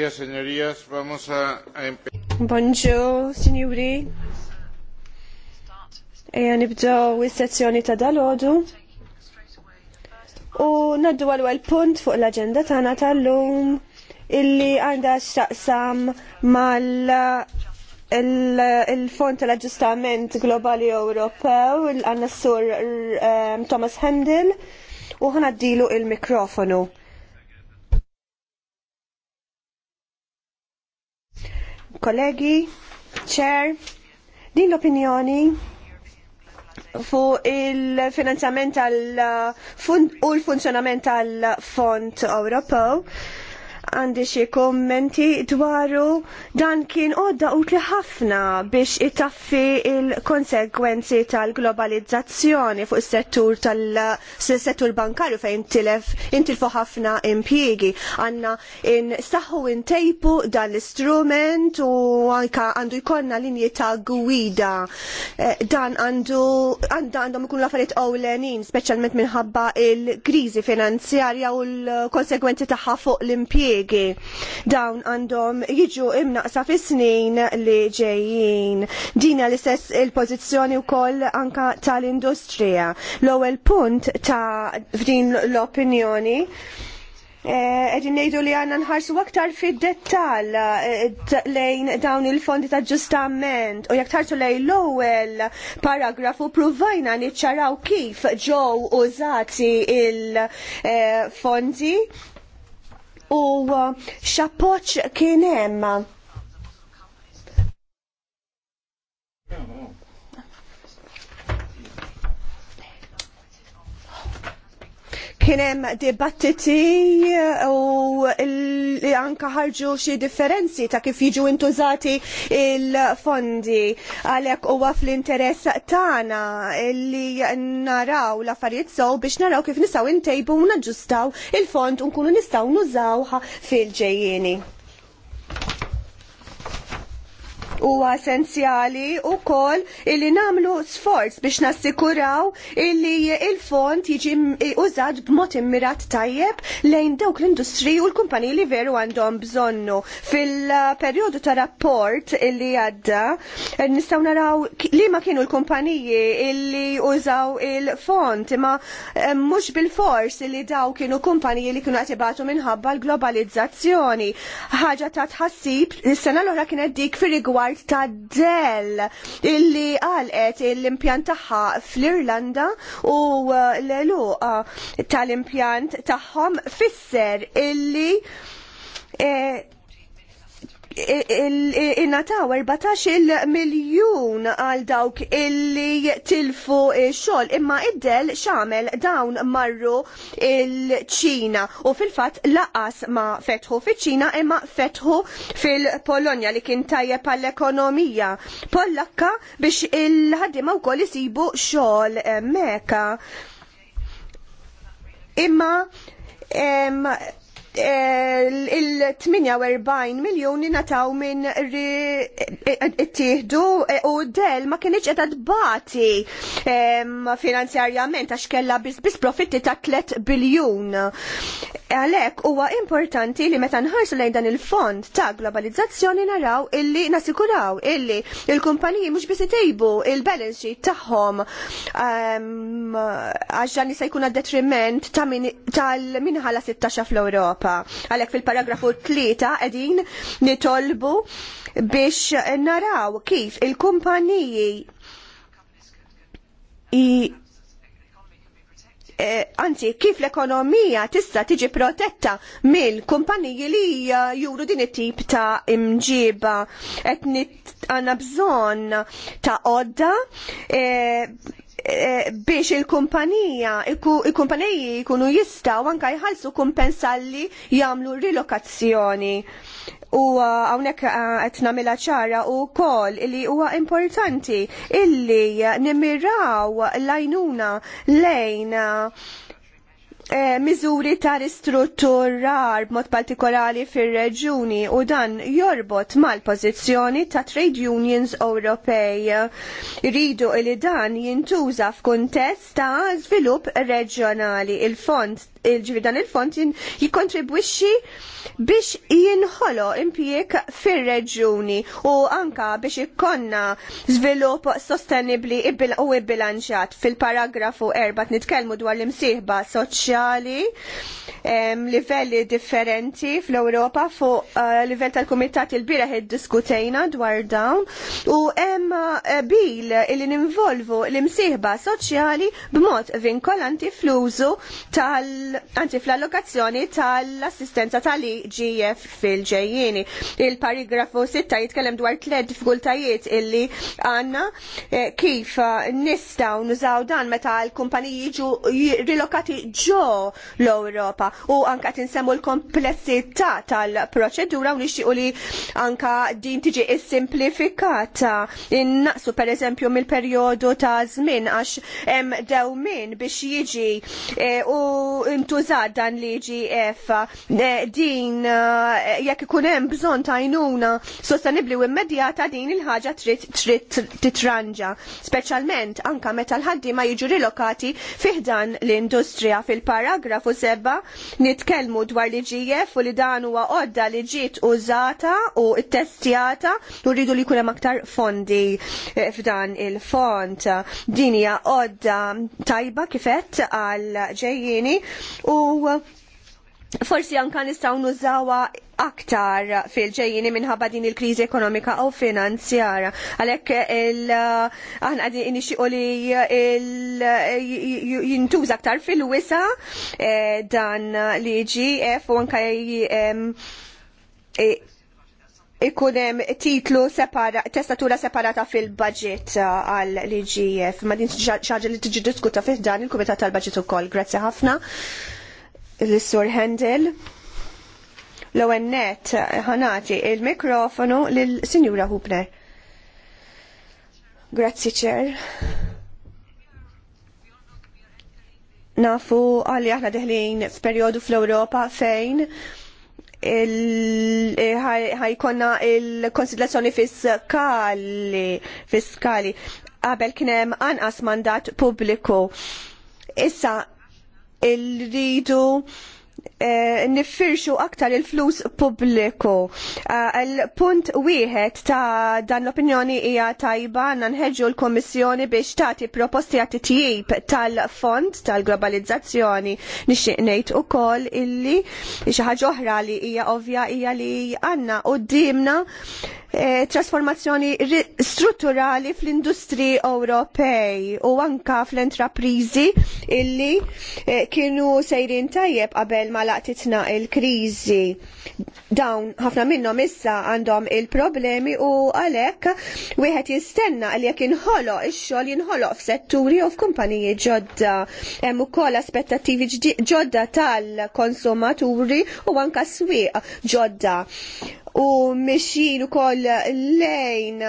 días, señorías. Vamos a, empezar. Bonġu, signori. Eja nibdew is-sezzjoni ta' dalodu. U naddu għal punt fuq l-agenda tagħna tal-lum illi għandha x'taqsam mal il-Fond il fond tal aġġustament Globali Ewropew, għanna s-sur ehm, Thomas Hendel, u ħanaddilu il-mikrofonu. kollegi, chair, din l-opinjoni fuq il-finanzjament tal-fond u l-funzjonament tal-Fond Ewropew għandi xie kommenti dwaru dan kien odda utli ħafna biex itaffi il-konsekwenzi tal-globalizzazzjoni fuq is-settur tal-settur bankarju fejn tilef intilfu ħafna impjiegi. Għanna in saħu intejpu dan l-istrument u anka għandu jkollna linji ta' gwida. Eh, dan għandu għandhom għandu mkun affarijiet ewlenin, speċjalment minħabba il-kriżi finanzjarja u l-konsekwenzi tagħha fuq l-impjiegi kollegi. Dawn għandhom jiġu imnaqsa fis snin li ġejjin. Dina l-istess il-pożizzjoni wkoll anka tal-industrija. L-ewwel punt ta' f'din l-opinjoni Edin eh, nejdu li għanna nħarsu aktar fid dettal eh, lejn dawn il-fondi ta' ġustament u jek tartu lejn l-ewwel paragrafu provajna niċċaraw kif ġew użati il-fondi eh, u uh, x'appoġġ kien hemm. Kienem dibattiti eh, u li anka ħarġu xie differenzi ta' kif jiġu intużati il-fondi għalek u għaf l-interess tana li naraw la affarijiet sow biex naraw kif nistaw intejbu u naġġustaw il-fond unkunu nistaw nużawħa fil-ġejjeni huwa essenzjali wkoll illi nagħmlu sforz biex nassikuraw illi il-fond jiġi użat b'mod immirat tajjeb lejn dawk l-industri u l-kumpaniji li veru għandhom bżonnu. Fil-perjodu ta' rapport illi għadda eh, nistgħu naraw li ma kienu l-kumpaniji illi użaw il-fond imma eh, mhux bil-fors illi daw kienu kumpaniji li kienu għatibatu minħabba l-globalizzazzjoni. Ħaġa ta' tħassib, is-sena l-oħra kienet dik fir rigward rigward ta' Dell illi għalqet l-impjant tagħha fl-Irlanda u uh, l-eluqa tal-impjant tagħhom fisser illi eh, il-nataw 14 miljun għal dawk illi tilfu xol imma iddel xamel dawn marru il-ċina u fil-fat laqas ma fetħu fil-ċina imma fetħu fil-Polonja li kien tajjeb għall ekonomija Pollakka biex il-ħaddima u koll jisibu xol meka. Imma Eh, il-48 miljoni nataw minn eh, it-tieħdu eh, u del ma kienieċ qed bati finanzjarjament għax kellha biss profitti ta' 3 biljun. Għalhekk huwa importanti li meta nħarsu lejn dan il-fond ta' globalizzazzjoni naraw illi nasikuraw illi il-kumpaniji mhux biss itejbu il-balance sheet tagħhom għax dan se jkun għad detriment tal-minħala 16 fl-Ewropa l-Ewropa. Għalhekk fil-paragrafu 3 qegħdin nitolbu biex naraw kif il-kumpaniji e, anzi kif l-ekonomija tista' tiġi protetta mill-kumpaniji li e, juru din it-tip ta' imġiba qed għandna bżonn ta' odda e, Eh, biex il-kumpanija, il-kumpaniji jkunu jistaw anka jħalsu kumpensalli jamlu rilokazzjoni. U eh, għawnek qed eh, nagħmilha ċara u kol illi huwa importanti illi nimmiraw lajnuna lejn Eh, miżuri ta' ristrutturar b'mod partikolari fir-reġuni u dan jorbot mal-pożizzjoni ta' trade unions Ewropej. Ridu li dan jintuża f'kuntest ta' żvilupp reġjonali. Il-fond il ġivir dan il-fond jikontribwixi biex jinħolo impjieg fir-reġjuni u anka biex ikkonna żvilupp sostenibbli u bilanċat fil-paragrafu 4 nitkellmu dwar l-imsieħba soċjali livelli differenti fl-Ewropa fuq eh, livell tal komitat il id iddiskutejna dwar dawn u hemm eh, bil li ninvolvu l-imsieħba soċjali b'mod vinkolanti fl-użu tal- anzi fl-allokazzjoni tal-assistenza tal-IGF fil-ġejjini. Il-paragrafu 6 jitkellem dwar tled f'gultajiet illi għanna eh, kif eh, nistaw nużaw dan meta l-kumpaniji jiġu rilokati ġo l-Europa u anka tinsemmu l-komplessità tal-proċedura u nixtiequ li anka din tiġi is-simplifikata. Innaqsu per eżempju mill-perjodu ta' żmien għax hemm min biex jiġi eh, u jintużat dan li GF din eh, jekk ikun hemm bżonn ta' għajnuna sostenibbli u immedjata din il-ħaġa trid trid titranġa, speċjalment anka meta l ma jiġu rilokati fih dan l-industrija fil-paragrafu seba' nitkellmu dwar li GF u li dan huwa għodda li ġiet użata u ttestjata u rridu li jkun hemm aktar fondi eh, f'dan il-fond. Din hija għodda tajba kifet għal ġejjieni u uh, forsi anka nistgħu nużawha aktar fil-ġejjini minħabba din il-kriżi ekonomika u finanzjara. Għalhekk il għadin uh, inixi u li uh, jintuż aktar fil-wisa eh, dan liġi F u anke eh, ikunem titlu separa, testatura separata fil-budget uh, għal l-IGF. Ma din xaġa li tiġi diskuta fih dan il-Kumitat tal-Budget ukoll. Grazzi ħafna. L-Sur Hendel. L-ONNET ħanati il-mikrofonu lill sinjura Hubner. Grazzi ċer. Nafu għalli aħna deħlin f'perjodu fl-Europa fejn ħajkonna il-konsidlazzjoni fiskali fiskali qabel kien hemm anqas mandat pubbliku. Issa irridu Eh, nifirxu aktar il-flus pubbliku. Eh, il-punt wieħed ta' dan l-opinjoni hija tajba nħeġġu l komissjoni biex tagħti proposti għat tijib tal-fond tal-globalizzazzjoni nixtieq ngħid ukoll illi xi ħaġa oħra li hija ovvja hija li għandna qudiemna eh, trasformazzjoni strutturali fl-industri Ewropej u anka fl-entraprizi illi kienu sejrin tajjeb qabel mal laqtitna il-kriżi. Dawn ħafna minnhom issa għandhom il-problemi u għalhekk wieħed jistenna għal jekk inħoloq ix-xogħol jinħoloq f'setturi u f'kumpaniji ġodda. Hemm ukoll aspettattivi ġodda tal-konsumaturi u s swieq ġodda u mexin ukoll lejn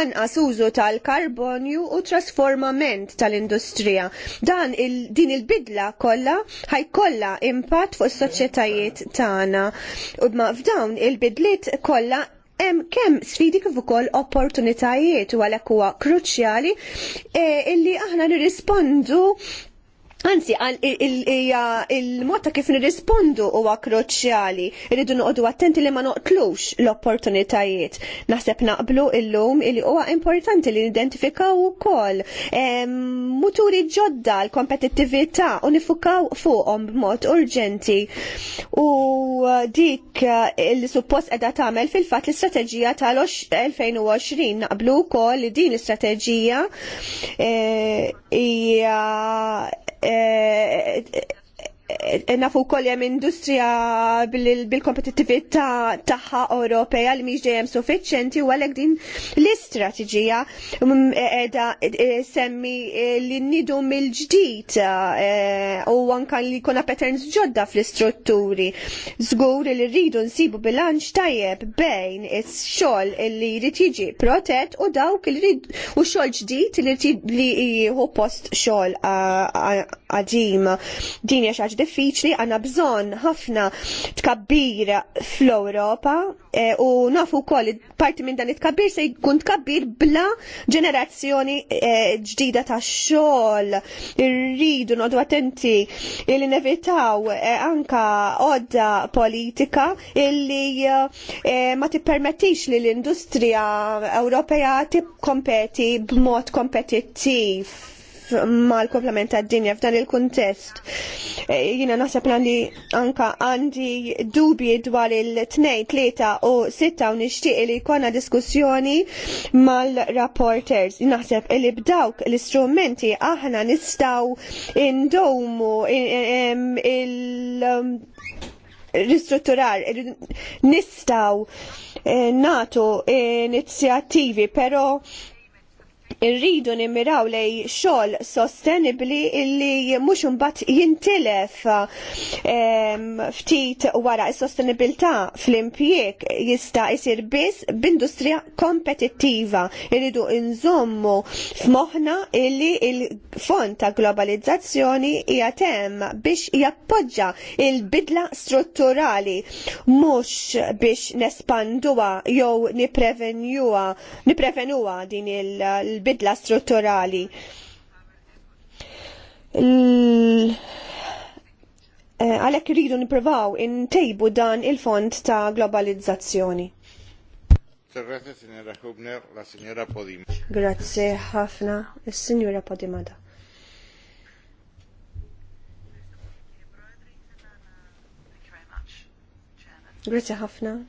anqas użu tal-karbonju u trasformament tal-industrija. Dan il din il-bidla kollha ħajkollha impatt fuq is-soċjetajiet tagħna. U ma f'dawn il-bidliet kollha hemm kemm sfidi kif ukoll opportunitajiet u għalhekk huwa kruċjali eh, illi aħna nirrispondu Anzi, il-mod ta' kif nirrispondu huwa kruċjali, irridu noqogħdu attenti li ma noqtlux l-opportunitajiet. Naħseb naqblu illum illi huwa importanti li u ukoll muturi ġodda l-kompetittività u nifukaw fuqhom b'mod urġenti. U dik eh, li suppost qiegħda tagħmel fil-fatt l-istrateġija tal-2020 naqblu wkoll li din l-istrateġija eh, hija Eh, Eh, nafu wkoll hemm industrija bil-kompetittività tagħha Ewropea li mhix dejjem suffiċjenti u għalhekk din l-istrateġija mm, qiegħda eh, semmi eh, li nnidu mill-ġdid u anke li jkollna patterns ġodda fl-istrutturi. Żgur li rridu nsibu bilanċ tajjeb bejn is-xogħol li jrid jiġi protett u dawk li u xogħol ġdid li jieħu post xogħol għadim. Din hija xi diffiċli għandna bżonn ħafna tkabbir fl-Ewropa e, eh, u nafu wkoll parti minn dan it-tkabbir se jkun tkabbir bla ġenerazzjoni e, ġdida ta' xogħol. Irridu nodu attenti li nevitaw e, anka odda politika illi ma tippermettix li l-industrija Ewropea tippkompeti b'mod kompetittiv mal-komplement ta' dinja f'dan il-kuntest. E, jina naħseb li anka għandi dubji dwar il-2, 3 u 6 u nixtieq li jkollna diskussjoni mal-rapporters. Naħseb li b'dawk l-istrumenti aħna nistgħu indomu e, e, il- um, ristrutturar, nistaw natu inizjattivi, pero irridu nimmiraw lej xogħol sostenibbli illi mhux imbagħad jintilef ehm, ftit wara s-sostenibilità fl-impjieg jista' jsir biss b'industrija kompetittiva. Irridu nżommu f'moħħna illi il-fond ta' globalizzazzjoni hija temm biex jappoġġa il-bidla strutturali mhux biex nespanduha jew niprevenjuha niprevenuha din il-bidla bidla strutturali. Eh, għalek rridu niprovaw tejbu dan il-fond ta' globalizzazzjoni. Grazie signora ħafna, il-Signora Podimada. Grazie ħafna.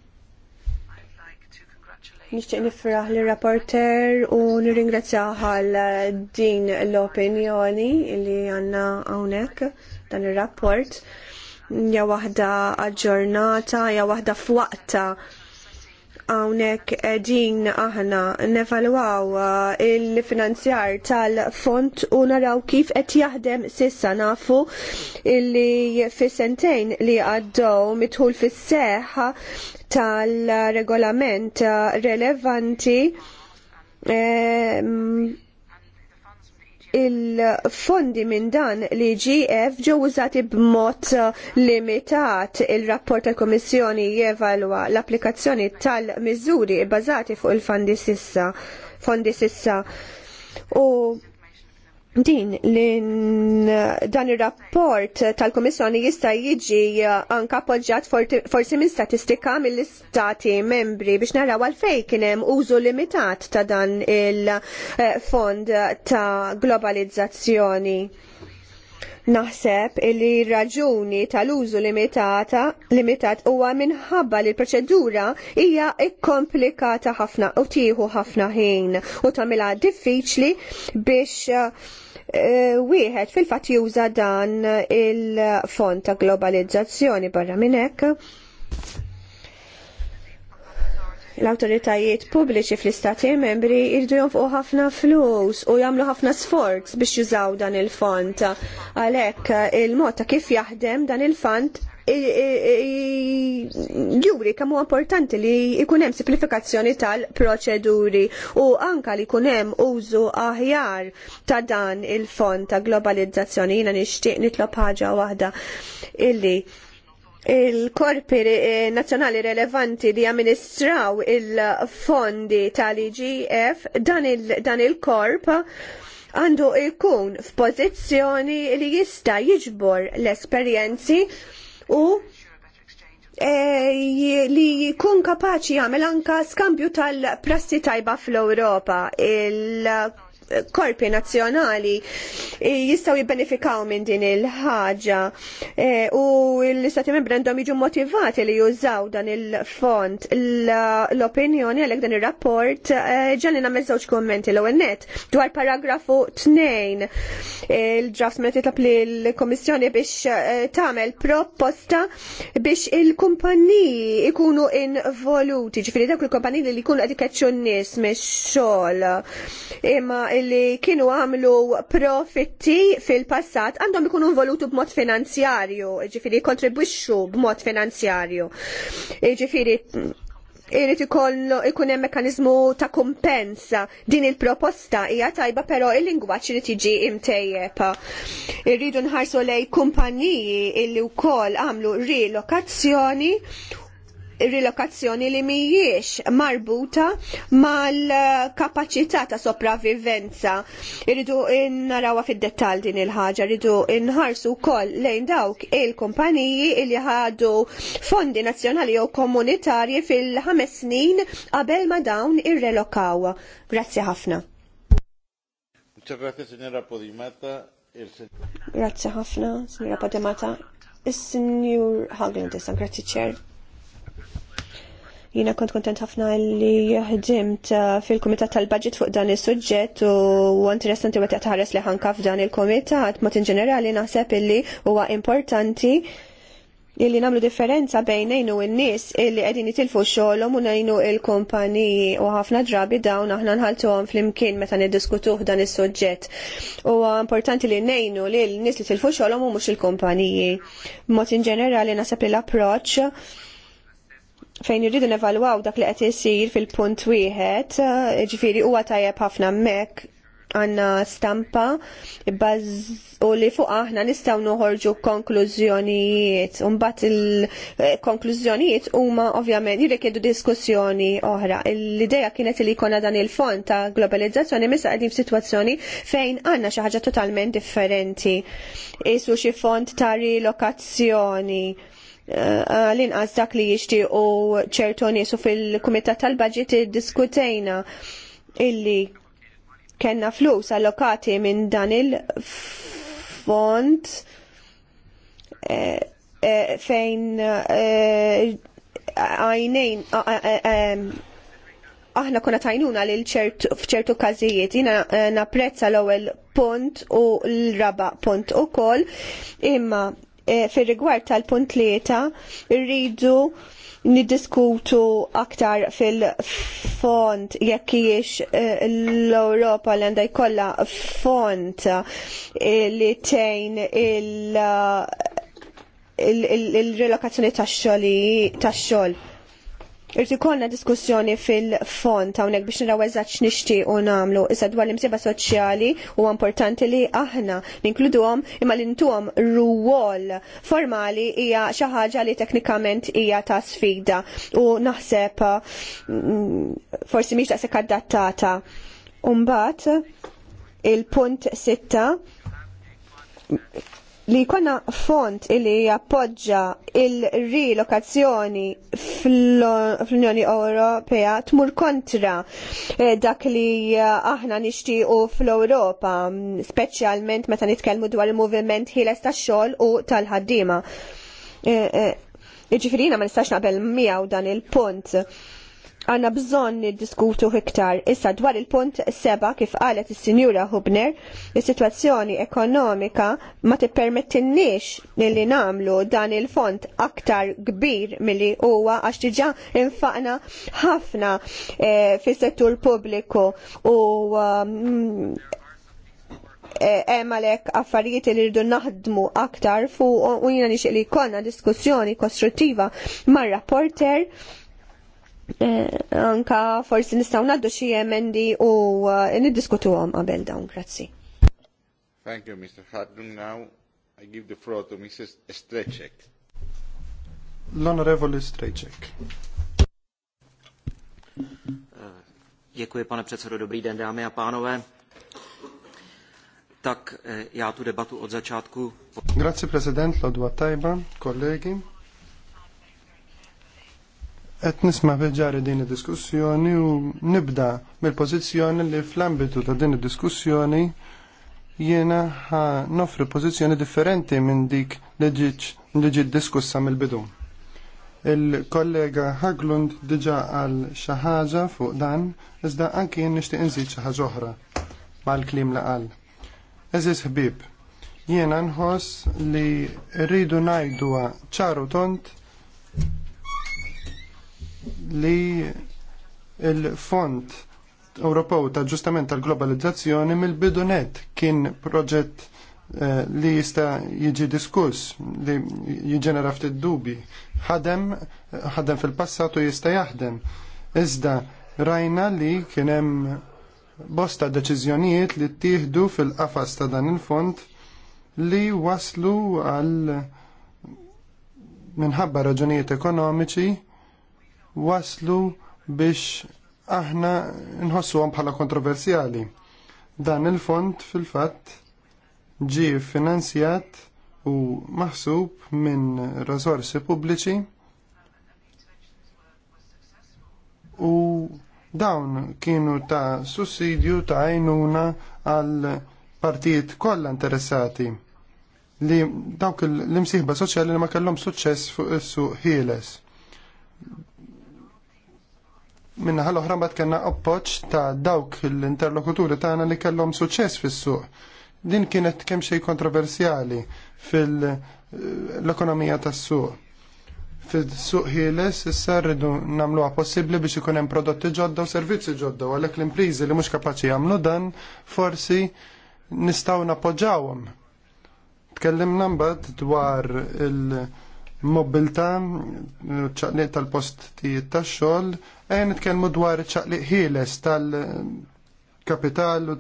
Nixtieq nifraħ li rapporter u nirringrazzjaha għal din l-opinjoni li għandna hawnhekk dan ir-rapport. Ja waħda aġġornata, ja waħda f'waqta hawnhekk din aħna nevalwaw uh, il-finanzjar tal-font u naraw kif qed jaħdem sissa nafu illi fis-sentejn li għaddew mitħul fis-seħħ tal-regolament uh, relevanti um, il-fondi minn dan li GF ġew użati b'mod uh, limitat il-rapport tal kummissjoni jevalwa l-applikazzjoni tal-miżuri bbażati fuq il-fondi sissa. Fondi sissa. U din dan ir-rapport tal-Komissjoni jista' jiġi eh, anke appoġġjat forsi minn statistika mill-istati membri biex naraw għalfejn kien hemm użu limitat ta' dan il-fond eh, ta' globalizzazzjoni. Naħseb li raġuni tal-użu limitata limitat huwa minħabba li l-proċedura hija ikkomplikata ħafna u tieħu ħafna ħin u tagħmilha diffiċli biex uh, wieħed fil-fatt juża dan il-fond ta' globalizzazzjoni barra minn hekk l-autoritajiet pubbliċi fl-istati membri irdu jonfqu ħafna flus u jagħmlu ħafna sforz biex jużaw dan il-font. Għalhekk il-mod ta' kif jaħdem dan il-font juri kemm huwa importanti li jkun hemm simplifikazzjoni tal-proċeduri u anka li jkun hemm użu aħjar ta' dan il-font ta' globalizzazzjoni jiena nixtieq nitlob ħaġa waħda illi il-korpi eh, nazzjonali relevanti li amministraw il-fondi tal-IGF dan il-korp għandu jkun f'pożizzjoni li jista' jiġbor l-esperjenzi u eh, li jkun kapaċi jagħmel anka skambju tal-prassi tajba fl-Ewropa korpi nazzjonali jistaw jibbenefikaw minn din il-ħaġa e, u l-istati membri għandhom jiġu motivati li jużaw dan il-font l-opinjoni għalek dan il-rapport e, ġalli e, namel żewġ kommenti l net dwar paragrafu 2 e, il-draft meta titlab li l-Komissjoni biex e, tagħmel proposta biex il kumpani ikunu involuti ġifiri dak il kumpani li jkunu qed ikeċċu n-nies mix-xogħol imma li kienu għamlu profitti fil-passat għandhom ikunu involutu b'mod finanzjarju, ġifiri kontribuixxu b'mod finanzjarju. Ġifiri irrit ikollu ikun hemm mekkaniżmu ta' kumpensa. Din il-proposta hija tajba però il-lingwaġġ irid jiġi imtejjeb. Irridu nħarsu lej kumpaniji illi wkoll għamlu rilokazzjoni rilokazzjoni li mhijiex marbuta mal-kapaċità ta' sopravvivenza. Irridu narawha fid-dettall din il-ħaġa, irridu nħarsu wkoll lejn dawk il-kumpaniji li ħadu fondi nazzjonali jew komunitarji fil-ħames snin qabel ma dawn irrelokaw. Grazzi ħafna. Grazie ħafna, signora Podimata. Is-Sinjur Hagland, grazzi ċer. Jina kont kontent ħafna li ħdimt uh, fil-Kumitat tal-Budget fuq dan is-suġġett u interessanti meta taħares li ħanka f'dan il-Kumitat mod in ġenerali naħseb illi huwa importanti illi namlu differenza bejn nejnu n-nis illi għedin jitilfu xolom u nejnu il kompani u ħafna drabi dawn aħna nħaltu għom fl-imkien meta niddiskutuh dan is sujġet U importanti li nejnu li l-nis li tilfu xolom u mux il kompani Mot in ġenerali naħseb li l-approċ fejn irridu nevalwaw dak li qed isir fil-punt wieħed, eh, ġifieri huwa tajjeb ħafna mek għanna stampa u li fuq aħna nistaw noħorġu konklużjonijiet. U mbagħad il-konklużjonijiet huma ovvjament jirrikjedu diskussjoni oħra. l idea kienet li jkollna dan il-fond ta' globalizzazzjoni misa qegħdin f'sitwazzjoni fejn għandna xi ħaġa totalment differenti. Isu xi fond ta' rilokazzjoni għal-inqas dak li jixtiequ ċertu nisu fil-Kumitat tal-Baġit iddiskutejna illi kellna flus allokati minn dan il-fond e, e, fejn e, għajnejn aħna konna tajnuna lil fċertu każijiet. Jiena napprezza l ewwel punt u l-raba punt ukoll imma Eh, fir rigward tal-punt lieta rridu niddiskutu aktar fil-font jekk jiex eh, l-Europa l għandaj jkollha font eh, li tejn il- il-relokazzjoni tax-xogħol Irti konna diskussjoni fil-fond hawnhekk biex naraw eżatt x'nixtieq u nagħmlu iżda dwar l-imsiba soċjali huwa importanti li aħna għom imma li għom ruwol formali hija xi ħaġa li teknikament hija ta' sfida u naħseb mm, forsi ta' se adattata. Umbat il-punt sitta li jkollna font illi jappoġġa il-rilokazzjoni fl-Unjoni Ewropea tmur kontra eh, dak li eh, aħna nixtiequ fl-Ewropa, mm, speċjalment meta nitkellmu dwar il-moviment ħieles tax-xogħol u tal-ħaddiema. Eh, jiena ma nistax naqbel miegħu dan il-punt għanna bżon diskutu iktar. Issa dwar il-punt seba kif qalet is-Sinjura Hubner, is-sitwazzjoni ekonomika ma tippermettinniex li namlu dan il-font aktar kbir milli huwa għax diġà infaqna ħafna e, fis-settur pubbliku u um, eh, affarijiet li rridu naħdmu aktar fuq u jina nixtieq li jkollna diskussjoni kostruttiva mar-rapporter Eh, anka forsi nistgħu ngħaddu xi emendi u eh, niddiskutuhom qabel dawn. Grazzi. Thank you, Mr. Hardung. Now I give the floor to Mrs. Strejcek. L'onorevole Strejcek. Eh, děkuji, pane předsedo. Dobrý den, dámy a pánové. Tak já tu debatu od začátku... Grazie, prezident, lodwa tajba, kolegi qed nisma' veġari din id-diskussjoni u nibda mill-pożizzjoni li fl-ambitu ta' din id-diskussjoni jiena ha nofri pożizzjoni differenti minn dik li ġiet diskussa mill-bidu. Il-kollega Haglund diġa għal xi ħaġa fuq dan, iżda anki jien nixtieq inżid xaħġa ħaġa oħra mal-klim la qal. Eżis ħbib, jiena nħoss li rridu najdu ċaru tont li il-Fond Ewropew ta' ġustament tal-globalizzazzjoni mill-bidu net kien proġett eh, li jista' jiġi diskuss li jiġenera ftit dubi. Ħadem ħadem fil-passatu jista' jaħdem. Iżda rajna li kien hemm bosta deċiżjonijiet li ttieħdu fil-qafas ta' dan il-fond li waslu għal minħabba raġunijiet ekonomiċi waslu biex aħna nħossuhom bħala kontroversjali. Dan il-fond fil-fatt ġi finanzjat u maħsub minn rizorsi pubbliċi u dawn kienu ta' sussidju ta' għajnuna għal partijiet kollha interessati li dawk l-imsieħba soċjali li ma kellhom suċċess fuq is-suq ħieles minna ħal oħra bat kena appoċ ta' dawk l-interlokuturi tagħna li kellhom suċċess fis-suq. Din kienet kemm xej kontroversjali fil-ekonomija tas-suq. Fil-suq ħieles issa rridu nagħmluha possibbli biex ikun hemm prodotti ġodda u servizzi ġodda u għalhekk l-impriżi li mhux kapaċi jagħmlu dan forsi nistgħu nappoġġawhom. Tkellimna mbagħad dwar il- mobilta, ċaqliq tal-post tax-xogħol, għen nitkellmu dwar ċaqliq ħieles tal-kapital u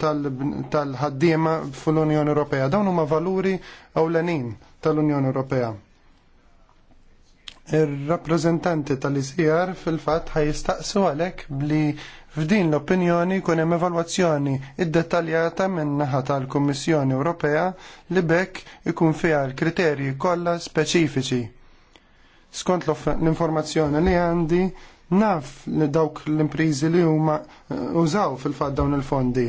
tal-ħaddiema fl-Unjoni Ewropea. Dawn huma valuri ewlenin tal-Unjoni Ewropea. Ir-rappreżentanti tal-ICR fil-fatt ħajjistaqsu għalhekk bli f'din l-opinjoni kun hemm evalwazzjoni iddettaljata minn naħa tal-Kummissjoni Ewropea li bekk ikun fiha l-kriterji kollha speċifiċi skont l-informazzjoni li għandi naf li dawk l-imprizi li huma eh, użaw fil-fatt dawn il-fondi.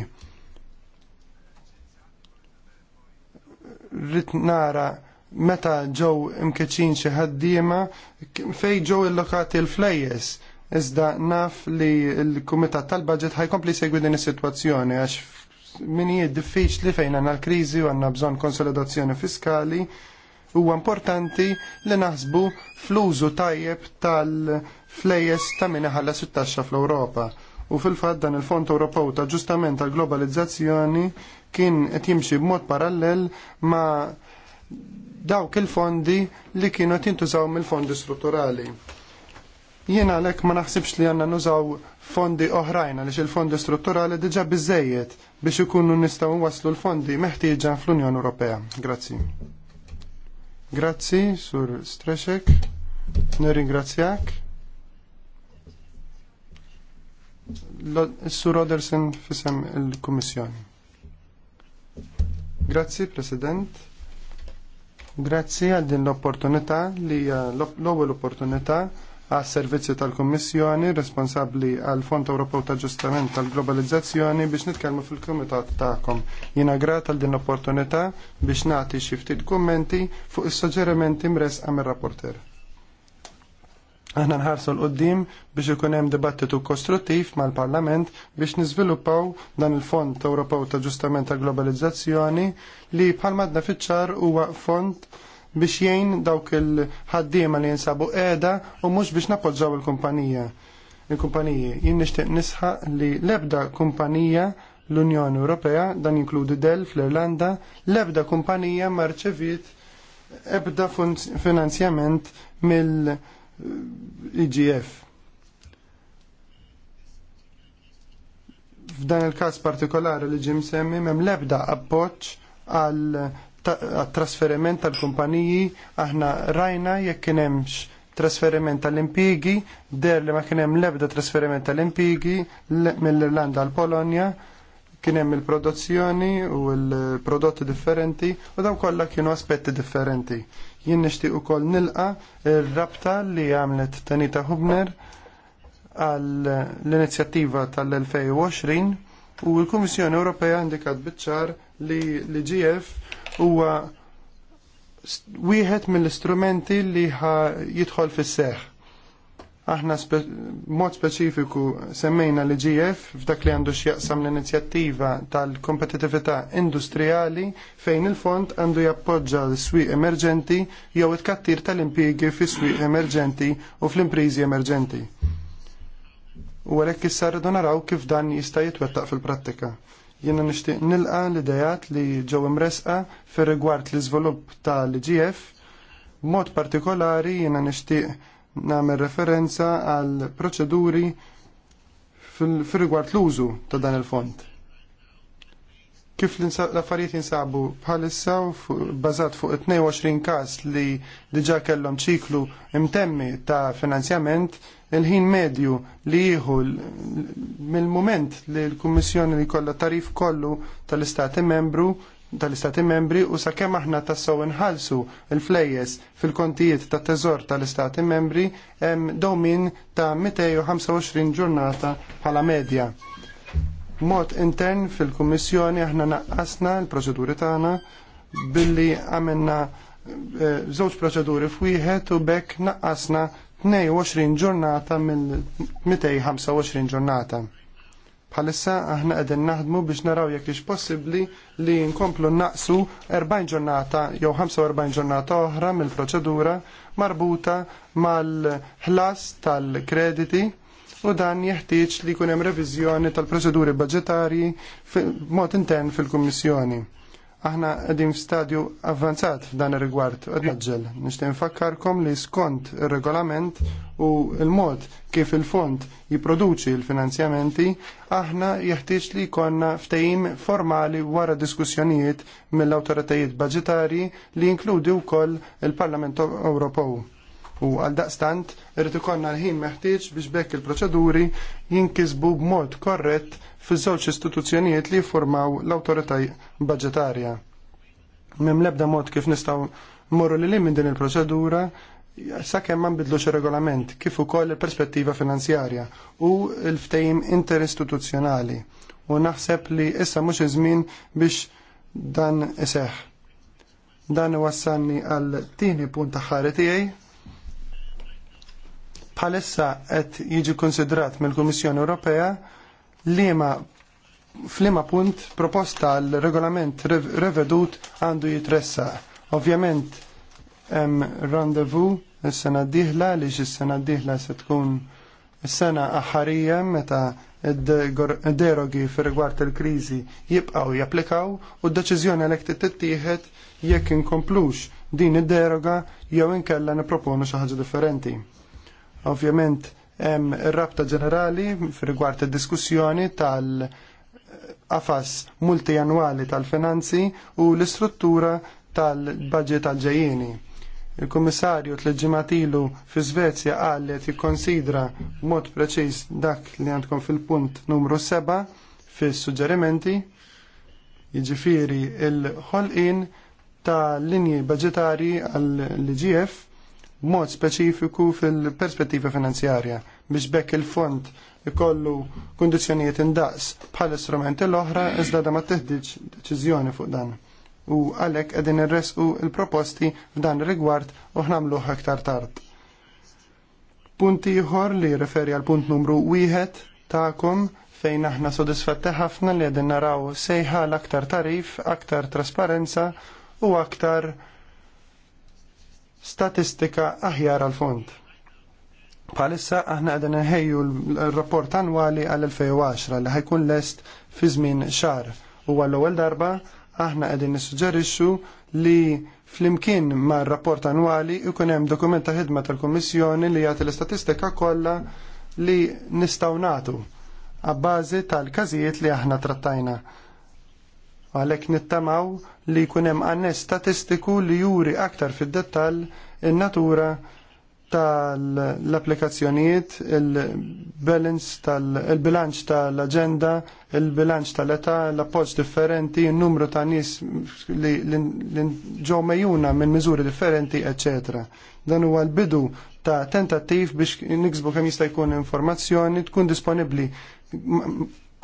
Rit nara meta ġew imkeċin xi ħaddiema fejn ġew illokati l-flejjes. Iżda naf li l-Kumitat tal-Budget ħajkompli segwi din is-sitwazzjoni għax min hi diffiċli fejn għandna l-kriżi u għandna bżonn konsolidazzjoni fiskali huwa importanti li naħsbu fl-użu tajjeb tal-flejes ta' min iħallas it-taxxa fl-Ewropa. U fil-fatt dan il-Fond Ewropew ta' ġustament tal-globalizzazzjoni kien qed jimxi b'mod parallel ma' dawk il-fondi li kienu qed jintużaw mill-fondi strutturali. Jien għalhekk ma naħsibx li għandna nużaw fondi oħrajn għaliex il-fondi strutturali diġà biżejjed biex ikunu nistgħu waslu l-fondi meħtieġa fl-Unjoni Ewropea. Grazzi. Grazzi, Sur Streshek. Nirringrazzjak. Sur Rodersen fisem il-Kummissjoni. Grazzi, President. Grazzi għal din l-opportunità li l-ewwel opportunità għas servizzi tal-Kommissjoni responsabbli għal Fond Ewropew ta' Ġustament tal-Globalizzazzjoni biex nitkellmu fil-Kumitat tagħkom. Jiena grat għal din l-opportunità biex nagħti xi ftit kummenti fuq is-suġġerimenti mres għam ir-rapporter. Aħna nħarsu l-qoddim biex ikun hemm dibattitu kostruttiv mal-Parlament biex niżviluppaw dan il-Fond Ewropew ta' Ġustament ta' Globalizzazzjoni li bħal madna fiċ-ċar huwa fond biex jgħin dawk il-ħaddiema li jinsabu qiegħda u mhux biex napoġġaw il-kumpanija. Il-kumpaniji jien nixtieq nisħaq li l-ebda kumpanija l-Unjoni Ewropea dan jinkludi Dell fl-Irlanda, l-ebda kumpanija marċevit ebda finanzjament mill- IGF. E F'dan il-każ partikolari li ġim semmi mem l-ebda għal trasferiment tal-kumpaniji aħna rajna jekk kien trasferiment tal-impigi, der li ma kien hemm l-ebda trasferiment tal-impigi mill-Irlanda għal Polonja, kien hemm il-produzzjoni u l-prodotti differenti u daw kollha kienu aspetti differenti. Jien nixtieq ukoll nilqa r-rabta li għamlet Tanita Hubner għall inizjattiva tal-2020 u l-Kummissjoni Ewropea indikat bitċar li l-GF huwa wieħed mill-istrumenti li jidħol fis-seħħ Aħna spe mod speċifiku semmejna li GF f'dak li għandu x'jaqsam l-inizjattiva tal-kompetitività industrijali fejn il-fond għandu jappoġġa l-swieq emerġenti jew it-kattir tal-impjiegi fi swieq emerġenti u fl-imprizi emerġenti. U għalhekk issa rridu naraw kif dan jista' jitwettaq fil-prattika. Jiena nixtieq nilqa l-idejat li ġew imresqa fir-rigward l-iżvilupp tal-GF mod partikolari jiena nixtieq nagħmel referenza għal proċeduri fil-rigward l-użu ta' dan il-fond. Kif l-affarijiet jinsabu bħalissa bazat fuq 22 kas li diġa kellhom ċiklu imtemmi ta' finanzjament il-ħin medju li jieħu mill-moment li l-Kummissjoni li kollha tarif kollu tal-Istati membru tal-Istati membri u sakemm aħna tassew inħallsu il-flejjes fil-kontijiet ta' teżor tal-Istati membri hemm domin ta' 225 ġurnata bħala medja. Mod intern fil-Kummissjoni aħna naqqasna l-proċeduri tagħna billi għamilna eh, żewġ proċeduri f'wieħed u bekk naqqasna 22 ġurnata mill-225 ġurnata. Bħalissa aħna qegħdin naħdmu biex naraw jekk ix possibbli li nkomplu naqsu 40 ġurnata jew 45 ġurnata oħra mill-proċedura marbuta mal-ħlas tal-krediti u dan jeħtieġ li jkun hemm reviżjoni tal-proċeduri budġetarji mod intern fil-Kummissjoni aħna qegħdin f'stadju avvanzat f'dan ir-rigward qed naġġel. Nixtieq nfakkarkom li skont ir-regolament u l-mod kif il-fond jipproduċi l-finanzjamenti, aħna jeħtieġ li jkollna ftehim formali wara diskussjonijiet mill-awtoritajiet budġetarji li jinkludi wkoll il-Parlament Ewropew. U għal daqstant irrid ikollna l-ħin meħtieġ biex bekk il-proċeduri jinkisbu b'mod korrett fiż-żewġ istituzzjonijiet li jiffurmaw l-awtorità budġetarja. Mim lebda mod kif nistgħu morru li minn din il-proċedura sakemm ma nbidlux il regolament kif ukoll il-perspettiva finanzjarja u l ftejim interistituzzjonali u naħseb li issa mhux iż-żmien biex dan iseħħ. Dan wassanni għal tieni punt ħari tiegħi bħalissa qed jiġi konsidrat mill-Kummissjoni Ewropea liema flima punt proposta l-regolament revedut għandu jitressa. Ovvjament, hemm randevu s-sena diħla li s-sena diħla se tkun s-sena aħarija meta derogi fir rigward il-krizi jibqaw japplikaw u d-deċiżjoni għalek tittieħed jekk inkomplux din id-deroga jew inkella nipproponu xi ħaġa differenti. Ovvjament, hemm rabta ġenerali rigward id-diskussjoni tal- qafas multijanwali tal-finanzi u l-istruttura tal-budget tal-ġejjeni. Il-Kummissarju tleġimatilu fi Svezja qal li jikkonsidra mod preċiż dak li għandkom fil-punt numru 7 fis-suġġerimenti, jiġifieri il ħolqien ta' linji budgetari għall-IGF mod speċifiku fil-perspettiva finanzjarja biex bekk il-fond ikollu kondizjonijiet indaqs bħal istrument l-oħra iżda da ma teħdiġ deċiżjoni fuq dan. U għalek edin irresqu il-proposti f'dan rigward u ħnamluħ aktar tard. Punti ieħor li referi għal punt numru wieħed ta'kom fejn aħna sodisfatti ħafna li għedin naraw sejħa l-aktar tarif, aktar trasparenza u aktar statistika aħjar għal fond. Palissa aħna għadna nħejju l-rapport annwali għal-2010 li ħajkun lest fi żmien xar u għall-ewwel darba aħna qegħdin nissuġġerixxu li flimkien ma' rapport annwali ikun hemm dokument ta' ħidma tal-Kummissjoni li jagħti l-istatistika kollha li nistgħu nagħtu għabbażi tal-każijiet li aħna trattajna għalhekk nittamaw li jkun hemm statistiku li juri aktar fid-dettall in-natura tal-applikazzjonijiet, il-balance tal-bilanċ tal-agenda, il-bilanċ tal-età, l-appoġġ differenti, il-numru ta' nies li ġew mejjuna minn miżuri differenti, eċetera. Dan huwa l-bidu ta' tentattiv biex niksbu kemm jista' jkun informazzjoni tkun disponibbli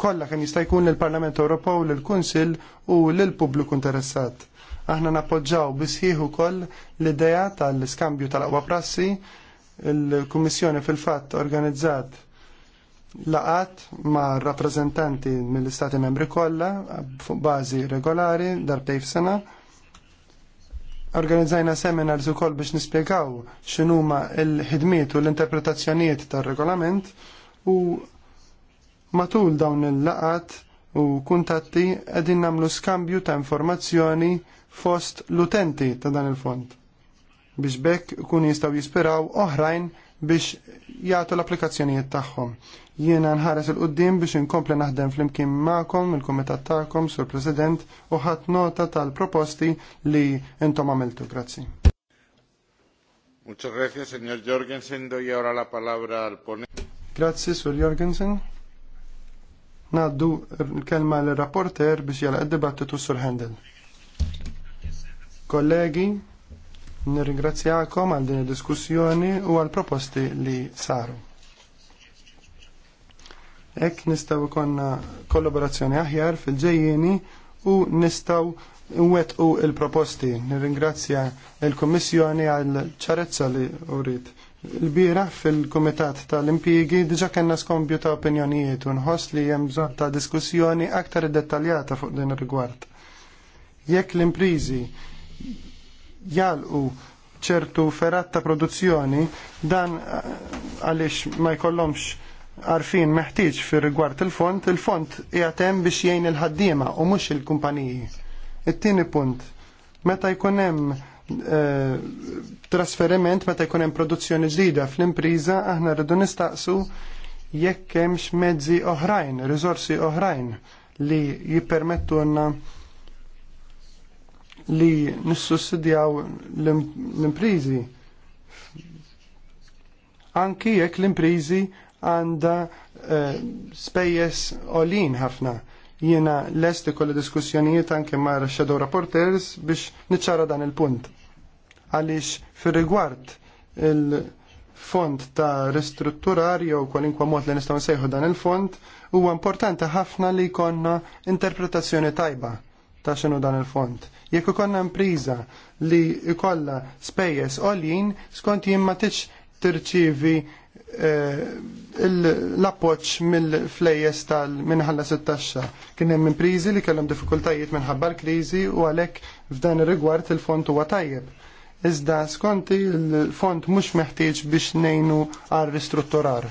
kollha kemm jista' jkun lill-Parlament Ewropew, lill-Kunsill u lill-pubbliku interessat. Aħna nappoġġaw bisħieħ ukoll l-idea tal-iskambju tal-aqwa prassi, il-Kummissjoni fil-fatt organizzat laqat ma' rappreżentanti mill-Istati membri kollha fuq bażi regolari darbtej sena. organizzajna seminars ukoll biex nispjegaw x'inhuma l ħidmiet u l-interpretazzjonijiet tal regolament u Matul dawn il-laqat u kuntatti qegħdin nagħmlu skambju ta' informazzjoni fost l-utenti ta' dan il-fond biex bekk kun jistaw jisperaw oħrajn biex jagħtu l-applikazzjonijiet tagħhom. Jiena nħares il-qoddim biex inkompli naħdem flimkien magħkom il-kumitat tagħkom sur President u ħadd nota tal-proposti li intom għamiltu. Grazzi. Muchas gracias, señor Jorgensen. Doy ahora la palabra al ponente. Grazie, Sur Jorgensen. Naddu kelma l-rapporter biex jala id-dibattitu sur Handel. Kollegi, nirringrazzjakom għal din id-diskussjoni u għal proposti li saru. Ek nistaw konna kollaborazzjoni aħjar fil-ġejjeni u nistaw wet u il-proposti. Nirringrazzja il-Kommissjoni għal ċarezza li urid l-bira fil-Kumitat tal-Impjigi diġa kena skombju ta' opinjonijiet u nħoss li hemm bżonn ta' diskussjoni aktar dettaljata fuq din rigward. Jekk l-imprizi jalqu ċertu ferrat ta' produzzjoni dan eh, għaliex ma jkollhomx arfin meħtieġ fir rigward il-font, il-font jgħatem biex jgħin il-ħaddiema u mhux il-kumpaniji. It-tieni punt, meta jkun hemm Eh, trasferiment meta jkun hemm produzzjoni ġdida fl-impriża aħna rridu nistaqsu jekk hemmx mezzi oħrajn, riżorsi oħrajn li jippermettulna li nissussidjaw l-imprizi. Anki jekk l-imprizi għanda uh, eh, spejjes olin ħafna. Jiena lest ikolli diskussjonijiet anke mar Shadow Reporters biex niċċara dan il-punt għaliex fir-rigward il-fond ta' ristrutturar jew kwalinkwa mod li nistgħu nsejħu dan il-fond huwa importanti ħafna li jkollna interpretazzjoni tajba ta' xinu dan il-fond. Jekk ikollna impriża li jkollha spejjeż għoljin skont jien ma tix tirċivi eh, l-appoċ mill-flejjes tal-minħalla 16. Kien hemm imprizi li kellhom diffikultajiet minħabba l-kriżi u għalhekk f'dan ir-rigward il-fond huwa tajjeb iżda skonti l-fond mhux meħtieġ biex nejnu għal ristrutturar.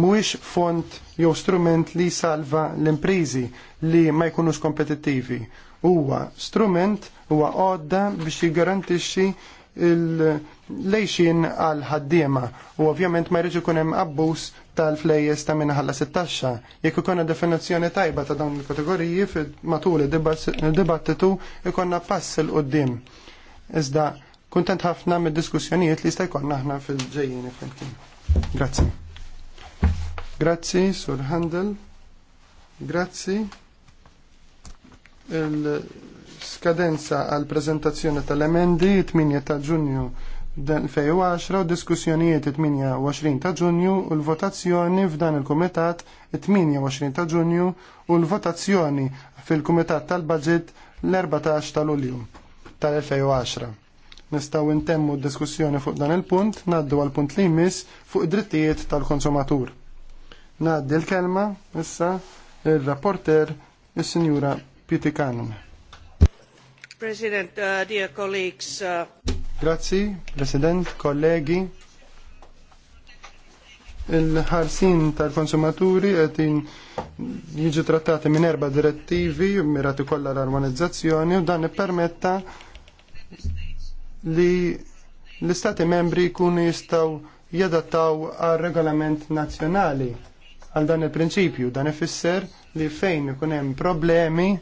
Mhuwiex fond jew strument li salva l-imprizi li ma jkunux kompetittivi. Huwa strument huwa għodda biex jiggarantixxi lejxin għal ħaddiema u ovvjament ma jridx ikun hemm abbuż tal-flejjes ta' minn ħalla 16. Jekk ikunna definizzjoni tajba ta' dawn il-kategoriji matul id-dibattitu ikonna pass il qudiem Iżda kuntent ħafna mid-diskussjonijiet li jista' jkollna aħna fil-ġejjin flimkien. Grazzi. Grazzi, Sur Handel. Grazzi. Il-skadenza għal prezentazzjoni tal-emendi 8 ta' ġunju 2010 u diskussjonijiet 28 ta' ġunju u l-votazzjoni f'dan il-Kumitat 28 ta' ġunju u l-votazzjoni fil-Kumitat tal-Budget l-14 tal-Ulju tal-2010. Nistgħu intemmu d-diskussjoni fuq dan il-punt, ngħaddu għal punt li jmiss fuq id-drittijiet tal-konsumatur. Ngħaddi l-kelma issa il-rapporter is-Sinjura Pitikanum. President, uh, dear colleagues. Uh... Grazzi, President, kollegi. Il-ħarsin tal-konsumaturi għetin jiġi trattati minn erba direttivi, mirati kollha l-armonizzazzjoni, u dan permetta li l-istati membri jkunu jistaw jadattaw għal regolament nazzjonali għal dan il-prinċipju. Dan ifisser li fejn ikun hemm problemi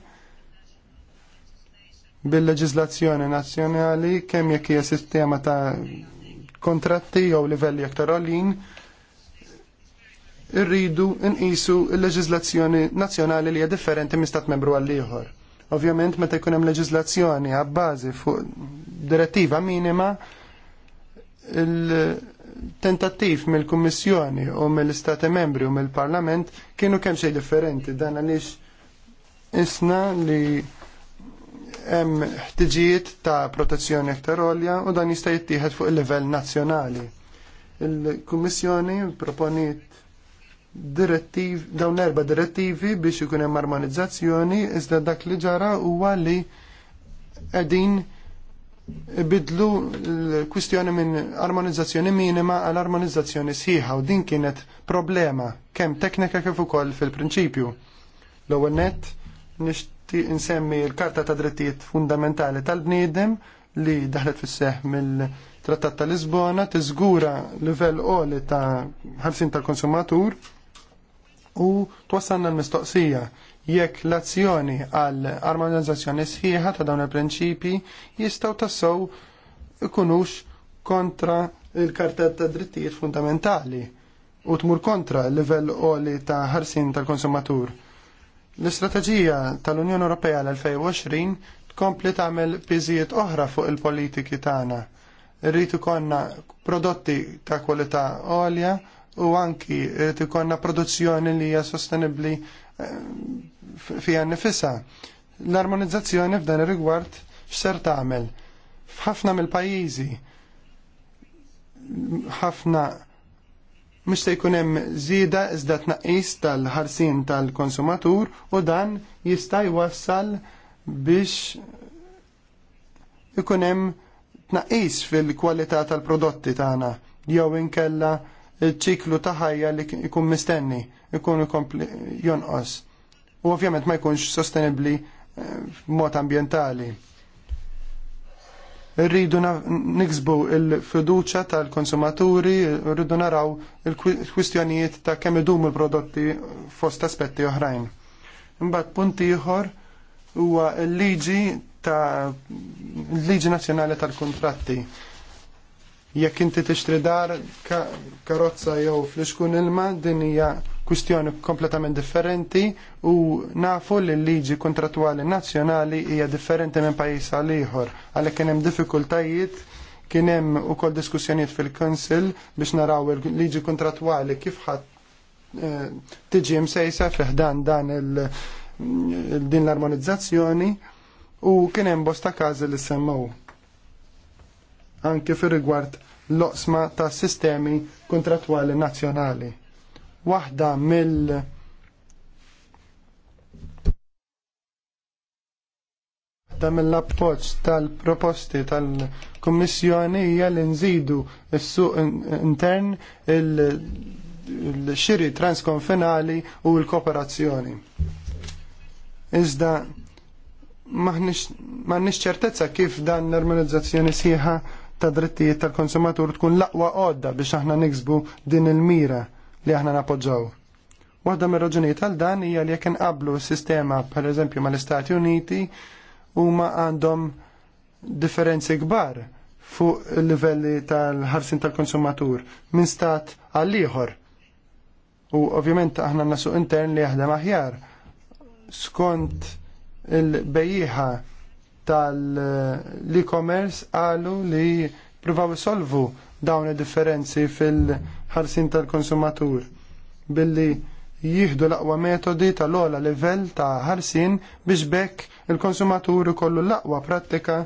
bil-leġizlazzjoni nazzjonali kemm jekk hija sistema ta' kontratti jew livelli aktar għolin irridu nqisu l-leġizlazzjoni nazzjonali li hija differenti minn stat membru għal ieħor. Ovvjament meta jkun hemm leġizlazzjoni għabbażi fuq direttiva minima il-tentattiv mill-Kummissjoni u mill-Istati Membri u mill-Parlament kienu kemm xejn differenti dan għaliex isna li hemm ħtiġijiet ta' protezzjoni aktar olja u dan jista' jittieħed fuq il-livell nazzjonali. Il-Kummissjoni proponiet direttiv, dawn erba' direttivi biex ikun hemm armonizzazzjoni iżda dak li ġara huwa li qegħdin bidlu l-kwistjoni minn armonizzazzjoni minima għal armonizzazzjoni sħiħa u din kienet problema kemm teknika kif ukoll fil-prinċipju. L-ewwel nett nixtieq insemmi l-Karta ta' Drittijiet Fundamentali tal-Bniedem li daħlet fis-seħ mill-Trattat ta' Lisbona tiżgura livell qoli ta' ħarsin tal-konsumatur u twassalna l-mistoqsija jekk l-azzjoni għal armonizzazzjoni sħiħa ta' dawn il-prinċipi jistgħu tassew ikunux kontra il-kartet ta' drittijiet fundamentali u tmur kontra l-livell qoli ta' ħarsin tal-konsumatur. L-istrateġija tal-Unjoni Ewropea l-2020 tkompli tagħmel piżijiet oħra fuq il-politiki tagħna. Irrid ikonna prodotti ta' kwalità għolja u anki irrid ikonna produzzjoni li hija sostenibbli Eh, fija nifissa. L-armonizzazzjoni f'dan ir-rigward x'ser tagħmel. F'ħafna mill-pajjiżi ħafna mux se jkun hemm żieda iżda tnaqqis tal-ħarsin tal-konsumatur u dan jista' jwassal biex ikun hemm tnaqqis fil-kwalità tal-prodotti tagħna jew inkella ċ ċiklu ta' ħajja li jkun mistenni ikun ikompli jonqos. U ovvjament ma jkunx sostenibli eh, mod ambientali. Rridu niksbu il-fiduċa tal-konsumaturi, rridu naraw il-kwistjonijiet ta' kemm idumu l-prodotti fost aspetti oħrajn. Imbagħad punt ieħor huwa l-liġi ta' l-liġi nazzjonali tal-kontratti jekk inti tixtri dar ka karozza jew fliexkun ilma din hija kwistjoni kompletament differenti u nafu li l-liġi kontratwali nazzjonali hija differenti minn pajjiż għal ieħor. Għalhekk kien hemm diffikultajiet kien hemm ukoll diskussjonijiet fil-Kunsill biex naraw il-liġi kontratwali kif ħadd eh, tiġi msejsa fiħdan dan din l-armonizzazzjoni u kien hemm bosta każi li semmew. Anke fir rigward l-oqsma ta' sistemi kontratwali nazzjonali waħda mill waħda mill-appoġġ tal-proposti tal-Kummissjoni hija li nżidu s-suq intern il-xiri transkonfinali u l-kooperazzjoni. Iżda maħnix ċertezza kif dan normalizzazzjoni armonizzazzjoni sieħa ta' drittijiet tal-konsumatur tkun laqwa għodda biex aħna niksbu din il-mira li aħna napoġġaw. Waħda mir raġunijiet għal dan hija li jekk inqablu s-sistema pereżempju mal-Istati Uniti huma għandhom differenzi kbar fuq il-livelli tal-ħarsin tal-konsumatur minn stat għal ieħor. U ovvjament aħna nasu intern li jaħdem aħjar skont il bejjieħa tal tal-e-commerce għalu li provaw isolvu dawn id-differenzi fil-ħarsin tal-konsumatur billi jieħdu l-aqwa metodi tal-ola livell ta' ħarsin biex bekk il-konsumatur kollu l-aqwa prattika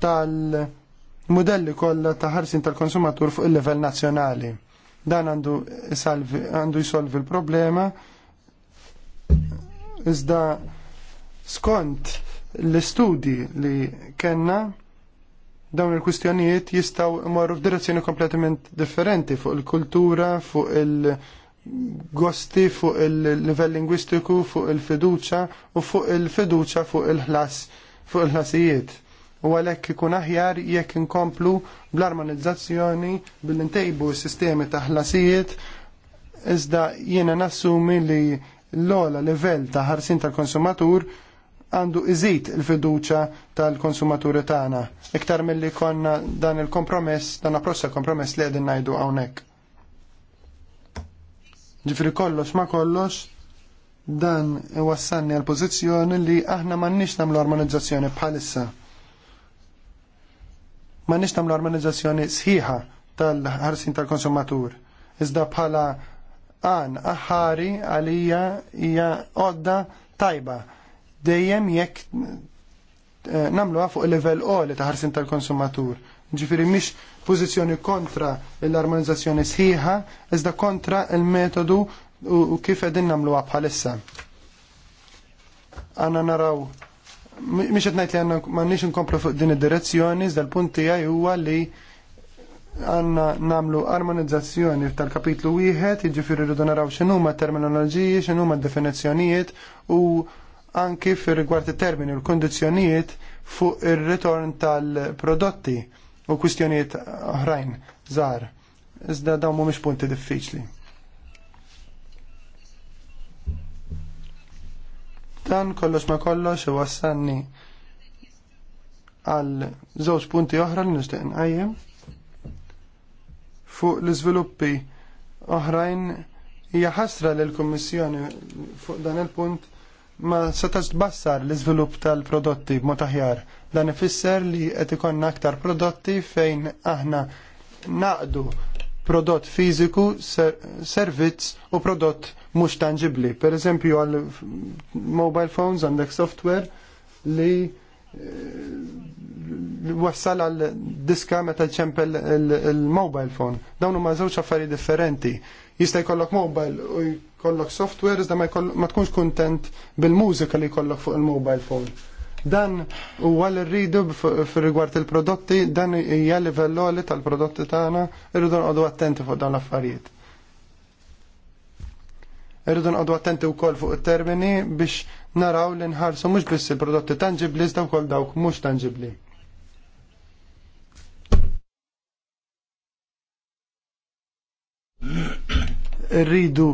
tal-modelli kollha ta' ħarsin tal-konsumatur fuq il-livell nazzjonali. Dan għandu, għandu jisolvi l-problema iżda skont l-istudji li kenna dawn il-kustjonijiet jistaw marru f'direzzjoni kompletament differenti fuq il-kultura, fuq il-gosti, fuq il-livell lingwistiku, fuq il-fiduċa u fuq il-fiduċa fuq il-ħlas, fuq il-ħlasijiet. U għalhekk ikun aħjar jekk inkomplu bl-armonizzazzjoni bil-intejbu s-sistemi ta' ħlasijiet iżda jiena nassumi li l-ola livell ta' ħarsin tal-konsumatur għandu iżid il-fiduċa tal-konsumaturi tagħna. Iktar milli konna dan il-kompromess, dan approssa kompromess li qegħdin ngħidu hawnhekk. Ġifri kollox ma kollox, dan wassanni għal pożizzjoni li aħna m'għandniex namlu armonizzazzjoni bħalissa. M'għandniex namlu armonizzazzjoni sħiħa tal-ħarsin tal-konsumatur. Iżda bħala għan aħħari għalija hija għodda tajba dejjem jekk eh, namlu fuq il-level o li taħarsin tal-konsumatur. Ġifiri mhix pozizjoni kontra l-armonizzazzjoni sħiħa, iżda kontra il-metodu u kif qegħdin namlu bħalissa. Għanna naraw Miex qed ngħid li ma m'għandniex inkomplu fuq din id-direzzjoni, iżda l-punt tiegħi huwa li għanna namlu armonizzazzjoni tal-kapitlu wieħed, jiġifieri rridu naraw x'inhuma terminoloġiji, x'inhuma definizzjonijiet u anki fir rigward it-termini u l kondizjonijiet fuq ir-ritorn tal-prodotti u kwistjonijiet oħrajn żgħar. Iżda dawn mhumiex punti diffiċli. Dan kollox ma kollox iwassalni għal żewġ punti oħra li nixtieq nqajjem fuq l-iżviluppi oħrajn hija ħasra lill kummissjoni fuq dan il-punt ma setax tbassar l-iżvilupp tal-prodotti b'mod aħjar. Dan ifisser li qed ikollna aktar prodotti fejn aħna naqdu prodott fiżiku, servizz u prodott mhux tangibbli. Per eżempju għal mobile phones għandek software li eh, wassal għal diska meta ċempel il-mobile phone. Dawn huma żewġ affarijiet differenti. Jista' jkollok mobile u jkollok software iżda ma tkunx kuntent bil-mużika li jkollok fuq il-mobile phone. Dan huwa l rridu fir il-prodotti, dan hija livell għali tal-prodotti tagħna, irridu nqogħdu attenti fuq dawn l-affarijiet. Irridu nqogħdu attenti wkoll fuq it-termini biex naraw li nħarsu mhux biss il-prodotti tangibbli iżda wkoll dawk mhux tangibbli rridu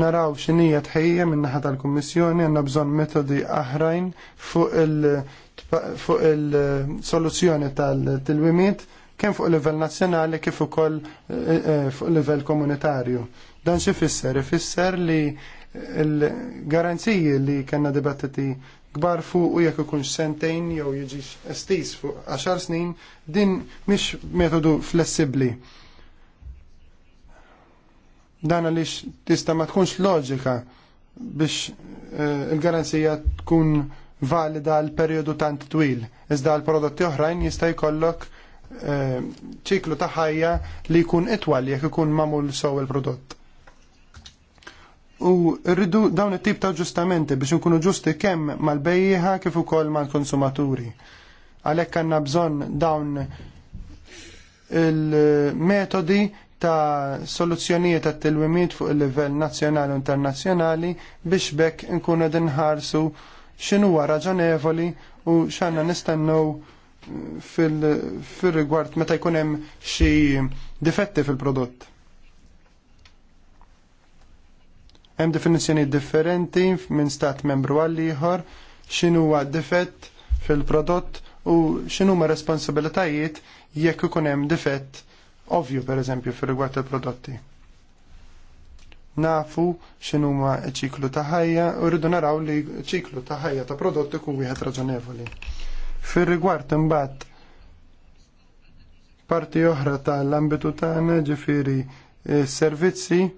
naraw xinija tħejja minn naħa tal-Kummissjoni għandna bżonn metodi aħrajn fuq il- soluzjoni soluzzjoni tal wimiet kemm fuq livell nazzjonali kif ukoll eh, eh, fuq livell komunitarju. Dan xi fisser? Ifisser li l-garanziji li kellna dibattiti gbar fuq u jekk ikunx sentejn jew jiġix estis fuq 10 snin din mhix metodu flessibbli Dan għaliex tista ma tkunx loġika biex eh, il-garanzija tkun valida għal periodu tant twil. Iżda għal prodotti oħrajn jista' jkollok eh, ċiklu ta' ħajja li jkun itwal jekk ikun mamul sew il-prodott. U rridu dawn it-tip ta' ġustamenti biex nkunu ġusti kemm mal-bejjeħa kif ukoll mal-konsumaturi. Għalhekk għandna bżonn dawn il-metodi ta' soluzzjonijiet ta' tilwimiet fuq il-livell nazzjonali u internazzjonali biex bekk nkunu dinħarsu x'inhu raġonevoli u x'għandna nistennew fil-rigward meta jkun hemm xi difetti fil-prodott. Hemm definizzjonijiet differenti minn stat membru għal ieħor x'inhuwa difett fil-prodott u x'inhuma responsabilitajiet jekk ikun hemm difett ovvju per eżempju fil rigward il-prodotti. Nafu x'inhuma ċiklu ta' ħajja u rridu naraw li ċiklu ta' ħajja ta' prodotti kun wieħed raġonevoli. Fil rigward imbagħad parti oħra tal-ambitu tagħna ġifieri eh, servizzi eh,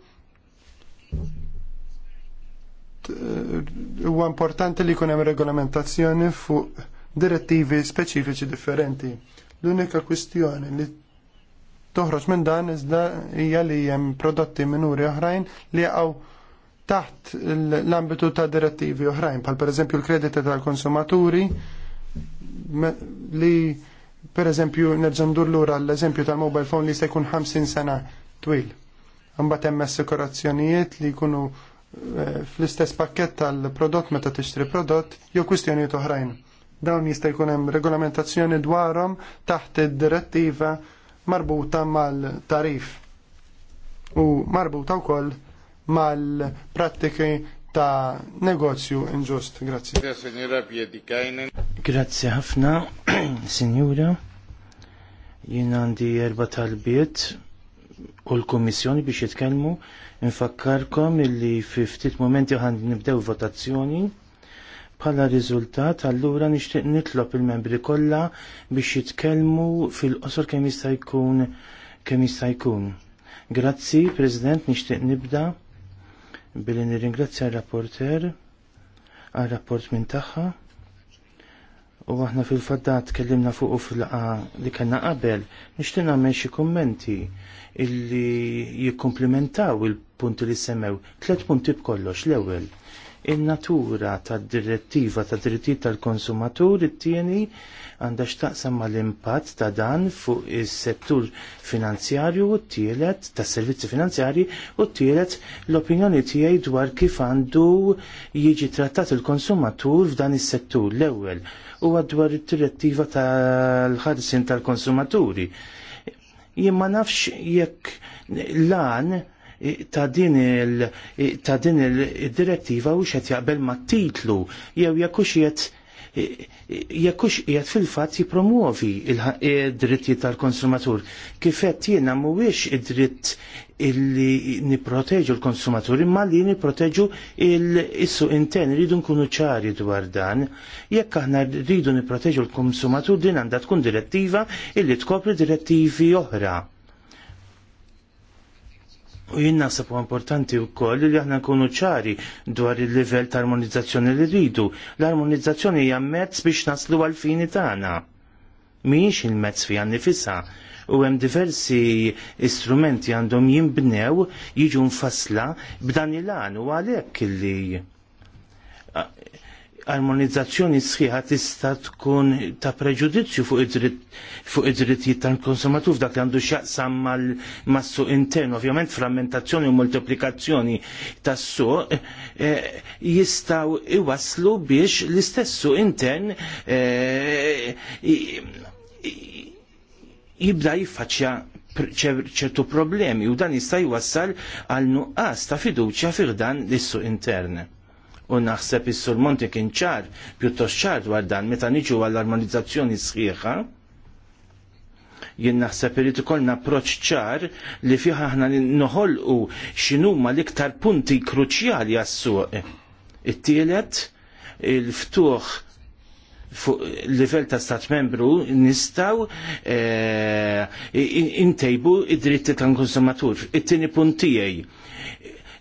huwa importanti li jkun hemm regolamentazzjoni fuq direttivi speċifiċi differenti. L-unika kwistjoni li toħroġ minn dan iżda hija li hemm prodotti minuri oħrajn li jaqgħu taħt l-ambitu ta' direttivi oħrajn, bħal pereżempju l-krediti tal-konsumaturi li pereżempju nerġa' ndur lura l-eżempju tal-mobile phone li se jkun 50 sena twil. Imbagħad hemm assikurazzjonijiet li jkunu eh, fl-istess pakket tal-prodott meta tixtri prodott jew kwistjonijiet oħrajn. Dawn jista' jkun hemm regolamentazzjoni dwarhom taħt id-direttiva marbuta mal-tarif u marbuta wkoll mal-prattiki ta' negozju inġust. Grazzi. Grazzi ħafna, Sinjura. Jien għandi erba talbiet u l-Komissjoni biex jitkellmu. Infakkarkom illi fi ftit momenti għandi nibdew votazzjoni. Bħala riżultat, allura nixtieq nitlob il-membri kollha biex jitkellmu fil-qosor kemm jista' jkun kemm jista' jkun. Grazzi, President, nixtieq nibda billi nirringrazzja r-rapporter għal rapport minn tagħha. U aħna fil-faddat tkellimna fuq fil-laqa li kellna qabel, nixtieq nagħmel xi kummenti illi jikkomplimentaw il-punti li semmew. Tlet punti b'kollox l-ewwel in-natura tad-direttiva tad drittijiet tal-konsumatur it-tieni għandha x'taqsam mal-impatt ta' dan fuq is-settur finanzjarju u t-tielet tas-servizzi finanzjarji u t-tielet l-opinjoni tiegħi dwar kif għandu jiġi trattat il-konsumatur f'dan is-settur l-ewwel u dwar it-direttiva tal-ħarsin tal-konsumaturi. Jien ma nafx jekk lan ta' din il-direttiva u xet jaqbel ma' titlu jew jakux jett jekkux jgħat fil-fat jipromuovi il dritti tal-konsumatur. Kifet jena mhuwiex id-dritt illi niproteġu l-konsumatur imma li niproteġu il-issu inten, rridu nkunu ċari dwar dan. Jekk aħna rridu niproteġu l-konsumatur din għandha tkun direttiva illi tkopri direttivi oħra. U jien naħseb importanti koll li aħna nkunu ċari dwar il-livell ta' armonizzazzjoni li rridu. L-armonizzazzjoni hija mezz biex naslu għal fini tagħna. Mhijiex il-mezz fiha nifisha u hemm diversi istrumenti għandhom jinbnew jiġu nfassla b'dan il-għan u għalhekk li armonizzazzjoni sħiħa tista' tkun ta' preġudizzju fuq id-drittijiet tal-konsumatur f'dak li għandu x'jaqsam mas-suq intern. Ovvjament frammentazzjoni u moltiplikazzjoni tas-suq eh, jistgħu iwaslu biex l-istess suq intern eh, jibda jiffaċċja ċertu problemi u dan jista' jwassal għal nuqqas ta' fiduċja fir dan l-issu intern u naħseb is-Sur Monti kien ċar, pjuttost ċar dwar dan meta niġu għall-armonizzazzjoni sħiħa. Jien naħseb irid ikollna approċċ ċar li fih aħna noħolqu x'inhuma l-iktar punti kruċjali għas-suq. It-tielet il-ftuħ fuq livell ta' stat membru nistaw eh, intejbu id-dritti tal konsumatur. It-tieni punt tiegħi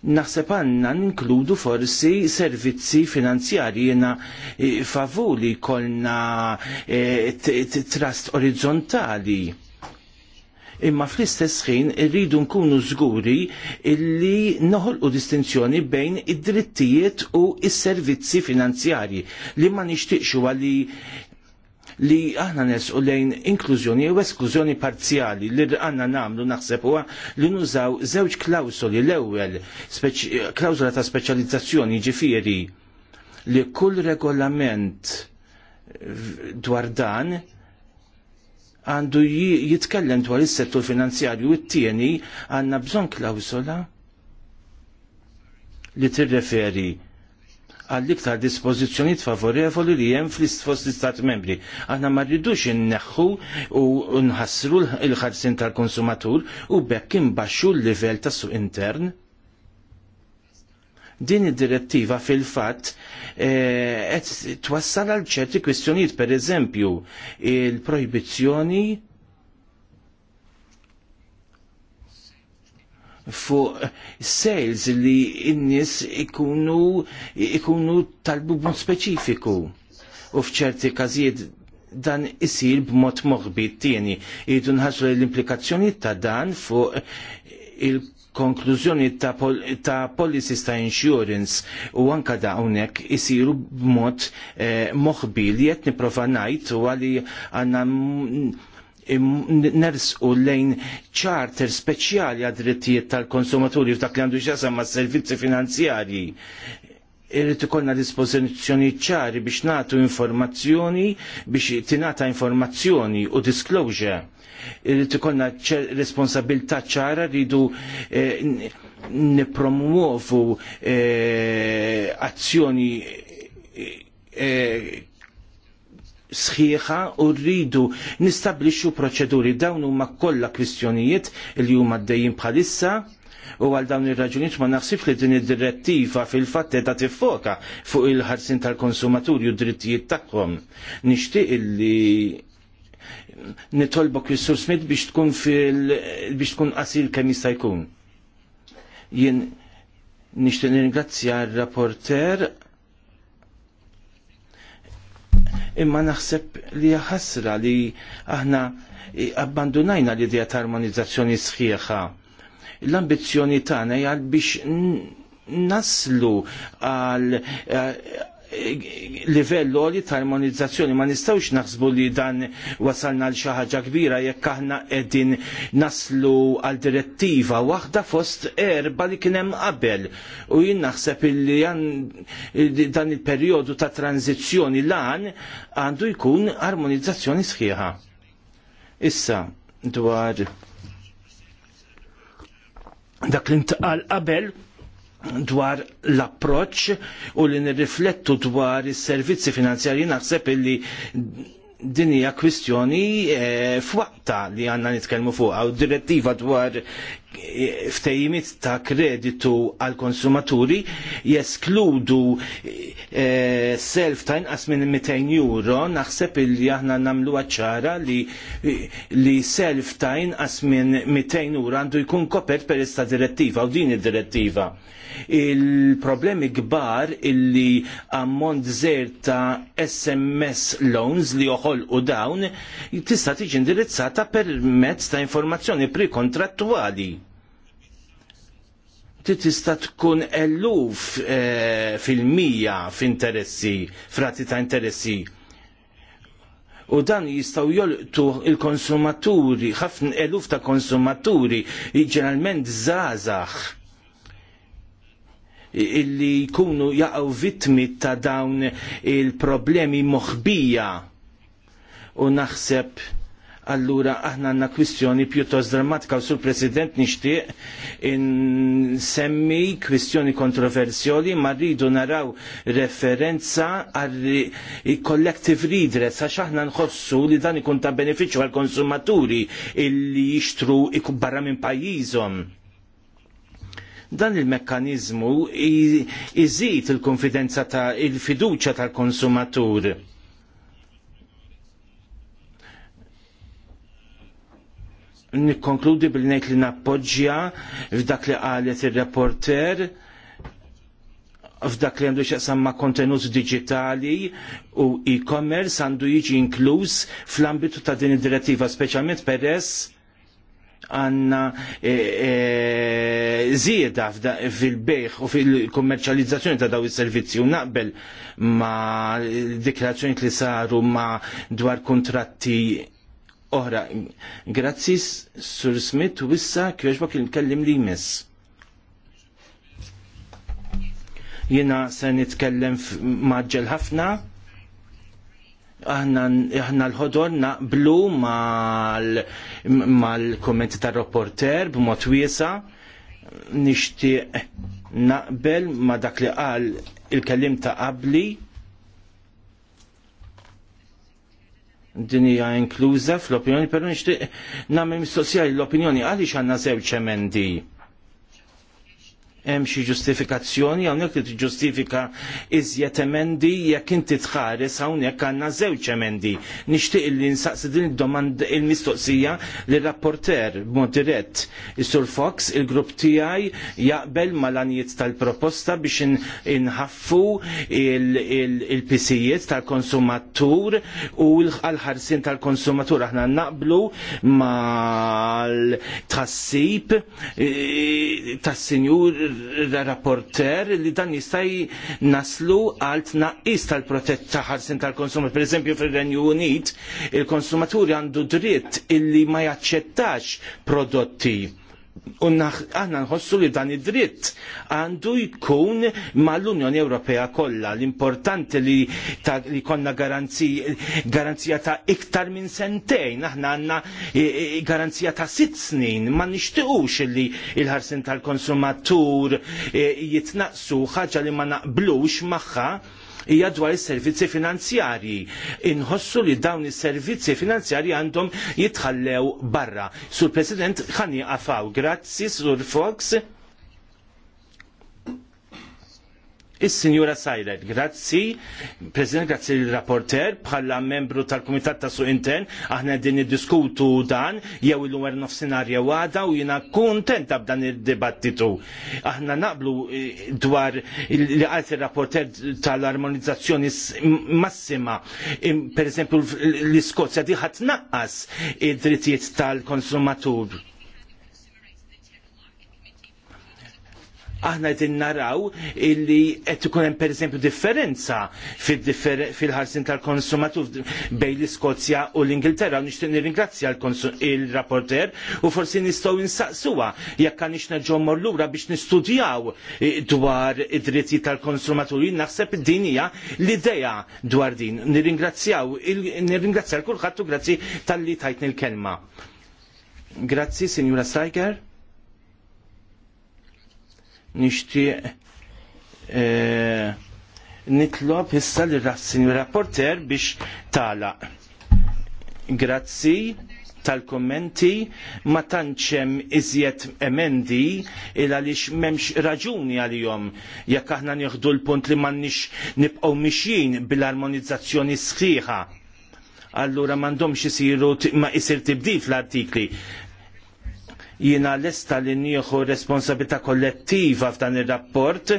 naħseb għanna ninkludu forsi servizzi finanzjari jena eh, favuli kolna eh, trust orizzontali imma fl-istess ħin irridu nkunu żguri illi noħolqu distinzjoni bejn id-drittijiet u s-servizzi finanzjarji li ma nixtieqxu għalli li aħna nesqu lejn inklużjoni u esklużjoni parzjali li għanna namlu naħseb huwa li nużaw żewġ klawsoli l-ewwel klawsola ta' speċjalizzazzjoni ġifieri li kull regolament dwar dan għandu jitkellem dwar is-settur finanzjarju u t-tieni għandna bżonn klawsola li tirreferi għall-iktar dispożizzjonijiet favorevoli li hemm fl-istfos l-Istat membri. Aħna ma rridux inneħħu u nħassru l-ħarsin tal-konsumatur u bekk imbaxxu l-livell tas suq intern. Din id-direttiva fil-fatt eh, qed twassal għal ċerti kwistjonijiet, pereżempju il-projbizzjoni fuq sales li n-nies ikunu, ikunu talbu b'mod speċifiku. U fċerti każijiet dan isir b'mod moħbit tieni. Irridu nħasru l-implikazzjoni ta' dan fuq il-konklużjoni ta', pol ta policies ta' insurance u anka da' unek isiru b'mod eh, moħbi li jett niprofa najt u għalli għanna nersqu lejn charter speċjali għad drittijiet tal-konsumaturi u dak li għandu xasam ma' servizzi finanzjarji. Irrid ikollna dispożizzjoni ċari biex nagħtu informazzjoni biex tingħata informazzjoni u disclosure. Irrid ikollna responsabilità ċara rridu eh, nipromuovu eh, azzjoni eh, sħiħa u rridu nistabliċu proċeduri dawn huma kollha kwistjonijiet li huma dejjin bħalissa u għal dawn ir-raġunijiet ma naħsibx li din id-direttiva fil-fatt qed tiffoka fuq il-ħarsin tal-konsumaturi u drittijiet tagħhom. Nixtieq li nitolbok is-Sur Smith biex tkun fil biex tkun qasil kemm jista' jkun. Jien nixtieq nirringrazzja r-rapporter imma naħseb li ħasra li aħna abbandunajna l-idea ta' armonizzazzjoni sħiħa. L-ambizzjoni tagħna hija biex naslu għal eh, livell li ta' armonizzazzjoni ma nistawx naħsbu li dan wasalna l xi ħaġa kbira jekk aħna qegħdin naslu għal direttiva waħda fost erba li kien hemm qabel u jien naħseb illi dan il-perjodu ta' tranzizzjoni lan għandu jkun armonizzazzjoni sħiħa. Issa dwar dak li ntqal qabel dwar l-approċ u li nirriflettu dwar is-servizzi finanzjarji naħseb illi din hija kwistjoni e, f'waqta li għandna nitkellmu fuqha u direttiva dwar ftejimit ta' kreditu għal konsumaturi jeskludu e, self ta' inqas minn 200 euro naħseb illi aħna namlu ċara li, li self ta' inqas minn 200 euro għandu jkun kopert per ista direttiva u din id-direttiva il-problemi kbar illi ammont zer ta' SMS loans li uħol u dawn tista' tiġi indirizzata permezz ta' informazzjoni prikontrattuali inti tista' tkun eluf eh, fil-mija f'interessi, frati ta' interessi. U dan jistaw jolqtu il-konsumaturi, ħafna eluf ta' konsumaturi, ġeneralment zazax illi jkunu jaqgħu vittmi ta' dawn il-problemi moħbija u naħseb allura aħna għandna kwistjoni pjuttost drammatika u sur President nixtieq semmi kwistjoni kontroversjoli ma rridu naraw referenza għal collective redress għax aħna nħossu li dan ikun ta' benefiċċju għal konsumaturi illi jixtru barra minn pajjiżhom dan il-mekkanizmu iżid il-konfidenza ta' il-fiduċa tal-konsumatur nikkonkludi bil li nappoġġja f'dak li qalet ir-reporter f'dak li għandu xaqsam ma' kontenut digitali u e-commerce għandu jiġi inkluż fl-ambitu ta' din id-direttiva, speċjalment peress għanna e, e, zieda fil-bejħ u fil-kommerċalizzazzjoni ta' daw is-servizzi u naqbel ma' dikrazzjoni li saru ma' dwar kontratti oħra. Grazzi, Sur Smith, u issa kjoġbok kien kellim li jmiss. Jena se nitkellem maġġel ħafna, aħna l-ħodor naqblu mal-kommenti tar rapporter b'mod wiesa nixtieq naqbel ma dak li qal il-kellim ta' qabli din hija inkluża fl-opinjoni, però nixtieq nagħmel mistoqsija l-opinjoni għaliex għandna żewġ emendi hemm xi ġustifikazzjoni hawnhekk li tiġġustifika iżjed emendi jekk inti tħares hawnhekk għandna żewġ emendi. Nixtieq li nsaqsi din id-domanda il-mistoqsija lir rapporter b'mod dirett is-Sur Fox il-grupp tiegħi jaqbel mal-anijiet tal-proposta biex inħaffu il-pisijiet tal-konsumatur u l-ħarsin tal-konsumatur aħna naqblu mal-tassib eh, tas-sinjur rapporter li dan jista' naslu għal tnaqqis tal-protett ta' ħarsin tal-konsumat. Per eżempju fir-Renju Unit, il-konsumaturi għandu dritt illi ma jaċċettax prodotti U aħna nħossu li dan id-dritt għandu jkun mal-Unjoni Ewropea kollha. L-importanti li, li konna garanzija, garanzija ta' iktar minn sentejn, aħna għandna garanzija ta' sitt snin, ma nixtiqux li il-ħarsin tal-konsumatur jitnaqsu ħaġa li ma naqblux magħha hija dwar is-servizzi finanzjarji. Inħossu li dawn is-servizzi finanzjarji għandhom jitħallew barra. Sur President ħani għafaw, grazzi Sur Fox. Is-Sinjura Sajret, grazzi, President, grazzi l-rapporter, bħala membru tal-Kumitat ta' Suq Intern, aħna din id-diskutu dan, jew il f nofsinarja għada u jina kontenta b'dan il-dibattitu. Aħna naqblu eh, dwar li għalt rapporter tal-armonizzazzjoni massima, per esempio l-Iskozja diħat naqqas id-drittijiet tal-konsumatur aħna qed naraw illi qed ikun hemm pereżempju differenza fil-ħarsin tal-konsumatur bejn l-Iskozja u l-Ingilterra. Nixtieq nirringrazzja l-rapporter u forsi nistgħu insaqsuha jekk għandix nerġgħu lura biex nistudjaw eh, dwar id-dritti tal-konsumaturi. Naħseb din hija l-idea dwar din. Nirringrazzjaw nirringrazzja l kulħadd u grazzi tal-li tajtni l-kelma. Grazzi, sinjura Stryker nixtieq e, nitlob issa li rassin rapporter biex tala. Grazzi tal-kommenti ma tanċem iżjed emendi il għaliex memx raġuni għal-jom jekk aħna nieħdu l-punt li m'għandniex nibqgħu mixjin bil-armonizzazzjoni sħiħa. Allura m'għandhomx isiru ma isir tibdil fl-artikli. Jiena lesta li nieħu responsabilità kollettiva f'dan ir-rapport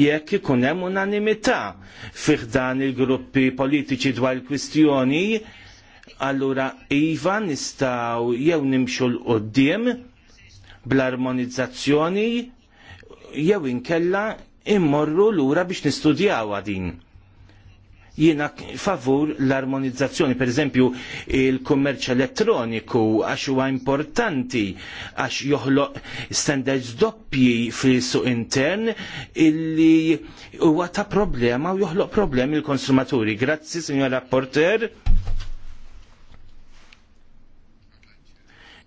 jekk ikun hemm unanimità fih dan il-gruppi politiċi dwar il-kwistjoni allura iva nistgħu jew nimxu l-qoddim bl-armonizzazzjoni jew inkella immorru lura biex nistudjaw din jiena favur l-armonizzazzjoni, per eżempju il-kummerċ elettroniku għax huwa importanti għax joħloq standards doppji fil-suq intern illi huwa ta' problema u joħloq problemi l-konsumaturi. Grazzi, signor rapporter.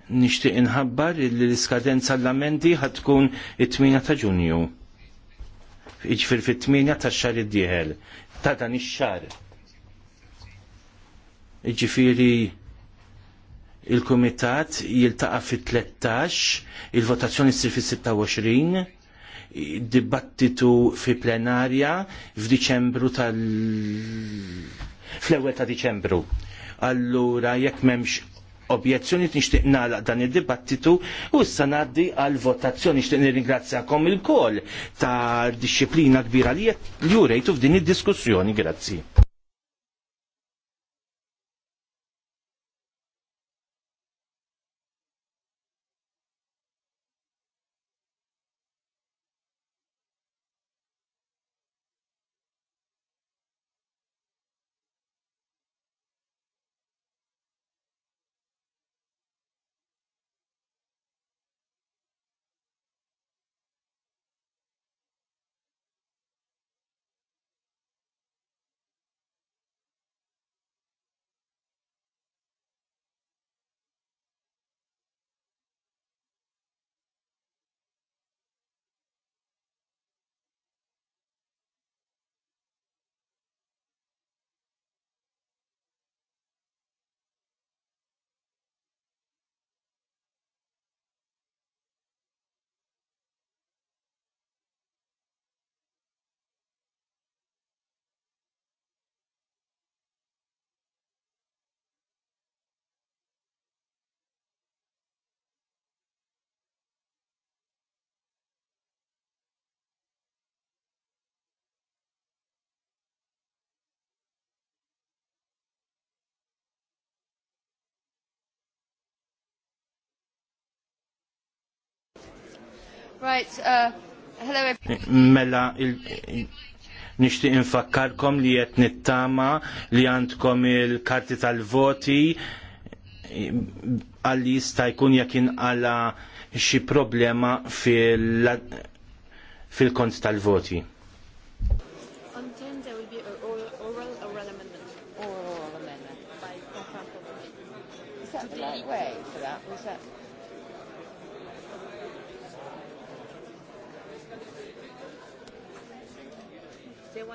Nixtieq inħabbar li l-iskadenza l-amendi ħatkun it-8 ta' ġunju iġfir fit-8 ta' xar id-dieħel ta' dan ix-xar. Ġifiri il-Kumitat jiltaqa' fit-13, il-votazzjoni ssir fis-26, dibattitu fi plenarja f'Diċembru tal fl-ewwel ta' Diċembru. Allura jekk m'hemmx objezzjoni nixtieq nagħlaq dan id-dibattitu u issa ngħaddi għal votazzjoni nixtieq nirringrazzjakom il-kol ta' disċiplina kbira li jurejtu f'din id-diskussjoni. Grazzi. Right, uh, hello Mela, nishti infakkarkom li jett nittama li għandkom il-karti tal-voti għalli jista' jkun jekk inqala xi problema fil-kont tal-voti.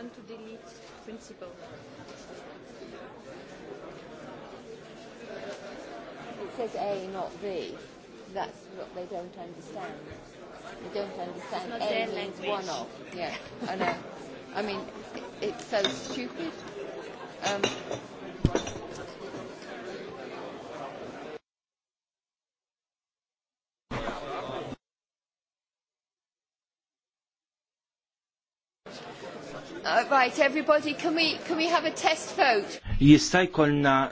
want to delete principle. It says A, not B. That's what they don't understand. They don't understand. A means language. one of. Yeah, I know. I mean, it, it's so stupid. Um, Uh, right, everybody, can we, can we have a test vote? Jistaj kolna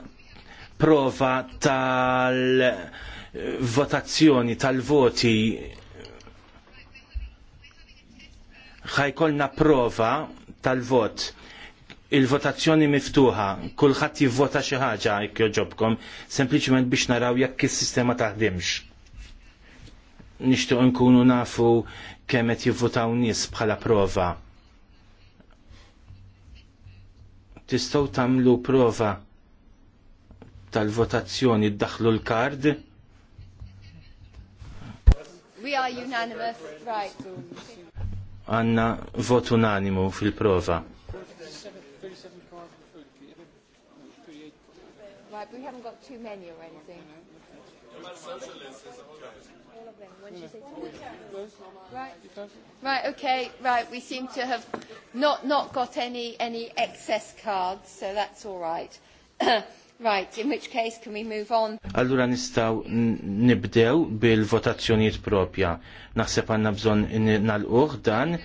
prova tal-votazzjoni, eh, tal-voti. ħajkolna prova tal-vot. Il-votazzjoni miftuħa, kulħadd jivvota xi ħaġa jekk joġobkom, sempliċement biex naraw jekk is-sistema taħdimx. Nixtieq nkunu nafu kemm qed jivvotaw nies bħala prova. tistgħu tamlu prova tal-votazzjoni ddaħlu l-kard. We are unanimous, right. Għanna vot unanimu fil-prova. Right, we haven't got too many or anything. Right, okay, right, we seem to have not, not got any, any excess cards, so that's all right. Right, in which case can we move on? Allura nistaw nibdew bil-votazzjoniet propja. Naħseb għanna bżon nal-uħ dan.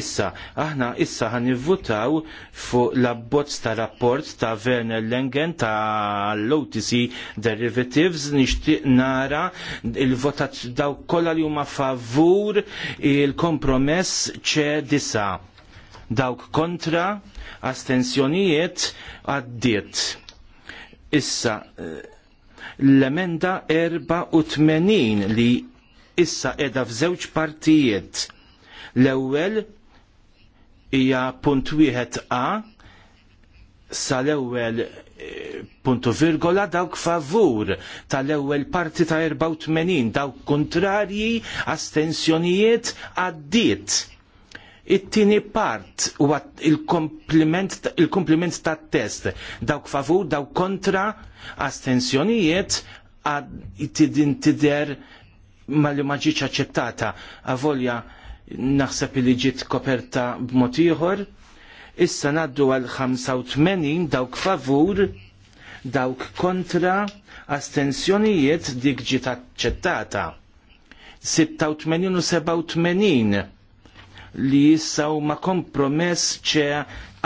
Issa, aħna issa għan nivvutaw fuq l-abbozz ta' rapport ta' Werner Lengen ta' l-OTC Derivatives nishtiq nara il votazzjoniet daw kolla li huma favur il-kompromess ċe disa. Dawk kontra, astensjonijiet għaddiet Issa, eh, l-emenda 84 li issa edha f'żewġ partijiet. L-ewwel hija punt wieħed A sal-ewwel eh, puntu virgola dawk favur tal-ewwel parti ta' 84 dawk kontrarji astensjonijiet għaddiet It-tieni part u il-kompliment tat-test dawk favur, dawk kontra, astensjonijiet għad tider ma li maġiċ aċċettata avolja naħseb li ġiet koperta b'mod ieħor. Issa naddu għal 85 dawk favur, dawk kontra, astensjonijiet dik ġiet aċċettata. 86 u 87 li jissa huma kompromess ċe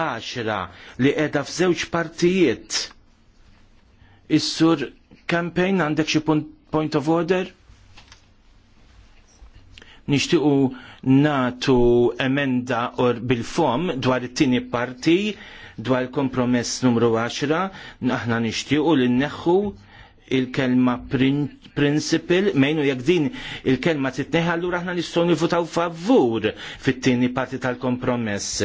għaxra li qiegħda f'żewġ partijiet. Is-sur campaign għandek xi point of order? Nixtiequ natu emenda or bil-fom dwar it-tieni parti dwar kompromess numru 10 aħna nixtiequ li neħħu il-kelma Print principle mejnu jekk din il-kelma titneħ allura aħna nistgħu nivutaw favur fit-tieni parti tal-kompromess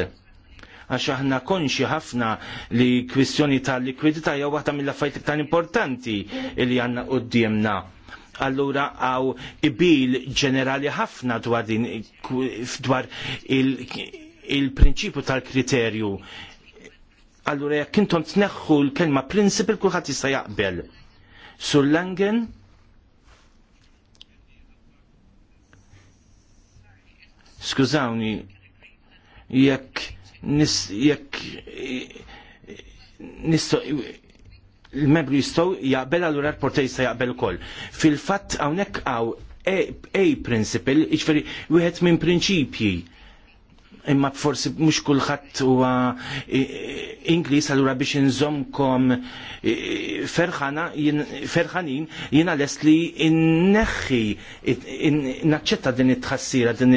għax aħna konxi ħafna li kwistjoni tal-likwidità hija waħda mill affajt tan importanti li għandna qudiemna. Allura għaw ibil ġenerali ħafna dwar din dwar il-prinċipju il tal-kriterju. Allura jekk intom tneħħu l-kelma principle kulħadd jista' jaqbel. Sur Langen, Skużawni, jekk nis, jekk nisto il-membru jistow jaqbel għallura l-portaj jista jaqbel ukoll. fil fatt hawnhekk għaw a, a principle, iġveri, wieħed minn prinċipji imma forsi mhux kulħadd huwa e, e, Ingliż allura biex inżomkom e, ferħanin jiena lest li inneħħi naċċetta din it-tħassira din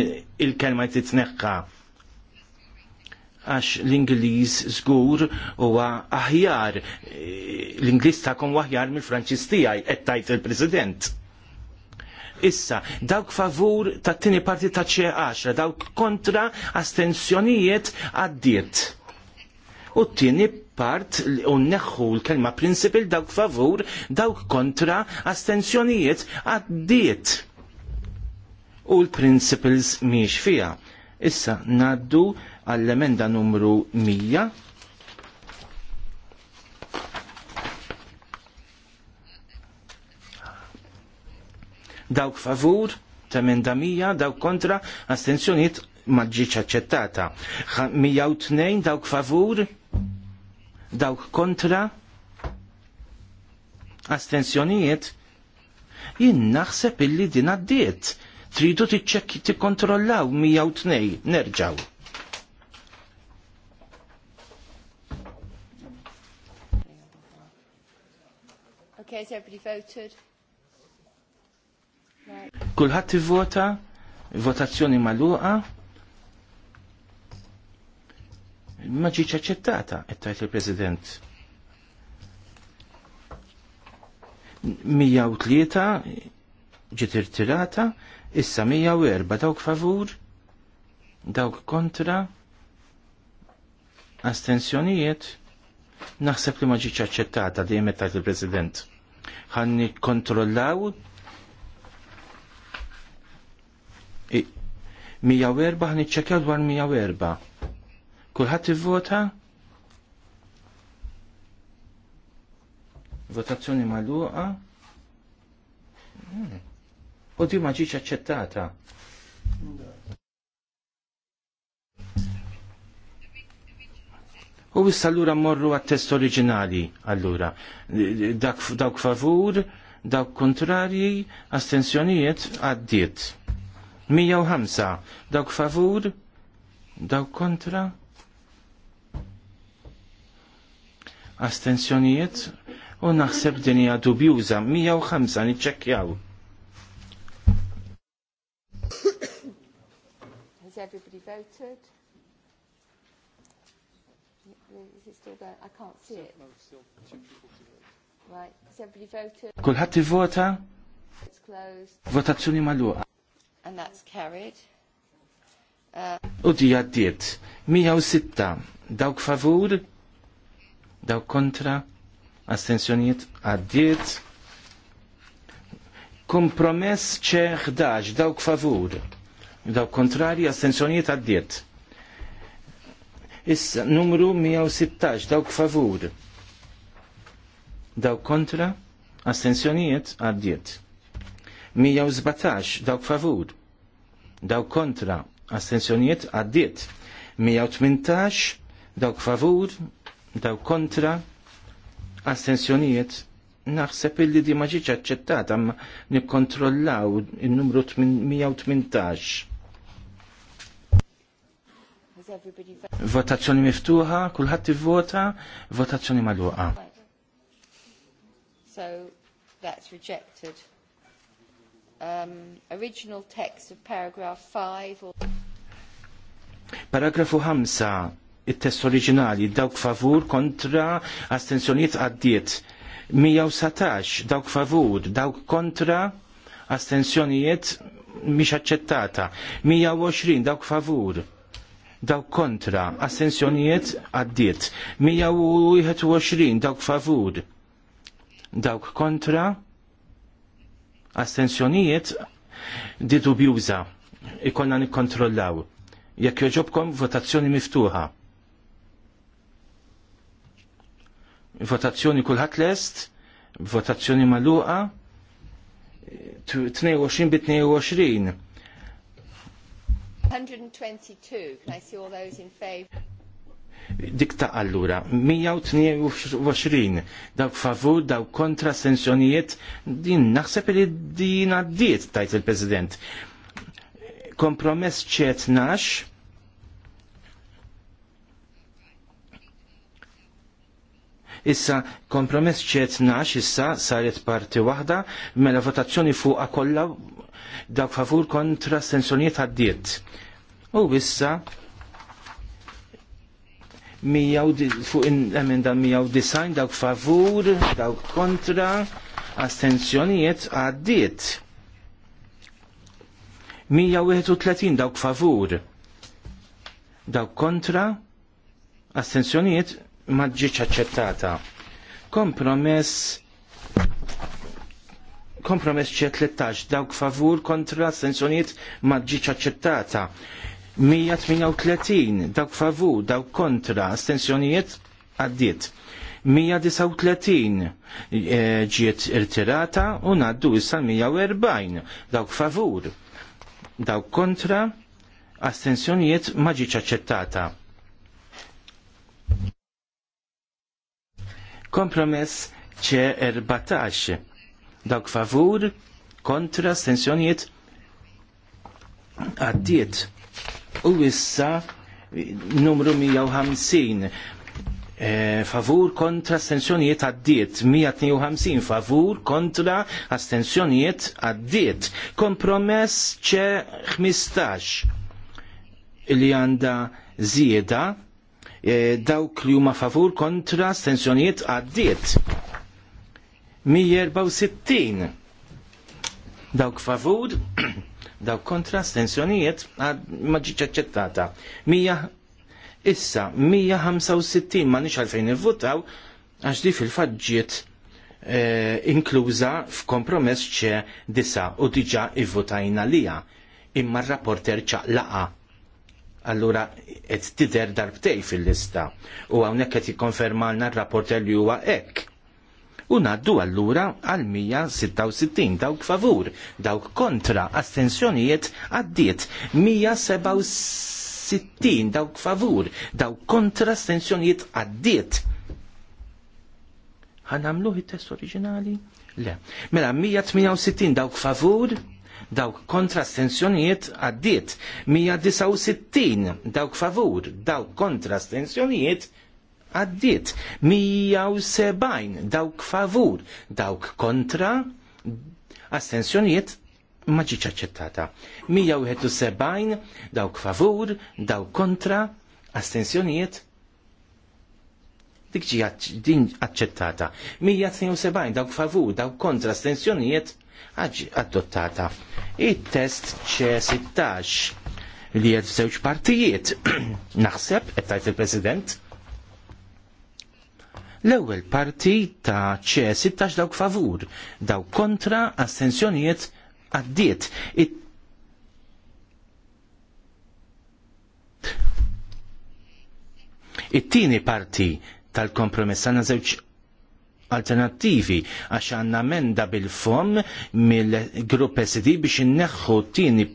il-kelma titneħħa għax l-Ingliż żgur huwa aħjar l-Ingliż tagħkom aħjar mill-Franċiż tiegħi qed tajt il-President Issa, dawk favur ta' tini parti ta' ċe għaxra, dawk kontra astensjonijiet għaddiet. U t-tini part u l-kelma principle dawk favur, dawk kontra astensjonijiet għaddiet. U l-principles miex fija. Issa, naddu għall-emenda numru 100 dawk favur, ta' dawk kontra, astenzjoniet ma ġiċ aċċettata. 102 dawk favur, dawk kontra, astenzjonijiet, jien naħseb illi din għaddiet. Tridu t tikkontrollaw 102, nerġaw. Okay, has everybody voted? Kulħadd ivvota, votazzjoni magħluqa. Ma ġiċ aċċettata, qed tgħid il-President. 103 ġiet irtirata, issa 104 dawk favur, dawk kontra, astensjonijiet, naħseb li ma ġiċ aċċettata dejjem qed tgħid il-President. Ħanni kontrollaw 104 għan iċċekjaw dwar 104. Kulħadd ivvota? Votazzjoni magħluqa. Hmm. U di ma ġiċ aċċettata. U issa allura morru għat-test oriġinali allura. Dak, dawk favur, dawk kontrarji, astensjonijiet għaddiet. 105 dawk favur dawk kontra astensjonijiet u naħseb din hija dubjuża 105 niċċekkjaw. Has everybody voted? Is it still going? I can't see it. Right, has everybody voted? Kulħadd ivota? Votazzjoni magħluqa and that's carried. U di għaddiet, 106 dawk favur, dawk kontra, astensjoniet għaddiet, kompromess ċeħdax, dawk favur, dawk kontrari, astensjoniet għaddiet. Issa, numru 116, dawk favur, dawk kontra, astensjoniet għaddiet. 117 dawk favur, dawk kontra, astensjoniet għaddiet. 118 dawk favur, dawk kontra, astensjoniet naħseb illi di maġiċ aċċettata ma nikkontrollaw il-numru 118. Votazzjoni miftuħa, kulħadd ivvota, votazzjoni magħluqa. So that's rejected um, original text of paragraph 5 or Paragrafu 5 it-test oriġinali dawk favur kontra astensjoniet għaddiet 117 dawk favur dawk kontra astensjoniet mhix aċċettata 120 dawk favur dawk kontra astensjoniet għaddiet 121 dawk favur dawk kontra astensjonijiet di dubjuża ikonna nikkontrollaw. Jekk joġobkom votazzjoni miftuħa. Votazzjoni kulħadd lest, votazzjoni magħluqa, 22 bit 22. 122, can I see all those in favor? dik ta' allura. 122 dawk favur, dawk kontra sensjonijiet, din naħseb li din għaddiet tajt il-President. Kompromess ċet nax, Issa, kompromess ċet nax, issa saret parti wahda, mela votazzjoni fuqa kollha dawk favur kontra sensjonijiet għaddiet. U issa, fuq l-emenda 190 dawk favur, dawk kontra, astenzjonijiet għaddiet. 131 dawk favur, dawk kontra, astenzjonijiet maġġiċ aċċettata. Kompromess kompromess ċe 13 dawk favur kontra astenzjonijiet maġġiċ aċċettata. 138 dawk favur, dawk kontra, astensjonijiet għaddiet. 139 e, ġiet irtirata u naddu issa 140 dawk favur, dawk kontra, astensjonijiet ma ġietx aċċettata. Kompromess ċe 14 dawk favur, kontra, astensjonijiet għaddiet u issa numru 150 eh, favur kontra astensjonijiet għaddiet, 152 favur kontra astensjonijiet għaddiet. Kompromess ċe 15 li għanda zieda eh, dawk li huma favur kontra astensjonijiet għaddiet. 164 dawk favur daw kontra stensjonijiet ah, ma maġiċ aċċettata. Mija issa 165 ma nix għalfejn nivvutaw għax di fil-faġġiet e, eh, inkluża f'kompromess ċe disa u diġa i-votajna lija imma r-rapporter ċaqlaqa. Allura qed tider darbtej fil-lista u hawnhekk qed jikkonfermalna r-rapporter li huwa hekk u naddu allura għal 166 dawk favur, dawk kontra, astensjonijiet għaddiet 167 dawk favur, dawk kontra, astensjonijiet għaddiet. Għanamluħ il-test oriġinali? Le. Mela 168 dawk favur, dawk kontra astensjonijiet għaddiet 169 dawk favur, dawk kontra għaddiet għaddit 170 dawk favur, dawk kontra, astensjonijiet ma ġiċ aċċettata. 171 dawk favur, dawk kontra, astensjonijiet dik ġi din aċċettata. 172 dawk favur, dawk kontra, astensjonijiet adottata. Il-test ċe 16 li jed partijiet. Naħseb, et tajt il-President, L-ewwel parti ta' ċe 16 dawk favur, dawk kontra astensjonijiet għaddiet. It tini tieni parti tal-kompromess għandna żewġ alternattivi għax għandna amenda bil-fom mill-grupp SD biex inneħħu tini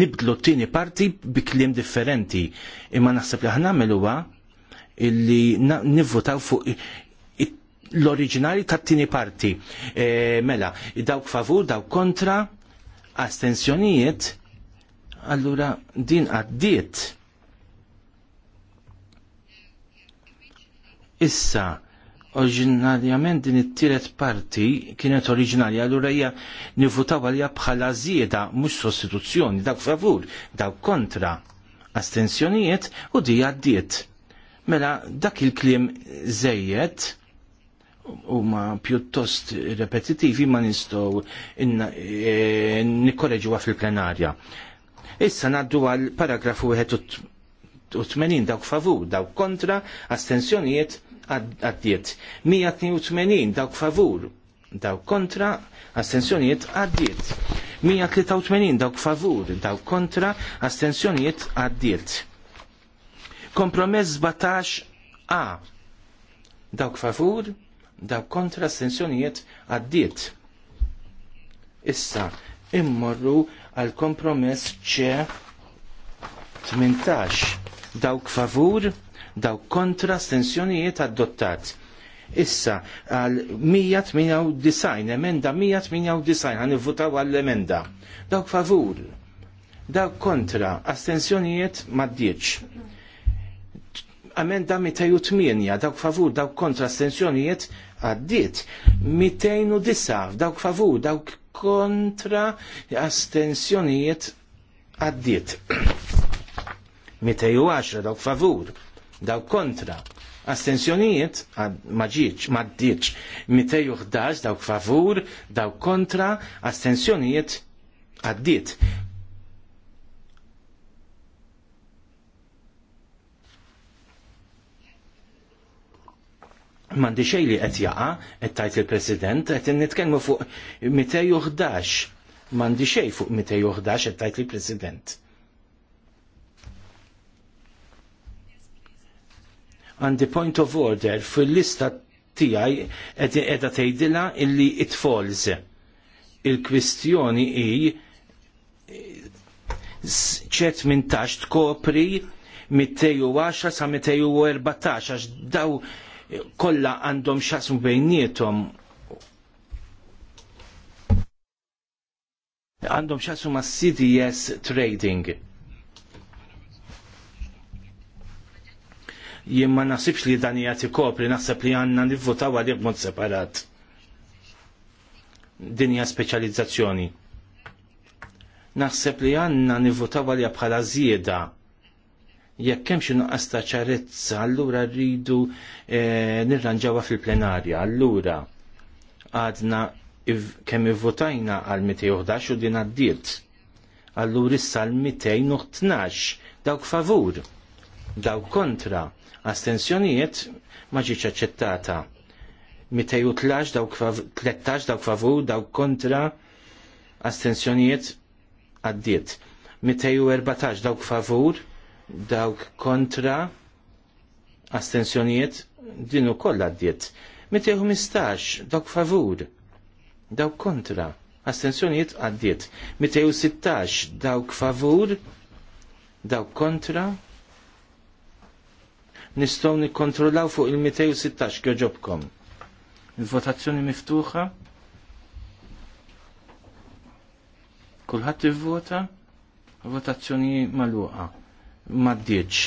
nibdlu t-tieni parti bi kliem differenti. Imma naħseb li ħna huwa illi nivvotaw fuq l-oriġinali tat-tieni parti. E, mela, dawk favur, dawk kontra, astensjonijiet, allura din għaddiet. Issa, oriġinarjament din it-tielet parti kienet oriġinali, allura hija nivutaw għalija bħala żieda mhux sostituzzjoni dawk favur, dawk kontra astensjonijiet u di għaddiet. Mela dak il-klim żejjed huma pjuttost repetitivi ma nistgħu e, nikkoreġuha fil-plenarja. Issa ngħaddu għal paragrafu 81 dawk favur, dawk kontra, astensjonijiet għaddiet. 182 dawk favur, dawk kontra, astensjonijiet għaddiet. 183 dawk favur, dawk kontra, astensjonijiet għaddiet. Kompromess 17 A. Dawk favur, da kontra astensjonijiet għaddiet. Issa, immorru għal kompromess ċe 18 dawk favur, dawk kontra astensjonijiet adottat. Issa, għal 198, emenda 198, għan votaw għall emenda Dawk favur, dawk kontra, astensjonijiet maddieċ. Amenda 208, dawk favur, dawk kontra, astensjonijiet għaddit 209 dawk favur dawk kontra astensjonijiet għaddit. 210 dawk favur dawk kontra astensjonijiet maġiċ, maddiċ, 211 dawk favur, dawk kontra, astensjonijiet għaddit, mandi xej li qed jaqa, qed tajt il-President, qed nitkellmu fuq 211. Mandi xej fuq 211 qed tajt il-President. Għandi point of order fil-lista tiegħi qiegħda tgħidilha illi it falls. Il-kwistjoni hi ċet minn tax tkopri 210 sa 214 għax daw Kolla għandhom x'asmu bejnietom għandhom xasmu ma' CDS trading. Jien ma naħsibx li dan jgħati kopri, naħseb li għandna nivvotaw għalih b'mod separat. Dinja speċjalizzazzjoni. Naħseb li għandna nivvotaw għal bħala żieda jekk hemm xi nuqqas ta' ċarezza, allura rridu e, nirranġawha fil-plenarja. Allura għadna kemm ivvotajna għal 211 u din għaddiet. Allura issa l-212 dawk favur, dawk kontra, astensjonijiet ma ġietx aċċettata. 213 dawk 13 dawk favur, dawk kontra, astensjonijiet għaddiet. 214 dawk favur, dawk kontra astensjonijiet din ukoll għaddiet. Mitteħu 15 dawk favur, dawk kontra, astensjonijiet għaddiet. Mitteħu 16 dawk favur, dawk kontra, nistgħu nikkontrollaw fuq il-216 kjoġobkom. Il-votazzjoni miftuħa? Kulħadd ivvota? Votazzjoni maluqa maddiċ.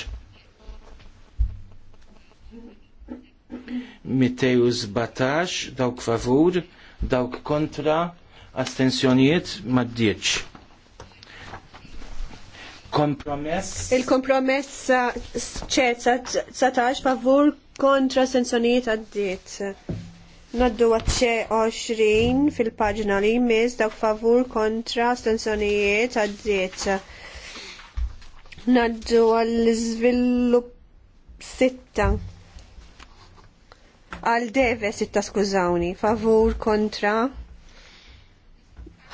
zbatax, dawk favur, dawk kontra, astensjonijiet maddiċ. Kompromess. Il-kompromess ċe, 19 favur kontra astensjonijiet għaddiet. Naddu għatċe 20 fil paġna li jmiss dawk favur kontra astensjonijiet għaddiet. Naddu għall izvillu sitta. Għal deve sitta skużawni, favur kontra.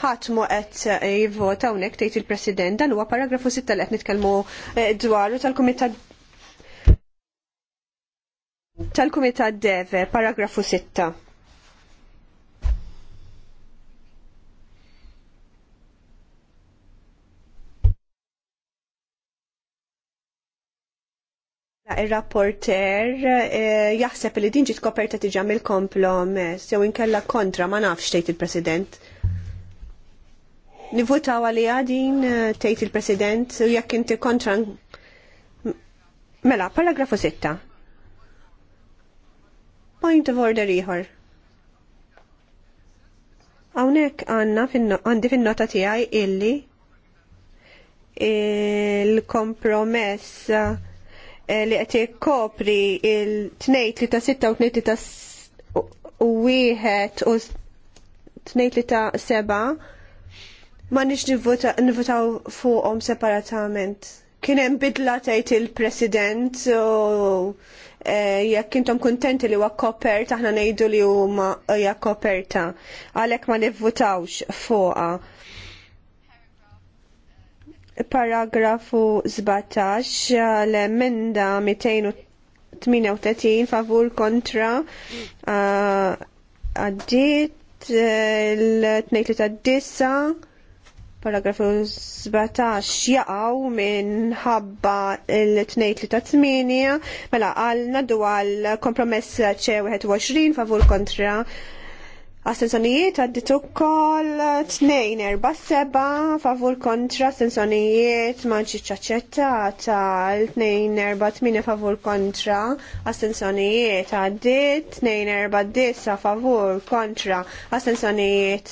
Ħatmu qed eh, jivvota hawnhekk tgħid il-President dan huwa paragrafu sitta li għet nitkellmu eh, dwaru tal-Kumitat tal-Kumitat Deve, paragrafu sitta. Mela, il-rapporter eh, jaħseb li din ġiet koperta tiġa mill-komplomess, jew inkella kontra, ma nafx tgħid il-President. Nivutaw għali għadin eh, tgħid il-President u jekk inti kontra. Mela, paragrafu 6. Point of order ieħor. Hawnhekk għandna għandi fin-nota tiegħi illi il-kompromess Eh, li qed jikkopri il-tnejn li ta' sitta u tnejn li ta' wieħed u tnejn ta' seba' ma nix nivvotaw fuqhom separatament. Kien hemm bidla tgħid il-President u eh, jekk intom kuntenti li huwa koperta aħna ngħidu li huma hija koperta għalhekk ma nivvutawx fuqha paragrafu 17 l-emenda 238 favur kontra għaddit l-239 paragrafu 17 jaqaw minn ħabba l-238 mela għal nadu għal kompromess ċe 21 favur kontra Astenzjonijiet għaddit ukoll tnejn erba' seba' favur kontra astenzjonijiet ma ġietx aċċettata tnejn erba' tmien favur kontra astenzjonijiet għaddit tnejn erba' disa favur kontra astenzjonijiet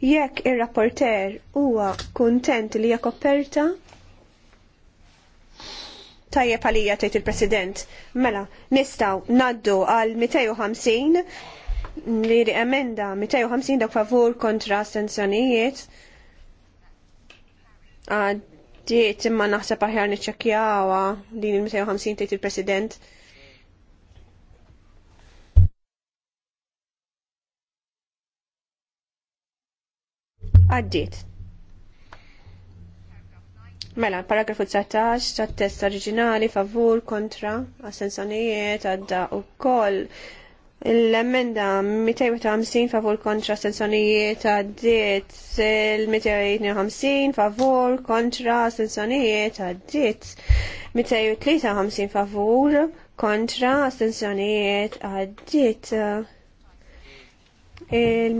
Jekk ir-rapporter huwa kuntent li hija koperta, tajjeb għalija tgħid il-President. Mela, nistgħu naddu għal 250 li emenda 250 dak favur kontra astensjonijiet. Għaddiet imma naħseb aħjar niċċekkjawha din il-250 tgħid il-President. għaddit. Mela, paragrafu 19 tat test oriġinali favur kontra assenzjonijiet għadda u koll l-emenda 250 favur kontra assenzjonijiet għaddit il 250 favur kontra assenzjonijiet għaddit 253 favur kontra assenzjonijiet għaddit il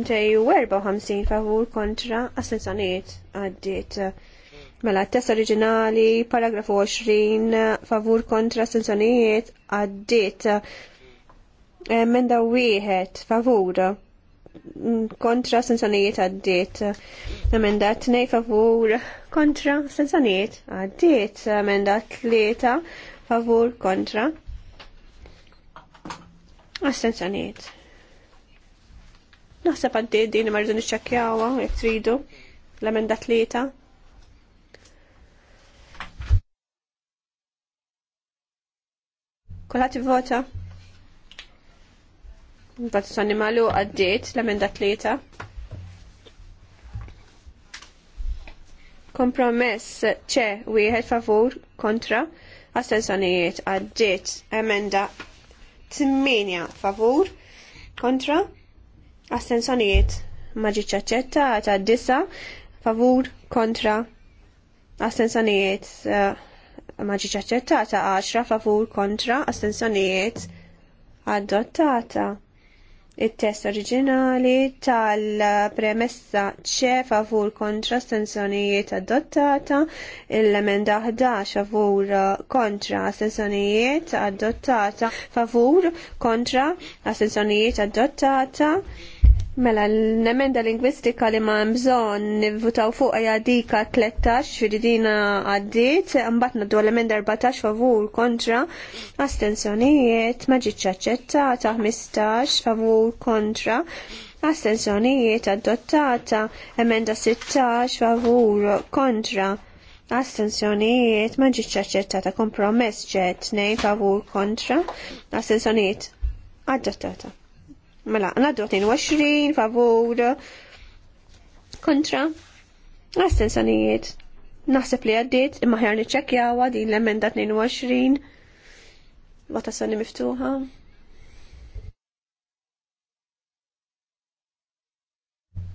ħamsin, favur kontra assenzjoniet għaddit. Mela test oriġinali, paragrafu 20 favur kontra assenzjoniet għaddit. Menda wieħed favur kontra assenzjoniet għaddit. Menda 2 favur kontra assenzjoniet għaddit. Menda 3 favur kontra assenzjoniet Naħseb għaddi din marridu niċċekkjawha jekk tridu l-emenda tlieta. Kulħadd ivvota. Votazzjoni magħluq għaddiet l-emenda tlieta. kompromess ċe wieħed favur kontra astensjonijiet għaddiet emenda 8 favur kontra Astenzjonijiet ma ġietx ta' Disa favur kontra astenzjonijiet eh, ma ġietx ta' għaxra, favur kontra astenzjonijiet adottata. Il-test oriġinali tal-premessa ċe favur kontra stenzjonijiet adottata, il-emenda 11 favur kontra stenzjonijiet adottata, favur kontra stenzjonijiet adottata. Mela, l-nemenda lingwistika li ma' mżon nivvutaw fuq għaja dika 13, firidina għaddit, għambatna d l-emenda 14 favur kontra, astensjonijiet, maġiċ ta' 15 favur kontra, astensjonijiet adottata, emenda 16 favur kontra, astensjonijiet, maġiċ ta' kompromess ġet favur kontra, astensjonijiet adottata. Mela, naddu 22 favur kontra astensjonijiet. Naħseb li għaddit imma ħjar niċċekkjawa din l-emenda 22 votazzjoni miftuħa.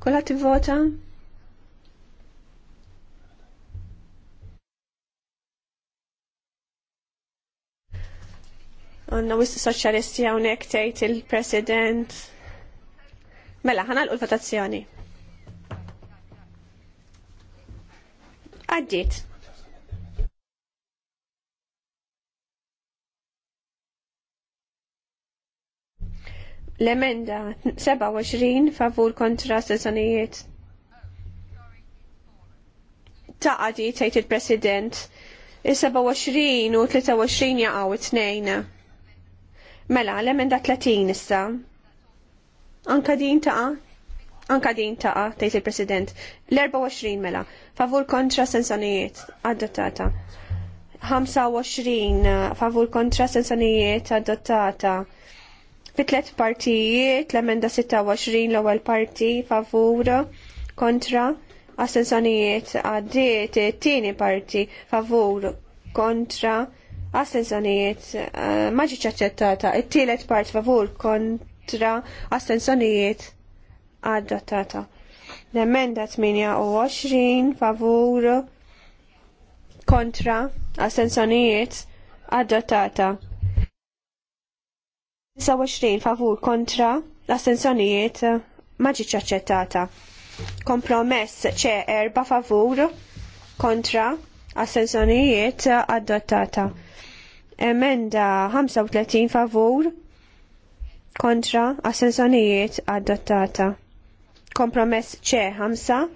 Kolla tivvota? vota għanna wis soċjalisti hawnhekk tgħid il-President. Mela, ħana l-votazzjoni. Għaddit. L-emenda 27 favur kontra Ta' għaddit tgħid il-President. Is-27 u 23 jaqgħu it-tnejn. Mela, l-emenda 30 issa. Anka din taqa? Anka din taqa, tgħid il-President. L-24 mela. Favur kontra sensonijiet adottata. 25 favur kontra sensonijiet adottata. Fi partijiet l-emenda 26 l-ewwel parti favur kontra assenzjonijiet għaddiet it-tieni parti favur kontra astensjonijiet eh, ma ġietx aċċettata. It-tielet part favur kontra astensjonijiet adottata. L-emenda 28 favur kontra astensjonijiet adottata. 29 favur kontra l-astensjonijiet ma ġietx aċċettata. Kompromess ċe erba favur kontra astensjonijiet adottata. Emenda 35 favur kontra assenzjonijiet adottata. Kompromess C 5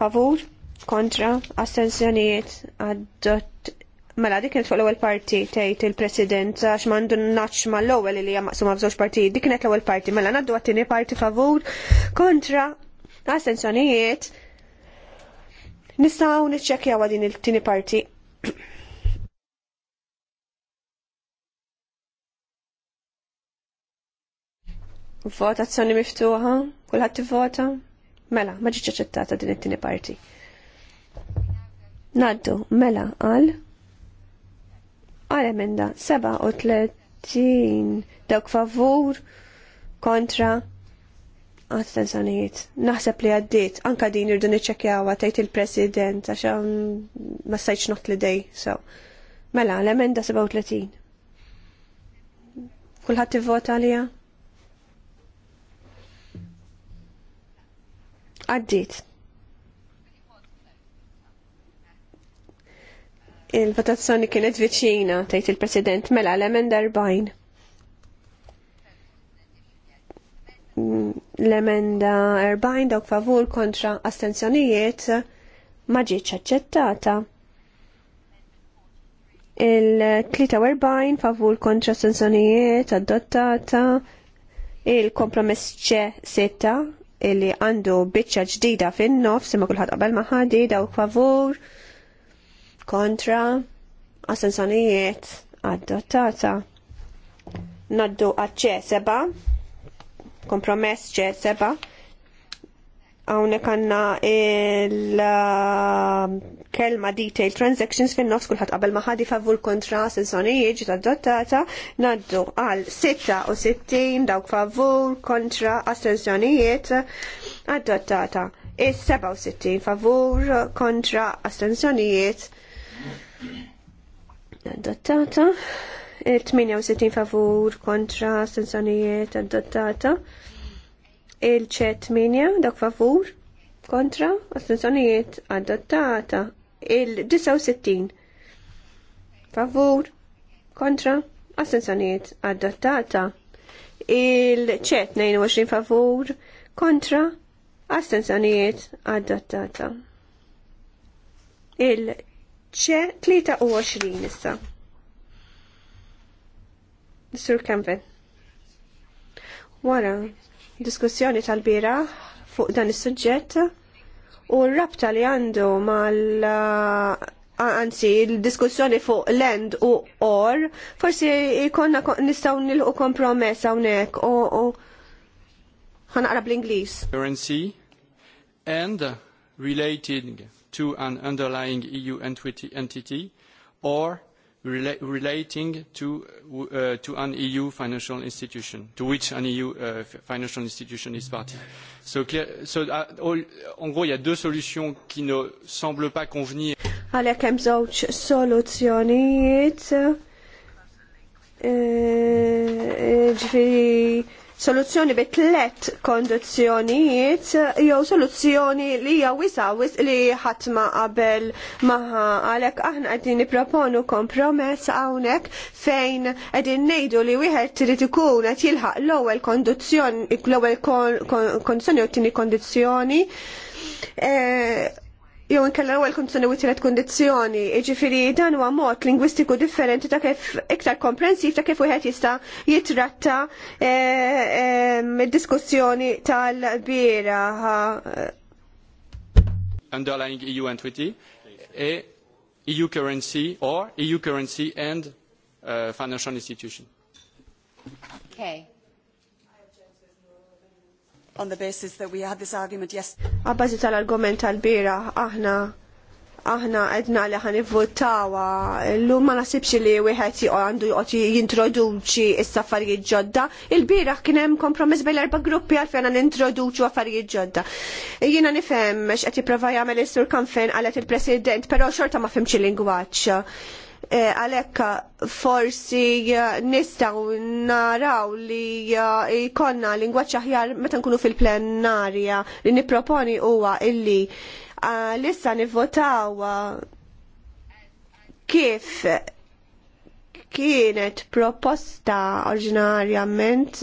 favur kontra assenzjonijiet adott Mela dik kienet fuq l-ewwel parti tgħid il-President għax m'għandu naċċ mal-ewwel li hija maqsuma f'żewġ parti. Dik kienet l-ewwel parti, mela ngħaddu għat-tieni parti favur kontra assenzjonijiet Nistgħu niċċekkjaw din it-tieni parti. Votazzjoni miftuħa, kulħadd tivvota? Mela, ma ġietx aċċettata din it-tieni parti. Naddu, mela għal għal emenda 37 dawk favur kontra għat tensanijiet. Naħseb li għaddit, anka din irdu niċċekjawa tajt il-president, għax ma sajċ not li dej, so. Mela, l-emenda 37. Kulħat t-vota għalija? Għaddit. Il-votazzjoni kienet viċina, tajt il-President, mela l-emenda 40. Mm, l-emenda 40 dawk favur kontra astenzjonijiet ma ġietx aċċettata. Il-43 favur kontra astenzjonijiet adottata. Il-kompromess ċe 6 illi għandu biċċa ġdida fin-nofs imma kulħadd qabel ma' ħadi dawk favur kontra assenzjonijiet adottata. Ad Naddu għad seba, kompromess ċe seba' Hawnhekk għandna il-kelma detail transactions fin nofs kulħadd qabel ma ħadi favur kontra sezzjonijiet ta' dotata naddu għal 66 dawk favur kontra astensjonijiet adottata. Is-67 favur kontra astensjonijiet adottata. 68 favur kontra astensjonijiet adottata. Ad il-ċet minja dak favur kontra astenzjonijiet adottata il-69 favur kontra astenzjonijiet adottata il-ċet 29 favur kontra astenzjonijiet adottata il ċet 23 issa Sur Campbell. Wara, diskussjoni tal-bira fuq dan is-suġġett u rabta li għandu mal anzi l-diskussjoni fuq land u or forsi jkollna nistgħu nilħu kompromess hawnhekk u ħanaqra bl-Ingliż. Currency and relating to an underlying EU entity or rela relating to, uh, to an EU financial institution, to which an EU uh, financial institution is part. So, clear, so uh, all, en gros, il y a deux solutions qui ne semblent pas convenir. Għalek hemm żewġ soluzzjonijiet. Eh, eh, ġifieri soluzzjoni bi tlet kondizzjonijiet jew soluzzjoni li hija wisawis li ħatma qabel maħa għalhekk aħna qegħdin nipproponu kompromess hawnhekk fejn qegħdin ngħidu li wieħed trid ikun qed jilħaq l-ewwel kondizzjoni l-ewwel kondizzjoni u tieni kondizzjoni. Eh, jew inkella l-ewwel kundizzjoni tielet kundizzjoni, jiġifieri dan u għamot lingwistiku differenti ta' kif iktar komprensiv ta' kif wieħed jista' jitratta eh, eh, id-diskussjoni tal bira Underlying EU entity, EU currency or EU currency and uh, financial institution. Okay on the basis that we had this argument yesterday. Għabbażi tal-argument tal-bira, aħna aħna għedna li ħan votawa l-lum ma nasibx li wieħed għandu joqgħod jintroduċi s-affarijiet ġodda. Il-bieraħ kien hemm kompromiss bejn erba' gruppi għalfejn għan introduċu affarijiet ġodda. Jiena nifhem x'qed jipprova jagħmel is-sur kanfen għalet il-President, però xorta ma fimx il-lingwaġġ. E, għalhekk forsi e, nistgħu naraw li e, jkollna lingwaġġ aħjar meta nkunu fil-plenarja li nipproponi huwa illi lissa nivvotaw kif kienet proposta oriġinarjament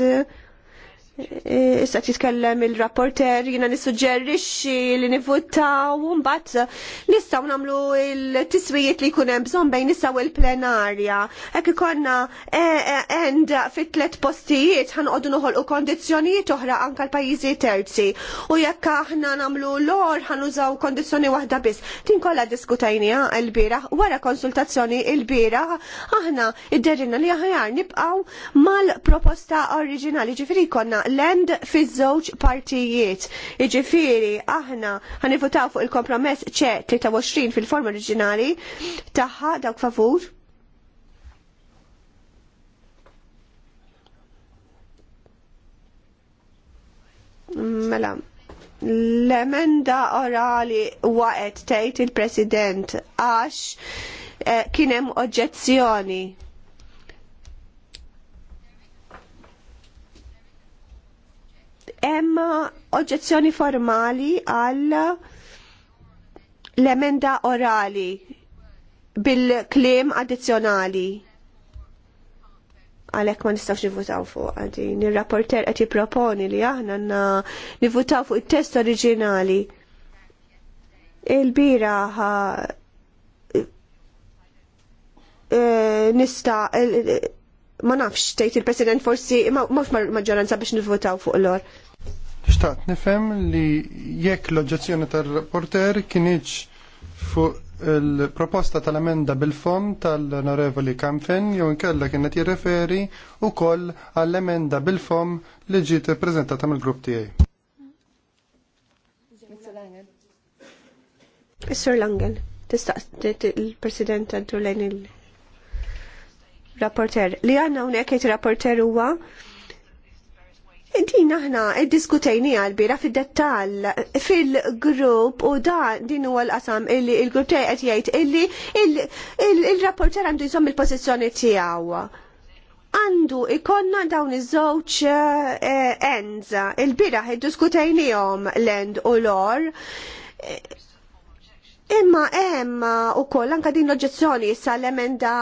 E, issa titkellem il-rapporter jina nissuġġerixxi li nivvutaw u mbagħad nistgħu nagħmlu l-tiswijiet li jkun hemm bżonn bejn issa u l-plenarja. Hekk ikonna e, e, end fit tlet postijiet ħanqogħdu noħolqu kondizzjonijiet oħra anke l-pajjiżi terzi. U jekk aħna nagħmlu lor ħanużaw kondizzjoni waħda biss. Tin kollha diskutajnija l-bieraħ wara konsultazzjoni lbieraħ, bieraħ aħna idderrinna li aħjar nibqgħu mal-proposta oriġinali ġifieri konna land fiż żewġ partijiet. Iġifieri aħna ħanivutaw fuq il-kompromess ċe 23 fil-forma oriġinali tagħha dawk favur. Mela, l-emenda orali waqet tgħid il-President għax eh, kien hemm oġġezzjoni hemm oġġezzjoni formali għal l-emenda orali bil-klim addizzjonali. Għalek ma nistax nivutaw fuq għadi. Nir-rapporter għati proponi li aħna nivutaw fuq il-test oriġinali. Il-bira e, nista e, e, ma nafx tejt il-President forsi ma maġġoranza biex nivvotaw fuq l-or. Xtaqt nifhem li jekk l-oġġezzjoni tar-rapporter kienieċ fuq il-proposta tal-emenda bil-fom tal-onorevoli Kamfen jew inkella kienet jirreferi wkoll għall-emenda bil-fom li ġiet prezentata mill-grupp tiegħi. Is-Sur Langen, tista' il-President għaddu il-rapporter. Li għandna hawnhekk rapporter huwa Intin aħna diskutejni l-bira fid-dettal fil-grupp u da din huwa l-qasam illi il-grupp tiegħi qed jgħid illi il-rapporter għandu jżomm il-pożizzjoni tiegħu. Għandu ikonna dawn iż-żewġ eh, enza Il-bira id-diskutejnijhom l-end u l-or Imma hemm ukoll anke din l-oġġezzjoni issa l-emenda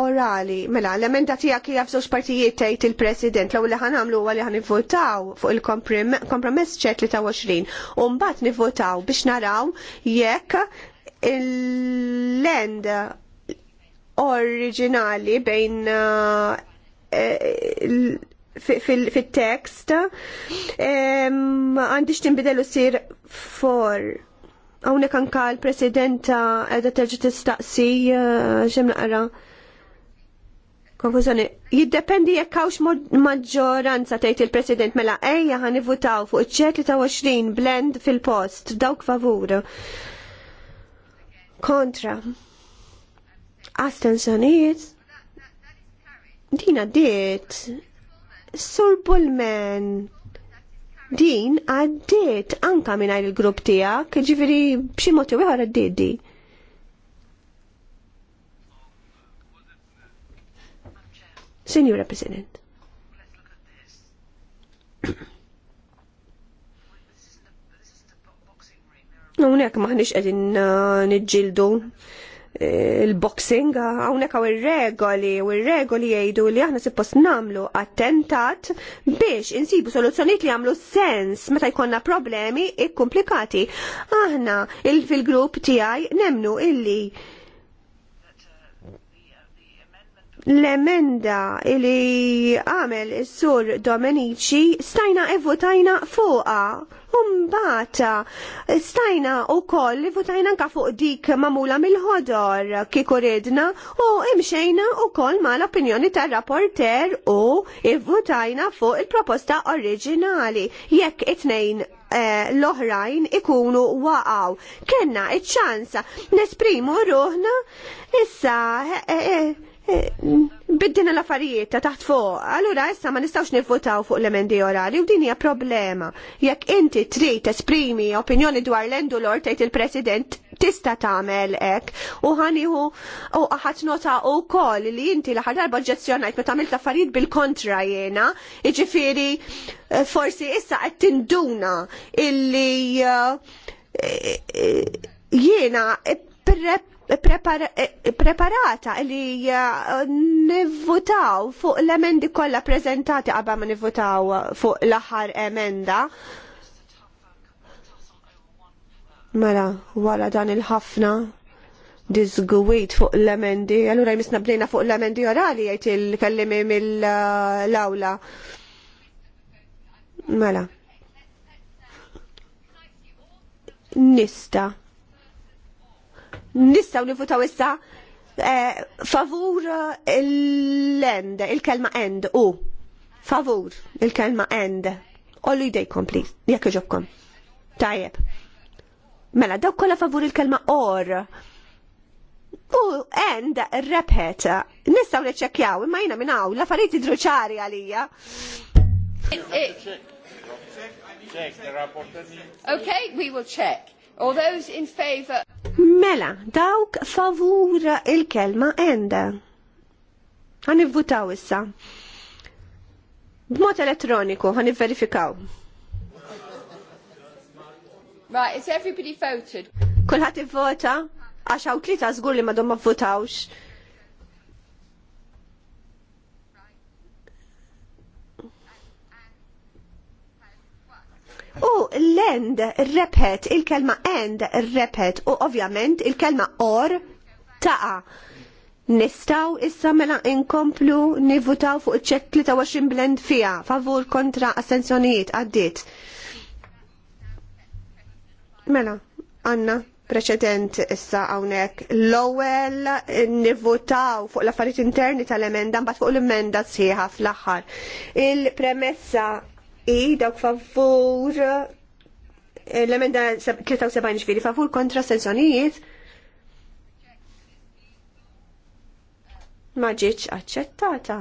orali. Mela, l-emenda tiegħek hija f'żewġ partijiet tgħid il-President l-ewwel li ħanamlu huwa li ħanivvotaw fuq il-kompromess ċe 23 ta' 20 u mbagħad nivvotaw biex naraw jekk il-land oriġinali bejn eh, fil-tekst għandix timbidelu sir for Hawnhekk anka l-Presidenta qiegħda terġa' tistaqsi eh, xemm naqra. Konfuzjoni, jiddependi jekk hawnx maġġoranza tgħid il-President mela ejja votaw fuq iċ-23 blend fil-post dawk favur. Kontra. Astensjonijiet. Dina diet. Sur Bullman din għaddiet anka mingħajr il-grupp tijak, ġifiri bċi mod jew ieħor għaddiet di. Senjura President. Unek maħnix għedin uh, nġildu il-boxing, hawnhekk hawn ir-regoli u r-regoli jgħidu li aħna post nagħmlu attentat biex insibu soluzzjonijiet li jagħmlu sens meta jkollna problemi ikkumplikati. Aħna fil-grupp tiegħi nemnu illi l-emenda li għamel is-sur Domenici stajna evvotajna fuqa Umbata, stajna u koll li votajna nka fuq dik mamula mill-ħodor kiku ridna u imxejna u koll ma l-opinjoni tar rapporter u votajna fuq il-proposta oriġinali. Jekk itnejn eh, l-oħrajn ikunu waqaw. Kenna iċ-ċansa nesprimu ruħna issa. Eh, eh, biddina l-affarijiet ta' taħt fuq. Allura issa ma nistgħux nivvotaw fuq l-emendi orali u din hija problema. Jekk inti trid esprimi opinjoni dwar l-endu lor tgħid il-President tista' tagħmel hekk u ħaniħu u aħat nota wkoll li inti l-aħħar darba oġġezzjonajt meta tagħmel affarijiet bil-kontra jiena, jiġifieri forsi issa qed tinduna illi eh, eh, jiena Eh, preparata li eh, nivvutaw fuq l-emendi kollha preżentati qabel ma nivvutaw fuq l-aħħar emenda. Mela, wara dan il-ħafna disgwit fuq l-emendi, allura jmisna bdejna fuq l-emendi orali jgħid il-kellimi mill-awla. Mela. Nista' nistaw nifutaw issa eh, favur eh, l-end, il-kelma end, u favur il-kelma end. Ollu jdejkom, please, jek iġobkom. Tajjeb. Mela, daw kolla favur il-kelma or. U end repet. Nistaw neċċekjaw, imma jina minn hawn l-affarijiet għalija. Eh, okay, we will check. All those in favor. Mela, dawk favura il-kelma enda. Għan votaw issa. B'mod elettroniku, għan verifikaw. Right, is everybody voted? Kulħat i-vota, għax għaw tlita zgur li madom ma votawx. U l-end repet, il-kelma end repet u ovvjament il-kelma or taqa. Nistaw issa mela inkomplu nivutaw fuq ċek 23 blend fija, favur kontra assenzjonijiet għaddit. Mela, għanna preċedent issa għawnek. L-ewel nivutaw fuq l-affarijiet interni tal-emenda, mbagħad fuq l-emenda sħiħa fl-aħħar. Il-premessa i dawk favur eh, l-emenda 73 ġviri favur kontra sezzonijiet, ma ġietx aċċettata.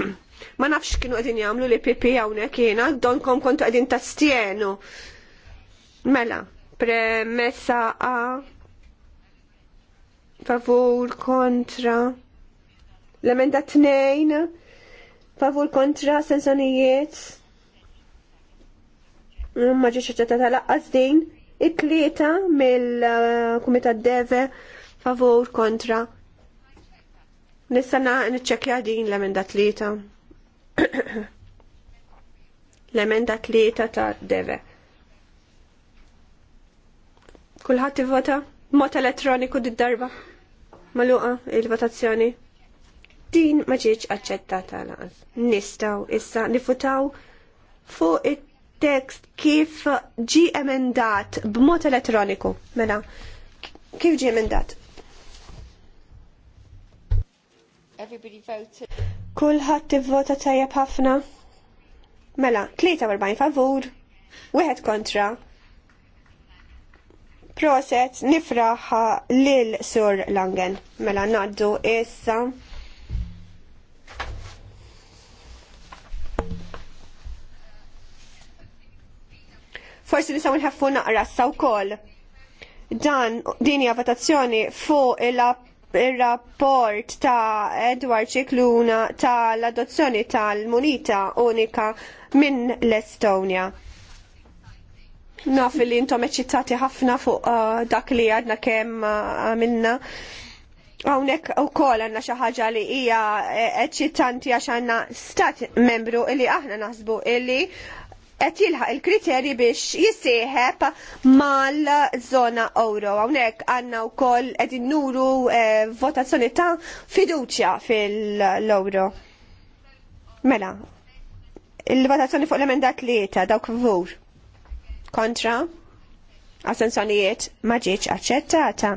ma nafx kienu għedin jamlu li pipi għawnek jena, donkom kontu għedin tastienu. Mela, premessa a favur kontra l-emenda 2 favur kontra sensonijiet mm, ma xaċċata tal laqqas din it-tlieta mill-Kumitat Deve favur kontra nistana niċċekja din l-emenda tlieta l-emenda tlieta ta' Deve Kulħadd ivvota mod elettroniku d-darba maluqa il-votazzjoni din ma ġietx aċċettata laqas. Nistgħu issa nifutaw fuq it-tekst kif ġi emendat b'mod elettroniku. Mela, kif ġi emendat? Everybody voted. Kulħadd tivvota tajjeb ħafna. Mela, 43 favur, wieħed kontra. Proset nifraħa lil Sur Langen. Mela naddu issa forsi nisaw nħeffu naqra sa wkoll. Dan din hija votazzjoni fuq il-rapport ta' Edward ta' tal-adozzjoni tal-munita unika minn l estonia Naf li intom eċċittati ħafna fuq uh, dak li għadna kemm uh, għamilna. Għawnek u kol għanna xaħġa li hija eh, eċitanti għax għanna stat membru illi aħna naħsbu illi qed jilħaq il-kriterji biex jissejħeb mal-żona euro. Hawnhekk għandna wkoll qed innuru eh, votazzjoni ta' fiduċja fil-euro. Mela, il-votazzjoni fuq l-emenda tlieta dawk favur. Kontra? Assenzjonijiet ma ġietx aċċettata.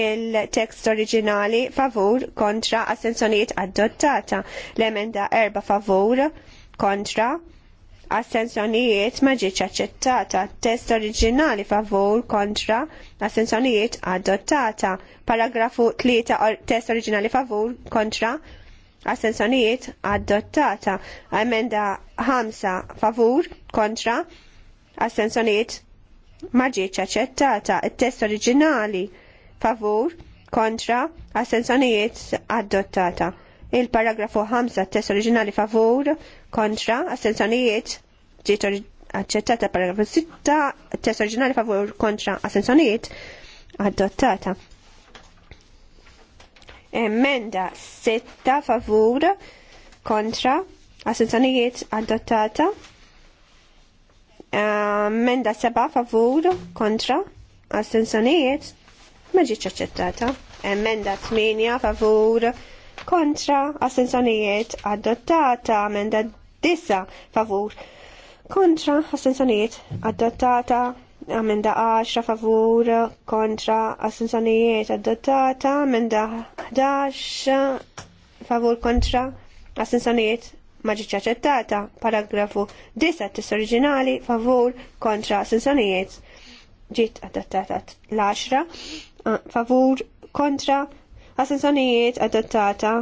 Il-tekst oriġinali favur kontra assenzjonijiet adottata. L-emenda erba favur kontra assenzjonijiet ma ġietx aċċettata test oriġinali favur kontra assenzjonijiet adottata paragrafu 3 test oriġinali favur kontra assenzjonijiet adottata emenda 5 favur kontra assenzjonijiet ma ġietx aċċettata test oriġinali favur kontra assenzjonijiet adottata il-paragrafu 5 test oriġinali favur kontra assenzjonijiet ġiet aċċettata paragrafu 6 test oriġinali favur kontra assenzjonijiet adottata. Emenda 6 favur kontra assenzjonijiet adottata. Emenda 7 favur kontra assenzjonijiet ma ġietx aċċettata. Emenda 8 favur kontra assenzjonijiet adottata. Emenda Dissa, favur kontra assenzjonijiet adottata amenda 10 favur kontra assenzjonijiet adottata amenda 11 favur kontra assenzjonijiet maġiċ aċċettata paragrafu 9 tis oriġinali favur kontra assenzjonijiet ġit adottata l-10 favur kontra assenzjonijiet adottata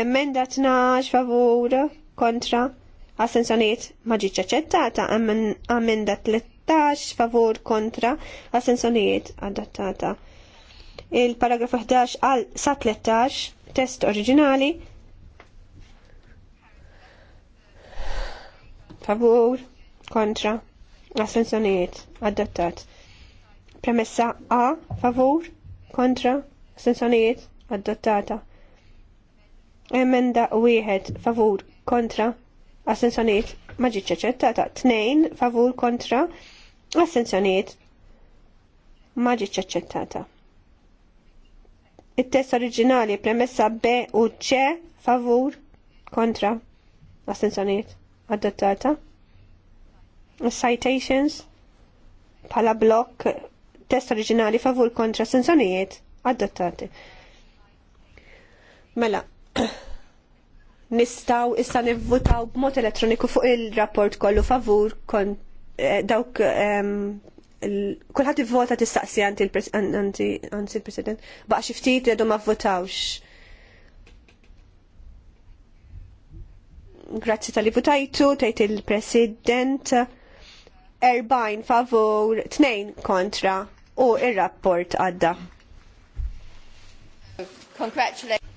emenda 12 favur kontra assenzjoniet ma ġietx aċċettata amenda 13 favur kontra assenzjoniet adottata. Il-paragrafu 11 għal sa 13 test oriġinali favur kontra assenzjoniet adattat. Premessa A favur kontra assenzjoniet adottata. Emenda wieħed favur kontra assenzjoniet ma ġietx aċċettata. Tnejn favur kontra assenzjoniet ma ġietx aċċettata. It-test oriġinali premessa B u C favur kontra assenzjoniet adottata. Citations pala blok test oriġinali favur kontra assenzjoniet adottati. Mela, nistaw issa nivvutaw b'mod elettroniku fuq il-rapport kollu favur kon eh, dawk kulħadd ivvota tistaqsi għanti il-President baqa' xi ftit ma vvotawx. Grazzi tal-li votajtu, tgħid il-President. Erbajn favur, tnejn kontra u ir-rapport għadda. Congratulations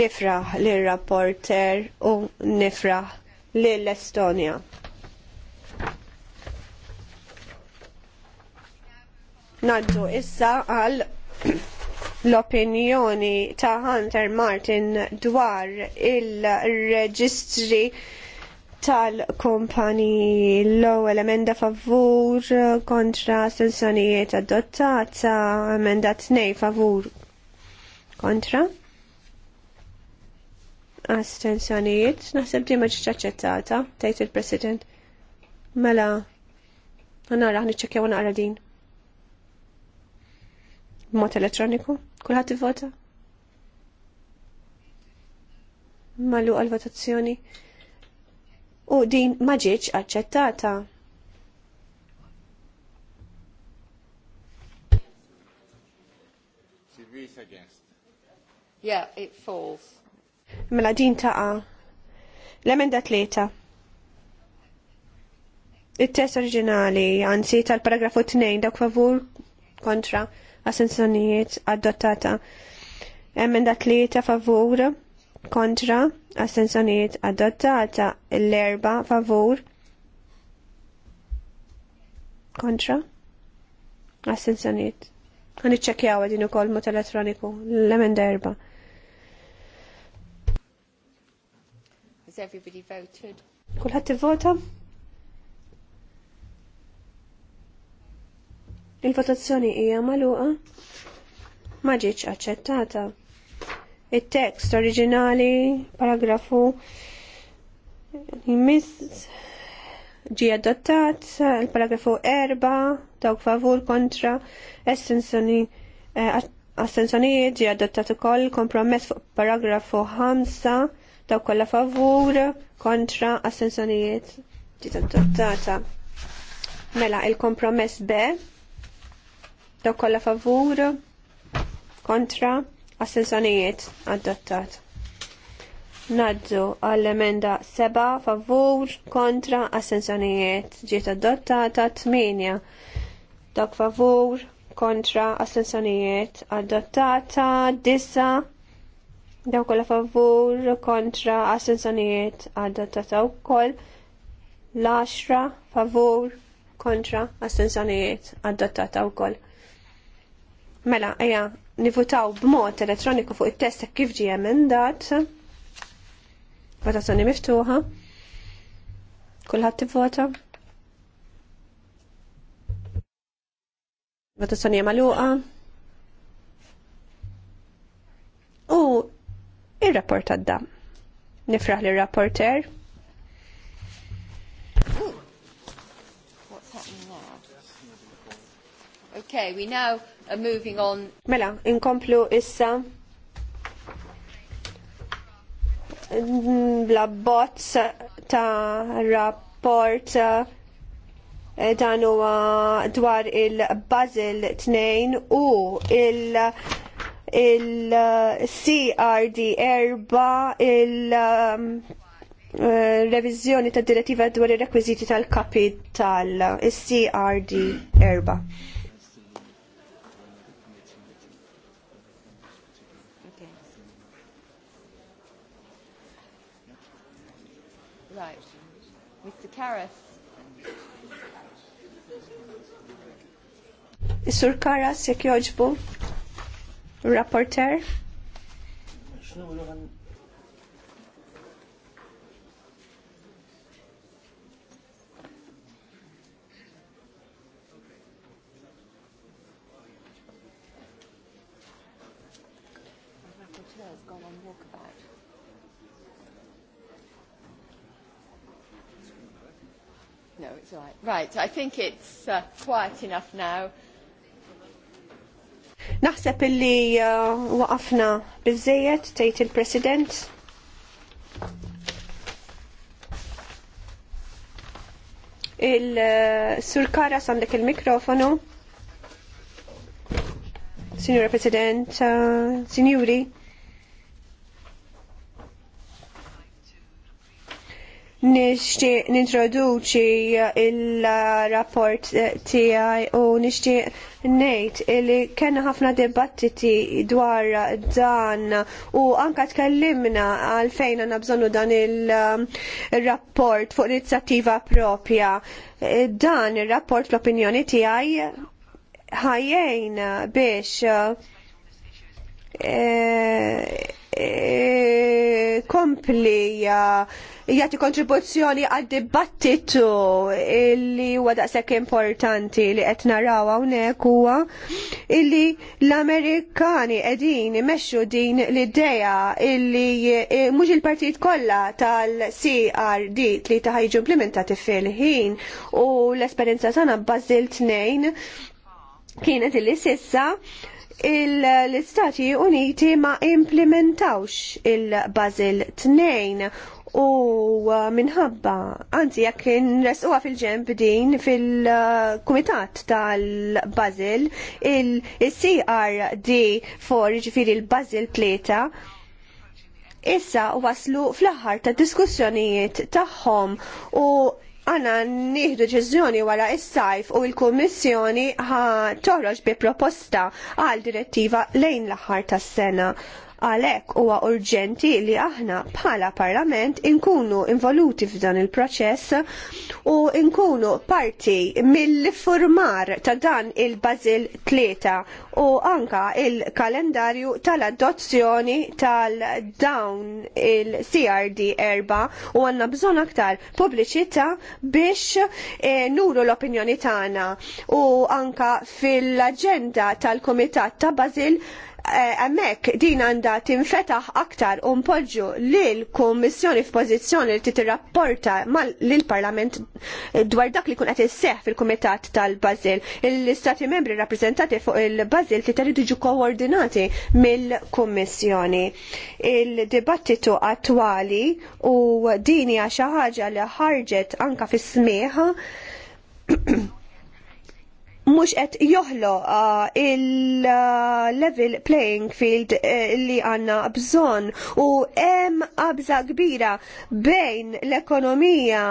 nifraħ l-rapporter u nifraħ l-Estonia. Naddu issa għal l-opinjoni ta' Hunter Martin dwar il-reġistri tal-kumpaniji l-ewwel emenda favur kontra sanzjonijiet adottata, emenda tnej favur kontra astensjonijiet, naħseb di maġiċ ċaċċettata, tajt il-President. Mela, għanara għan iċċekjaw naqra din. Mot elettroniku, kullħat vota Malu għal-votazzjoni. U din maġiċ aċċettata. Yeah, it falls. Mela din taqa. L-emenda tlieta. Il-test oriġinali, anzi tal-paragrafu 2, dak favur kontra assenzjonijiet adottata. emenda tlieta favur kontra assenzjonijiet adottata. L-erba favur kontra assenzjonijiet. Għan iċċekjaw din kol mod elettroniku l-emenda erba'. Has everybody voted? Kulħadd ivvota? Il-votazzjoni hija magħluqa ma ġietx aċċettata. It-tekst oriġinali, paragrafu jmiss ġi adottat il-paragrafu 4 dawk favur kontra eh, astensjonijiet ġi adottat ukoll kompromess fuq paragrafu 5 daw kolla favur kontra assenzjonijiet ġiet adottata. Mela il-kompromess B daw kolla favur kontra assenzjonijiet adottat. Nadżu għall-emenda 7 favur kontra assenzjonijiet ġiet adottata 8 dak favur kontra assenzjonijiet adottata 9 Daw kolla favur kontra assenzjonijiet taw wkoll. L-10 favur kontra assenzjonijiet taw wkoll. Mela, eja, nivutaw b'mod elettroniku fuq it-test kif ġie emendat. Votazzjoni miftuħa. Kulħadd tivvota. Votazzjoni magħluqa. ir-rapport għadda. Nifraħ li rapporter Okay, we now are moving on. Mela, inkomplu issa bla bots ta' rapport eh, dan huwa dwar il basil 2 u il- il-CRD erba il-revizjoni um, eh, ta' direttiva dwar il-rekwiziti tal-kapital, il-CRD erba. Mr. Karras. Is-Sur Karas, jekk joġbu? Rapporter. No, it's all right. Right, I think it's uh, quiet enough now. Naħseb illi uh, waqafna bizzejet, tgħid il-President. Il-Sur uh, Karas għandek il-mikrofonu. Signora President, uh, Signori, nixtieq nintroduċi il-rapport tiegħi u nixtieq ngħid li kena ħafna dibattiti dwar dan u anka tkellimna għalfejn għandna bżonnu dan il-rapport fuq inizjattiva propja. Dan ir-rapport l-opinjoni tiegħi ħajjejn biex eh, eh, kompli eh, jagħti kontribuzzjoni għad dibattitu illi huwa daqshekk importanti li qed naraw hawnhekk huwa illi l-Amerikani qegħdin imexxu din l-idea illi e, mhux il-partit kollha tal-CRD li ta' ħajġu implementati fil-ħin u l-esperjenza tagħna b'Bażil tnejn kienet illi sissa l-Istati Uniti ma implementawx il basil 2 u uh, minħabba, anzi jekk nresquha fil-ġemp din fil-Kumitat tal-Bazil, il-CRD for ġifiri il-Bazil 3, issa waslu fl-aħħar ta' diskussjonijiet tagħhom u għana nieħdu ġizjoni wara s-sajf u l-Kummissjoni ħa toħroġ bi proposta għal direttiva lejn l-aħħar tas-sena. Għalhekk huwa urġenti li aħna bħala Parlament inkunu involuti f'dan il-proċess u nkunu parti mill-formar ta' dan il bazil tlieta u anka il-kalendarju tal-adozzjoni tal-dawn il-CRD erba u għanna bżon aktar pubbliċità biex e, nuru l-opinjoni tagħna u anka fil-aġenda tal-Komitat ta' Bazil. Eh, hemmhekk din għandha tinfetaħ aktar u mpoġġu lil kummissjoni f'pożizzjoni li tirrapporta lil parlament dwar dak li kun qed isseħħ fil-Kumitat tal bazil Il-Stati membri rrappreżentati fuq il bazil li trid jiġu koordinati mill-Kummissjoni. Il-dibattitu attwali u dini xi ħaġa li ħarġet anka fis-smieħ mux qed joħlo uh, il-level playing field uh, li għanna bżon u hemm qabża kbira bejn l-ekonomija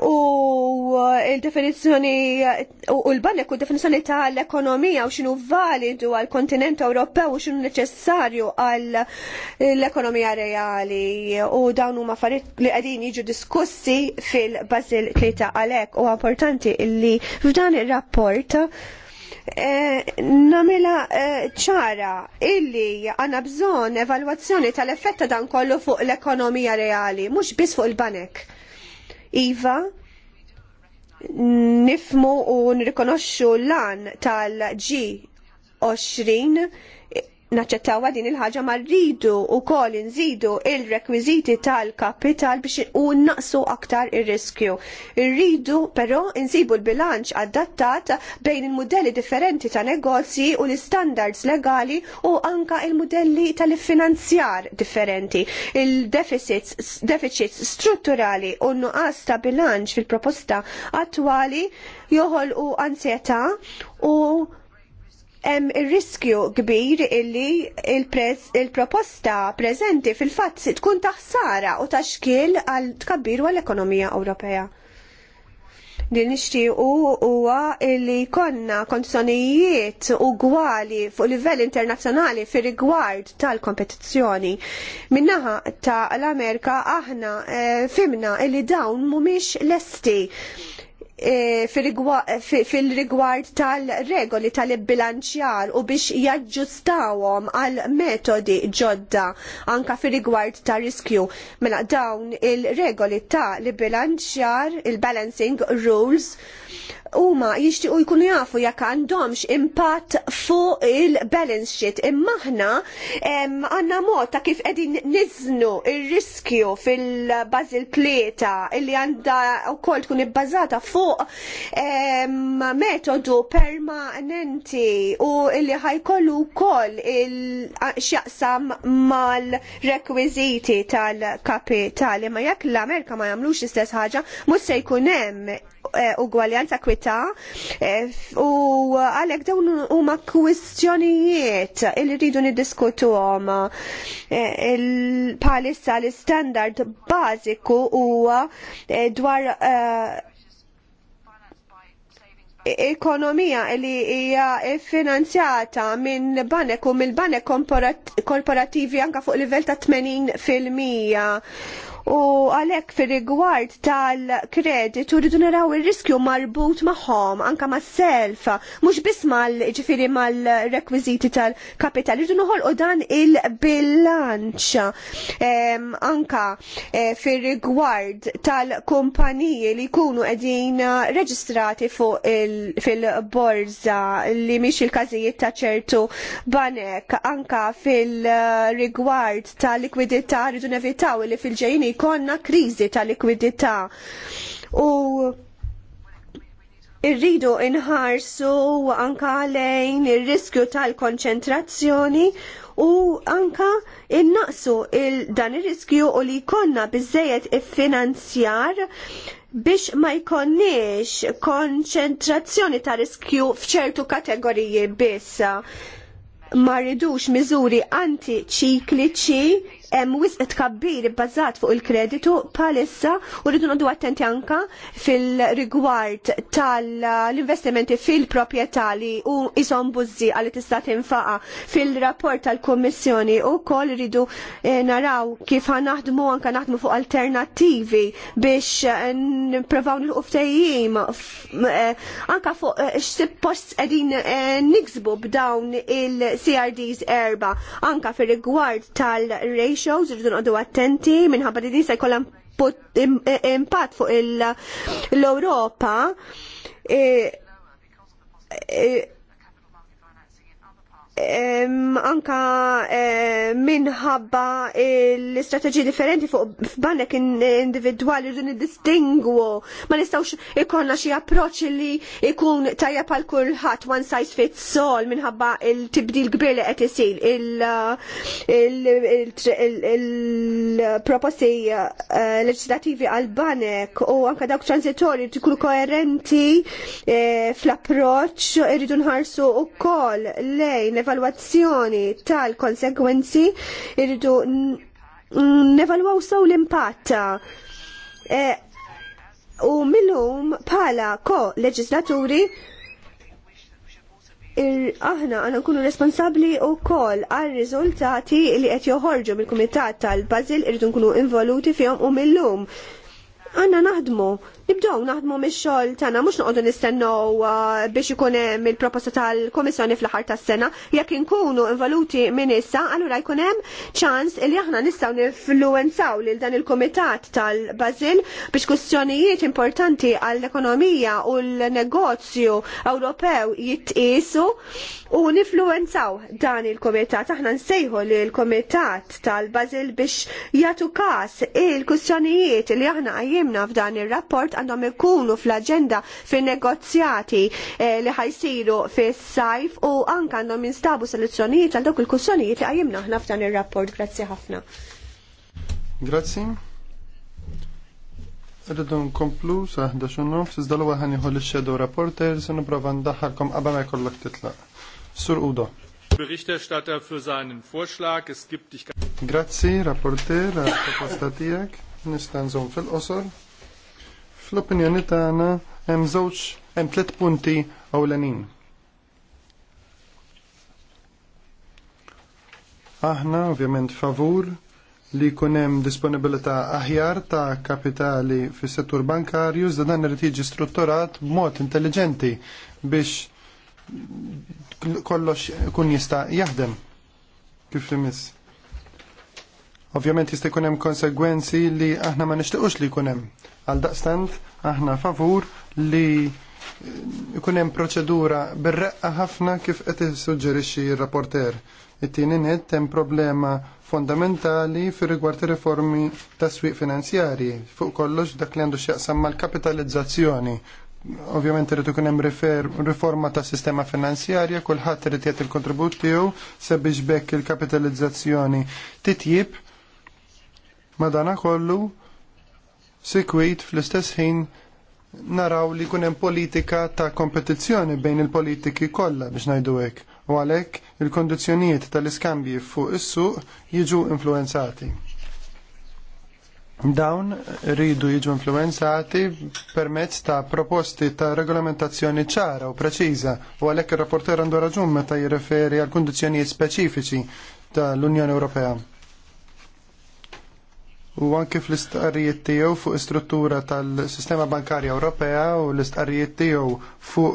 u uh, il-definizjoni u l-banek u definizjoni ta' l-ekonomija u xinu validu għal kontinent Ewropew u xinu neċessarju għal ekonomija reali u dawn huma farit li qegħdin jiġu diskussi fil-Basil ta' għalhekk u importanti li f'dan ir-rapport eh, namela eh, ċara illi għana bżon evalwazzjoni tal-effetta dan kollu fuq l-ekonomija reali, mux bis fuq il-banek. Iva, nifmu u nirrikonoxxu l-an tal-G20 naċċettaw din il-ħaġa ma rridu u kol nżidu il-rekwiziti tal-kapital biex u naqsu aktar il-riskju. Rridu però nżibu l-bilanċ adattat bejn il-modelli differenti ta' negozji u l-standards legali u anka il-modelli tal-finanzjar differenti. Il-deficits deficits strutturali u nuqas ta' bilanċ fil-proposta attwali joħol u ansjeta u hemm ir-riskju kbir illi il-proposta il preżenti fil-fatt tkun taħsara u taxkil għal tkabbir għall ekonomija Ewropea. Li nixtiequ huwa li konna konzjonijiet ugwali fuq livell internazzjonali fir rigward tal-kompetizzjoni. Minnaħa ta' l-Amerika aħna e, fimna illi dawn mhumiex lesti E, fil-rigward tal-regoli tal-bilanċjar u biex jaġġustawhom għal metodi ġodda anka fil-rigward ta' riskju. Mela dawn il-regoli ta' bilanċjar il-balancing rules, huma jixtiequ jkunu jafu jekk għandhomx impatt fuq il-balance sheet imma aħna għandna mod ta' kif qegħdin niżnu ir-riskju fil-bażil tlieta illi għandha wkoll tkun ibbażata fuq metodu permanenti u illi ħajkollu wkoll il-xjaqsam mal-rekwiżiti tal-kapitali ma jekk l-Amerika ma jagħmlux istess ħaġa mhux se jkun hemm Eh, ugwaljanza kwita eh, u għalek dawn huma kwistjonijiet li rridu niddiskutuhom. Eh, palissa l-standard bażiku huwa dwar ekonomija li hija finanzjata minn banek u mill-banek korporativi anka fuq livell ta' 80 u għalhekk fir-rigward tal-kredit ridu naraw ir-riskju marbut magħhom anke mas-self, mhux biss mal ġifiri mal-rekwiżiti tal-kapital, nuħol noħolqu dan il-bilanċ anka eh, fir-rigward tal-kumpaniji li jkunu qegħdin eh, reġistrati fil-borza li mhix il-każijiet ta' ċertu banek anka fil-rigward eh, tal-likwidità rridu nevitaw li fil-ġejni jkollna kriżi ta' likwidità u irridu inħarsu anka lejn ir-riskju tal-konċentrazzjoni u anka innaqsu il dan ir-riskju u li jkollna biżejjed iffinanzjar biex ma jkonniex konċentrazzjoni ta' riskju f'ċertu kategoriji biss ma rridux miżuri antiċikliċi hemm wisq tkabbir bbażat fuq il-kreditu palissa u rridu nodu attenti anka fil-rigward tal-investimenti fil-proprjetà li u isom buzzi għalli tista' tinfaqa fil-rapport tal-Kummissjoni u koll rridu eh, naraw kif ħanaħdmu anka naħdmu fuq alternattivi biex eh, nipprovaw nilqu ftehim eh, anka fuq x-post qegħdin niksbu b'dawn il-CRDs erba anka fir-rigward tal-ratio shows rridu nqodu attenti minħabba li din se jkollha e- impatt fuq l-Ewropa. E- e- anka eh, minħabba l-istrateġi differenti fuq f'banek individwali rridu nidistingwu ma nistgħux ikollna xi approċċ li jkun tajjeb għal kulħadd one size fits all minħabba il-tibdil kbir li qed isir il-proposti eh, leġislattivi għal banek u anka dawk transitorji tkun koerenti eh, fl-approċċ irridu nħarsu wkoll lejn evalwazzjoni tal-konsekwenzi irridu nevalwaw sew l-impatt. E, u millum bħala ko-leġislaturi aħna għana nkunu responsabli u kol għal riżultati li qed joħorġu mill-Kumitat tal-Bazil irridu nkunu involuti fihom u millum. Għanna naħdmu nibdow naħdmu mix-xogħol tagħna mhux noqogħdu nistennew uh, biex ikun hemm il-proposta tal-Komissjoni fl-aħħar tas-sena. Jekk inkunu involuti minn issa, allura jkun hemm ċans li aħna nistgħu nifluwenzaw lil dan il-Kumitat tal-Bażil biex kwistjonijiet importanti għall-ekonomija u l-negozju Ewropew jitqisu u nifluwenzaw dan il kumitat Aħna nsejħu lill-Kumitat tal bażil biex jagħtu każ il kwistjonijiet li aħna għajjimna f'dan ir rapport għandhom ikunu fl-agenda fin negozjati eh, li ħajsiru fis-sajf u anke għandhom jinstabu soluzzjonijiet għal dawk il-kussjonijiet li għajimna ħna f'dan ir-rapport. Grazzi ħafna. Grazzi. Rridu nkomplu sa 11 nofs, iżda għahani ewwel ħanieħol ix-shadow reporters u nipprova ndaħħalkom qabel ma jkollok titla. Sur Udo. Berichterstatter für seinen Vorschlag. Es gibt dich. Grazie, Rapporteur, Rapporteur Nista nżom fil-qosor. Fl-opinjoni tagħna hemm żewġ hemm tliet punti ewlenin. Aħna ovvjament favur li jkun hemm disponibilità aħjar ta' kapitali fis settur bankarju iżda dan irid jiġi strutturat b'mod intelligenti biex kollox kun jista' jaħdem kif l-miss. Ovvjament jista' jkun hemm konsegwenzi li aħna ma nixtiequx li jkun hemm. Għal daqstant, aħna favur li ikun hemm proċedura berreqqa ħafna kif qed issuġġerixxi r-rapporter. It-tieni nett hemm problema fondamentali fir rigward ir-riformi tas-swieq finanzjarji fuq kollox dak li għandu x'jaqsam mal-kapitalizzazzjoni. Ovvjament irid ikun hemm riforma tas-sistema finanzjarja, kulħadd irid jagħti l-kontribut tiegħu sabiex bekk il-kapitalizzazzjoni titjib. Madana kollu sikwit fl-istess ħin naraw li kunem politika ta' kompetizzjoni bejn il-politiki kollha biex ngħidu hekk u għalhekk il-kondizzjonijiet tal-iskambji fuq is-suq jiġu influenzati. Dawn rridu jiġu influenzati permezz ta' proposti ta' regolamentazzjoni ċara u preċiża u għalhekk ir-rapporter għandu raġun meta jirreferi għal kundizzjonijiet speċifiċi tal-Unjoni Ewropea u anke fl-istqarrijiet tiegħu fuq struttura tal-Sistema Bankarja Ewropea u l-istqarrijiet tiegħu fuq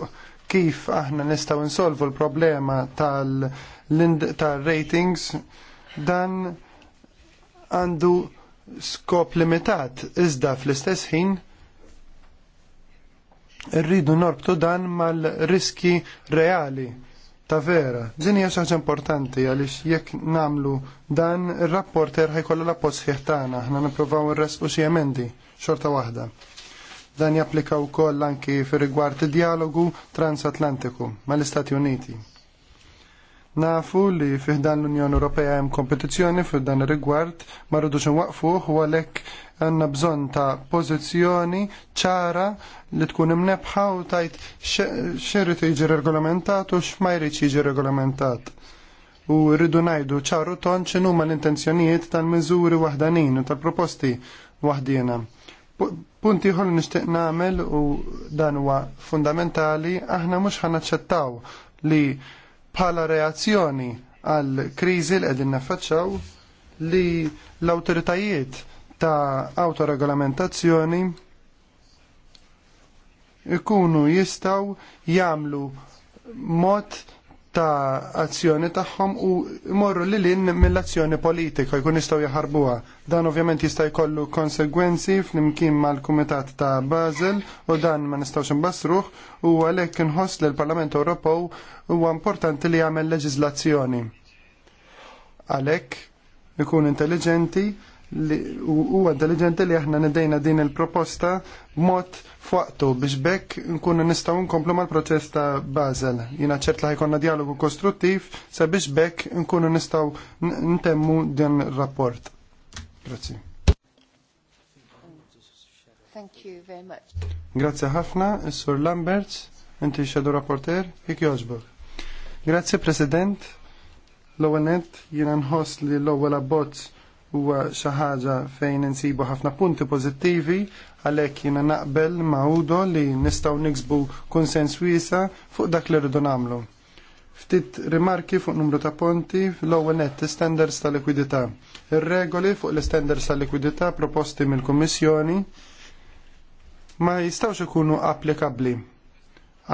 kif aħna nistgħu insolvu l-problema tal-ratings dan għandu skop limitat iżda fl-istess ħin rridu norbtu dan mal-riski reali ta' vera. Din hija xaġa importanti għaliex jekk namlu dan ir-rapporter ħajkollu la appoġġ ħiħtana, tagħna, aħna il-res xi emendi xorta waħda. Dan japplika wkoll anki fir-rigward id-dialogu transatlantiku mal-Istati Uniti. Nafu li fiħdan l-Unjoni Ewropea hemm kompetizzjoni fiħdan ir-rigward ma rridux inwaqfu u għalhekk għandna bżonn ta' pożizzjoni ċara li tkun imnebħa u tajt xirrid jiġi regolamentat u x'ma jrid jiġi regolamentat. U rridu ngħidu ċaru ton x'inhuma l-intenzjonijiet tal-miżuri waħdanin u tal-proposti waħdina. Punti ħol nishtiq namel u dan huwa fundamentali, aħna mhux ħanaċċettaw li bħala reazzjoni għal kriżi li qegħdin naffaċċaw li l-awtoritajiet ta' autoregolamentazzjoni ikunu jistaw jagħmlu mod ta' azzjoni tagħhom u morru li lin mill-azzjoni politika jkun jistgħu jaħarbuha. Dan ovvjament jista' jkollu konsegwenzi flimkien mal-Kumitat ta' Basel u dan ma nistgħux imbassruh u għalhekk inħoss li l-Parlament Ewropew huwa importanti li jagħmel leġiżlazzjoni. Għalhekk ikun intelligenti huwa intelligenti li aħna nidejna din il-proposta b'mod fuqtu biex bekk nkunu nistgħu nkomplu mal-proċess ta' Basel. Jiena ċert li ħajkonna dialogu kostruttiv sabiex bekk nkunu nistgħu ntemmu din ir-rapport. Grazzi. Thank you very much. Grazzi ħafna, Sur Lamberts, inti xedu rapporter, ik joġbok. Grazzi President, l-ewwel jiena nħoss li l-ewwel abbozz huwa xi ħaġa fejn insibu ħafna punti pożittivi għalhekk jiena naqbel ma' Udo li nistgħu niksbu konsens wiesa fuq dak li rridu nagħmlu. Ftit rimarki fuq numru ta' ponti l-ewwel nett standards ta' likwidità. Ir-regoli fuq l-standards ta' likwidità proposti mill-Kummissjoni ma jistgħux ikunu applikabbli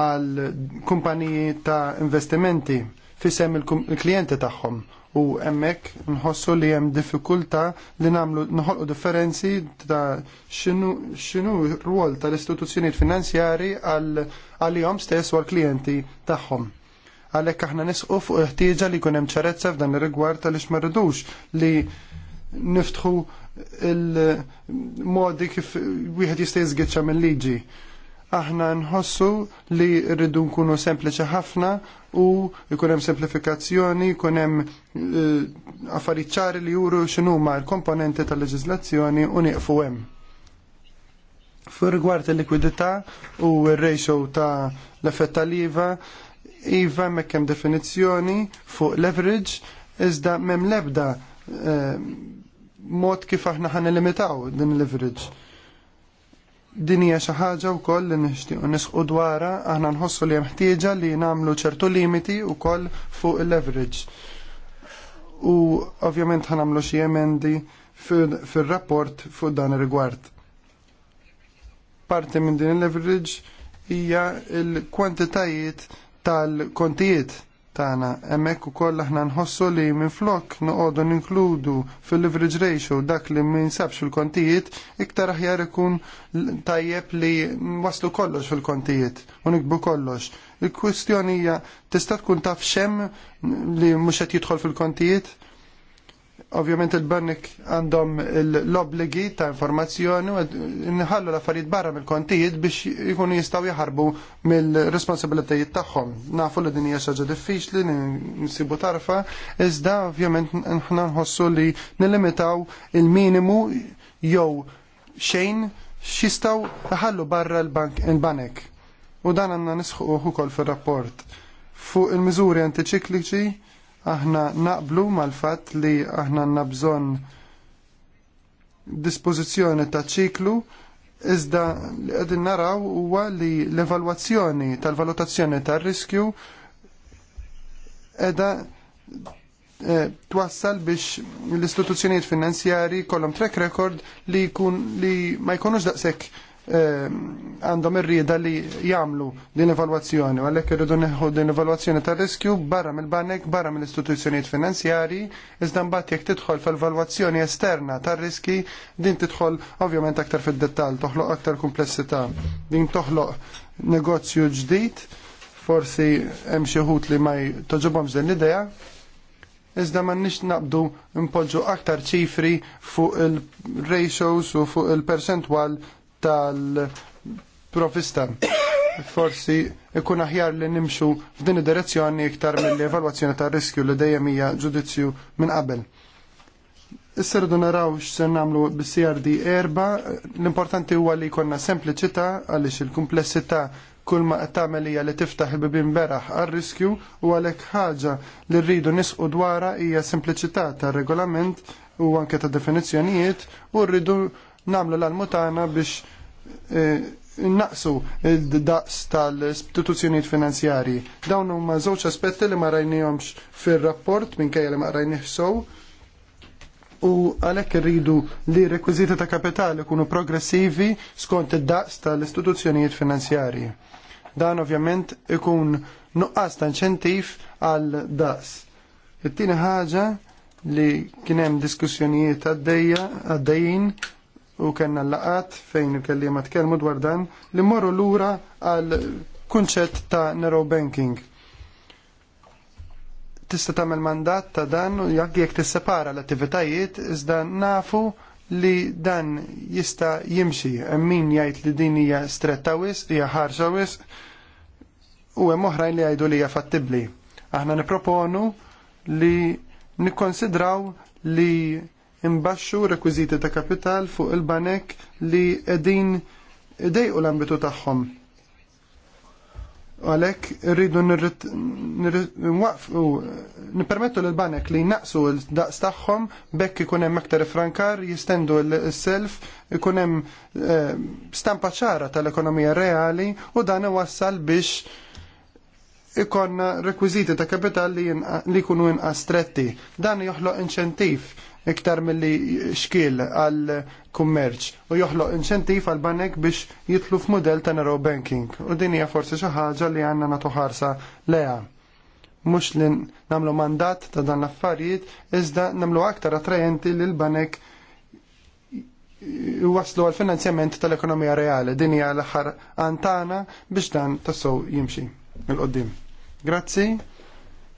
għal kumpaniji ta' investimenti fisem il-klijenti tagħhom u hemmhekk nħossu li hemm diffikultà li nagħmlu nħolqu differenzi ta' x'inhu r ta' tal-istituzzjonijiet finanzjari għal-jom stess u għall-klijenti tagħhom. Għalhekk aħna nisqu fuq il li jkun hemm ċarezza f'dan ir-rigward għaliex ma li niftħu il-modi kif wieħed jista' jiżgiċċa mill-liġi aħna nħossu li rridu nkunu sempliċi ħafna u jkun hemm semplifikazzjoni, jkun hemm eh, affarijiet ċari li juru x'inhuma l-komponenti tal-leġiżlazzjoni u nieqfu hemm. Fur rigward il-likwidità u r-ratio ta' l-effett tal-IVA, IVA hemmhekk hemm definizzjoni fuq leverage iżda m'hemm l-ebda eh, mod kif aħna ħan din leverage Din hija xi ħaġa wkoll li nixtiequ nisqu dwarha aħna nħossu li hemm ħtieġa li nagħmlu ċertu limiti wkoll fuq il-leverage. U ovvjament nagħmlu xi emendi fir-rapport fuq dan ir-rigward. Parti minn din il-leverage hija l-kwantitajiet tal-kontijiet emmek hemmhekk ukoll aħna nħossu li minflok noqogħdu ninkludu fil-leverage ratio dak li ma sabx fil-kontijiet iktar aħjar ikun tajjeb li waslu kollox fil-kontijiet u nikbu kollox. Il-kwistjoni hija tista' tkun taf xem li mhux qed jidħol fil-kontijiet? Ovvjament il bannik għandhom l-obligi ta' informazzjoni u nħallu l-affarijiet barra mill-kontijiet biex ikunu jistaw jaħarbu mill-responsabilitajiet tagħhom. Nafu li din hija xaġa diffiċli, nsibu tarfa, iżda ovvjament nħna nħossu li nilimitaw il-minimu jew xejn xistaw ħallu barra l-banek. U dan għanna nisħu ukoll fir-rapport fuq il-miżuri antiċikliċi Aħna naqblu mal-fatt li aħna nabżon bżonn dispożizzjoni ta' ċiklu iżda li qegħdin naraw huwa li l-evalwazzjoni tal-valutazzjoni tar-riskju edha e, twassal biex l-istituzzjonijiet finanzjari kollom track record li, kun, li ma jkunux daqshekk Eh, għandhom ir-rieda li jagħmlu din evalwazzjoni, għalhekk irridu neħu din evalwazzjoni tar riskju barra mill-banek, barra mill-istituzzjonijiet finanzjarji, iżda mbagħad jekk tidħol fil-valwazzjoni esterna tar-riski, din tidħol ovvjament aktar fid-dettall, toħloq aktar kumplessità. Din toħloq negozju ġdid, forsi hemm xi ħut li ma toġobhomx din l-idea, iżda ma nix naqbdu impoġġu aktar ċifri fuq il-ratios u fuq il-percentwal tal profista Forsi ikun aħjar li nimxu f'din id-direzzjoni iktar mill-evalwazzjoni tar riskju li dejjem hija ġudizzju minn qabel. Issa rridu naraw x'se nagħmlu bis-CRD erba, l-importanti huwa li jkollna sempliċità għaliex il-kumplessità kull ma qed tagħmel hija li tiftaħ il-bibin beraħ għar-riskju u għalhekk ħaġa li rridu nisqu dwarha hija sempliċità tar-regolament u anke ta' definizzjonijiet u rridu namlu l-almutana biex eh, naqsu il-daqs tal-istituzzjoniet finanzjari. Dawn huma żewġ aspetti li ma rajnihomx fir-rapport minkejja li ma rajnih sow u għalhekk irridu li rekwiżiti ta' kapitali ikunu progressivi skont id-daqs tal-istituzzjonijiet finanzjarji. Dan ovvjament ikun nuqqas ta' inċentiv għal daqs. It-tieni ħaġa li kien hemm diskussjonijiet għaddejja għaddejjin u kellna laqat fejn il-kellima tkellmu dwar dan li morru lura għal kunċett ta' narrow banking. Tista' tagħmel mandat ta' dan u jekk jekk tissepara l-attivitajiet iżda nafu li dan jista' jimxi hemm min jgħid li din hija stretta wisq, hija ħarxa wis, u hemm oħrajn li jgħidu li hija fattibbli. Aħna nipproponu li nikkonsidraw li imbaxxu rekwiżiti ta' kapital fuq il-banek li qegħdin idejqu l-ambitu tagħhom. Għalhekk irridu nwaqfu nippermettu l banek li naqsu l-daqs tagħhom bekk ikun hemm aktar frankar jistendu l-self ikun hemm eh, stampa ċara tal-ekonomija reali u dan iwassal biex ikonna rekwiziti ta' kapital li, jkunu inqas stretti. Dan joħloq inċentiv iktar milli xkiel għal kummerċ u joħloq inċentiv għal banek biex jitlu f'mudell ta' narrow banking. U din hija forsi xi ħaġa li għandna nagħtu ħarsa leha. Mhux li nagħmlu mandat ta' dan l-affarijiet iżda nagħmlu aktar attrajenti lil banek waslu għal finanzjament tal-ekonomija reali. Din hija l-aħħar antana biex dan tassow jimxi il-qoddim. Grazzi,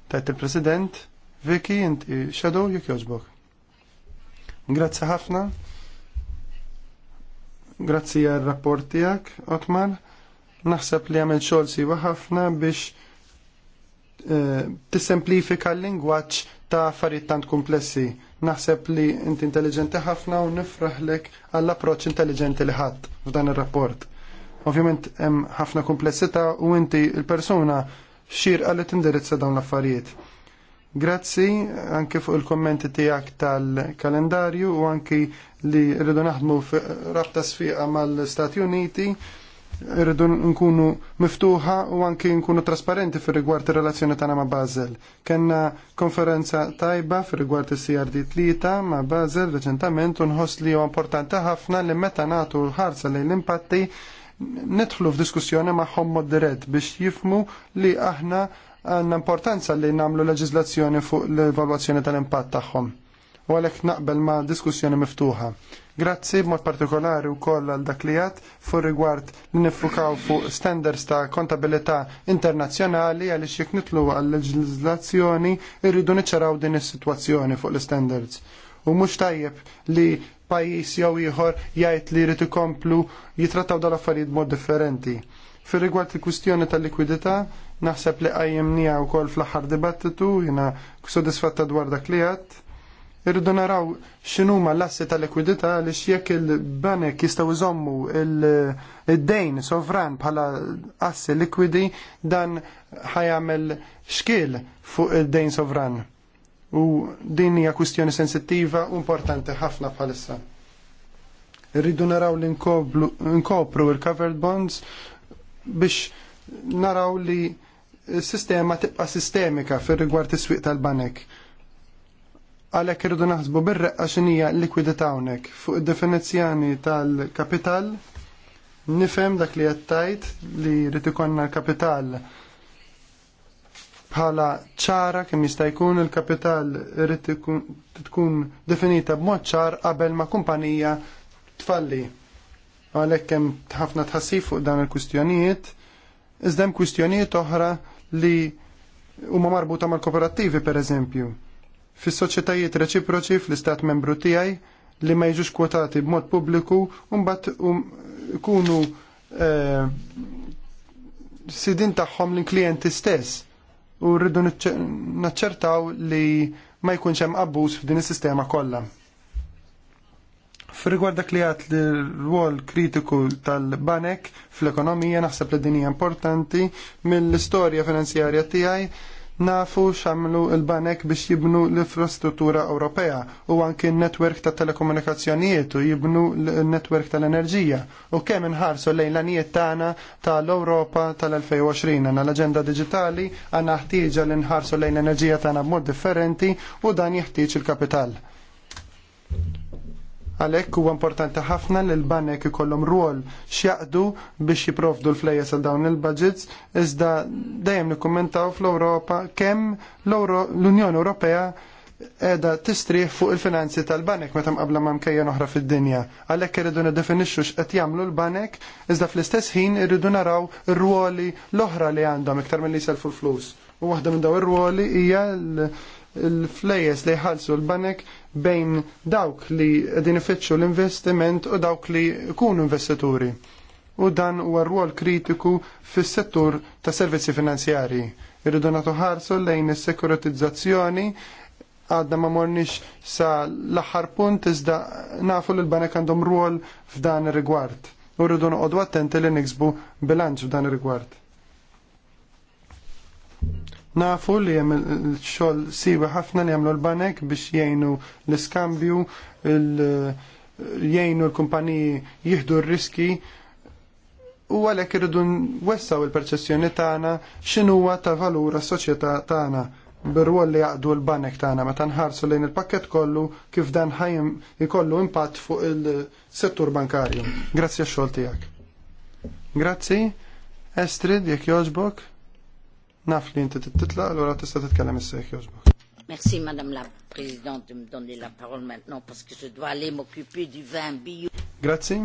tajt il-President, Vicky, inti shadow jek Grazzi ħafna. Grazzi għal rapport tijak, Otmar. Naħseb li għamil xol si ħafna biex eh, tissemplifika l-lingwaċ ta' affarijiet tant komplessi. Naħseb li int intelligenti ħafna u nifraħlek għall-approċċ intelligenti li ħadd f'dan ir-rapport. Ovvjament hemm ħafna komplessità u inti l-persuna xirqa li tindirizza dawn l-affarijiet. Grazzi anke fuq il-kommenti tiegħek tal-kalendarju u anki li rridu naħdmu rabta sfiqa mal-Stati Uniti, rridu nkunu miftuħa u anki nkunu trasparenti fir rigward ir-relazzjoni tagħna ma' Basel. Kenna konferenza tajba fir rigward is-CRD tlieta ma' Basel reċentament u nħoss li huwa importanti ħafna li meta nagħtu l-ħarsa lejn l-impatti nidħlu f'diskussjoni magħhom mod dirett biex jifmu li aħna Għanna importanza li nagħmlu leġizlazzjoni fuq l-evalwazzjoni tal-impatt tagħhom. U għalhekk naqbel ma' diskussjoni miftuħa. Grazzi b'mod partikolari wkoll għal dak li għad fuq rigward li nifukaw fuq standards ta' kontabilità internazzjonali għaliex jekk nitlu għal leġiżlazzjoni irridu niċċaraw din is-sitwazzjoni fuq l-standards. U mhux tajjeb li pajjiż jew ieħor jgħid li jrid ikomplu jitrattaw dal affarijiet mod differenti. Fir rigward il-kwistjoni tal-likwidità, Naħseb li nija u kol fl-ħar dibattitu, jina sodisfatta dwar dak li għat. Irridu naraw x'inhuma l-assi ta' likwidità li xiek il-banek jistgħu iżommu il dejn sovran bħala assi likwidi dan ħajamel xkil fuq id-dejn sovran. U din hija kwistjoni sensittiva u importanti ħafna bħalissa. Irridu naraw li nkopru il-covered bonds biex naraw li sistema tibqa sistemika fir rigward is-swieq tal-banek. Għalhekk irridu naħsbu bir-reqqa x'inhija l-likwidità hawnhekk fuq id-definizzjoni tal-kapital nifhem dak li qed tajt li jrid ikollna l-kapital bħala ċara kemm jista' jkun il-kapital irid tkun definita b'mod ċar qabel ma' kumpanija tfalli. Għalhekk hemm ħafna tħassib fuq dan il-kwistjonijiet. Iżda hemm kwistjonijiet oħra li huma marbuta mal-kooperattivi pereżempju. Fis-soċjetajiet reċiproċi fl-istat membru tiegħi li ma jiġux kwotati b'mod pubbliku mbagħad um, ikunu eh, sidin tagħhom l-klijenti stess u rridu naċċertaw li ma jkunx hemm abbuż f'din is-sistema kollha. F'rigward dak li għat l-rwol kritiku tal-banek fl-ekonomija naħseb li dinija importanti mill-istorja finanzjarja tiegħi nafu xamlu l-banek biex jibnu l-infrastruttura Ewropea u anki n-netwerk ta' telekomunikazzjonijiet u jibnu l-netwerk tal-enerġija u kemm inħarsu lejn l-anijiet tagħna tal-Ewropa tal-2020 għandna l-aġenda digitali għandna ħtieġa li nħarsu lejn l-enerġija tagħna b'mod differenti u dan jeħtieġ il-kapital. Għalhekk huwa importanti ħafna li l-banek ikollhom rwol x'jaqdu biex jipprovdu l-flejjes għal dawn il-budgets iżda dejjem nikkumentaw fl-Ewropa kemm l-Unjoni Ewropea edha tistrih fuq il-finanzi tal-banek meta qabla ma' mkejja oħra fid-dinja. Għalhekk irridu niddefinixxu x'qed jagħmlu l-banek iżda fl-istess ħin irridu naraw r ruoli l-oħra li għandhom iktar milli jiselfu l-flus. U waħda minn daw ir-ruoli hija l-flejes li jħallsu l-banek bejn dawk li din ifittxu l-investiment u dawk li jkunu investituri. U dan huwa rwol kritiku fis-settur ta' servizzi finanzjarji. Irridu natu ħarsu lejn is-sekuritizzazzjoni għadna ma mornix sa l-aħħar punt iżda nafu li l-banek għandhom rwol f'dan ir-rigward. U rridu noqogħdu attenti li niksbu bilanċ f'dan il rigward Nafu li jem xol siwi ħafna li jemlu l-banek biex jgħinu l-iskambju, jgħinu l-kumpaniji jihdu r-riski u għalek irridu wessaw il-perċessjoni tagħna x'inhuwa ta' valura soċieta soċjetà tagħna bir-rwol li jaqdu l-banek tagħna ma nħarsu lejn il-pakket kollu kif dan ħajjem ikollu impatt fuq il-settur bankarju. Grazzi għax-xogħol tiegħek. Grazzi. Estrid, jekk jogħġbok. Naf li inti titla, allora tista' titkellem is-sejħ jogħġbok. Merci Madame la Présidente de me donner la parole maintenant parce que je dois aller m'occuper du vin bio. Grazie.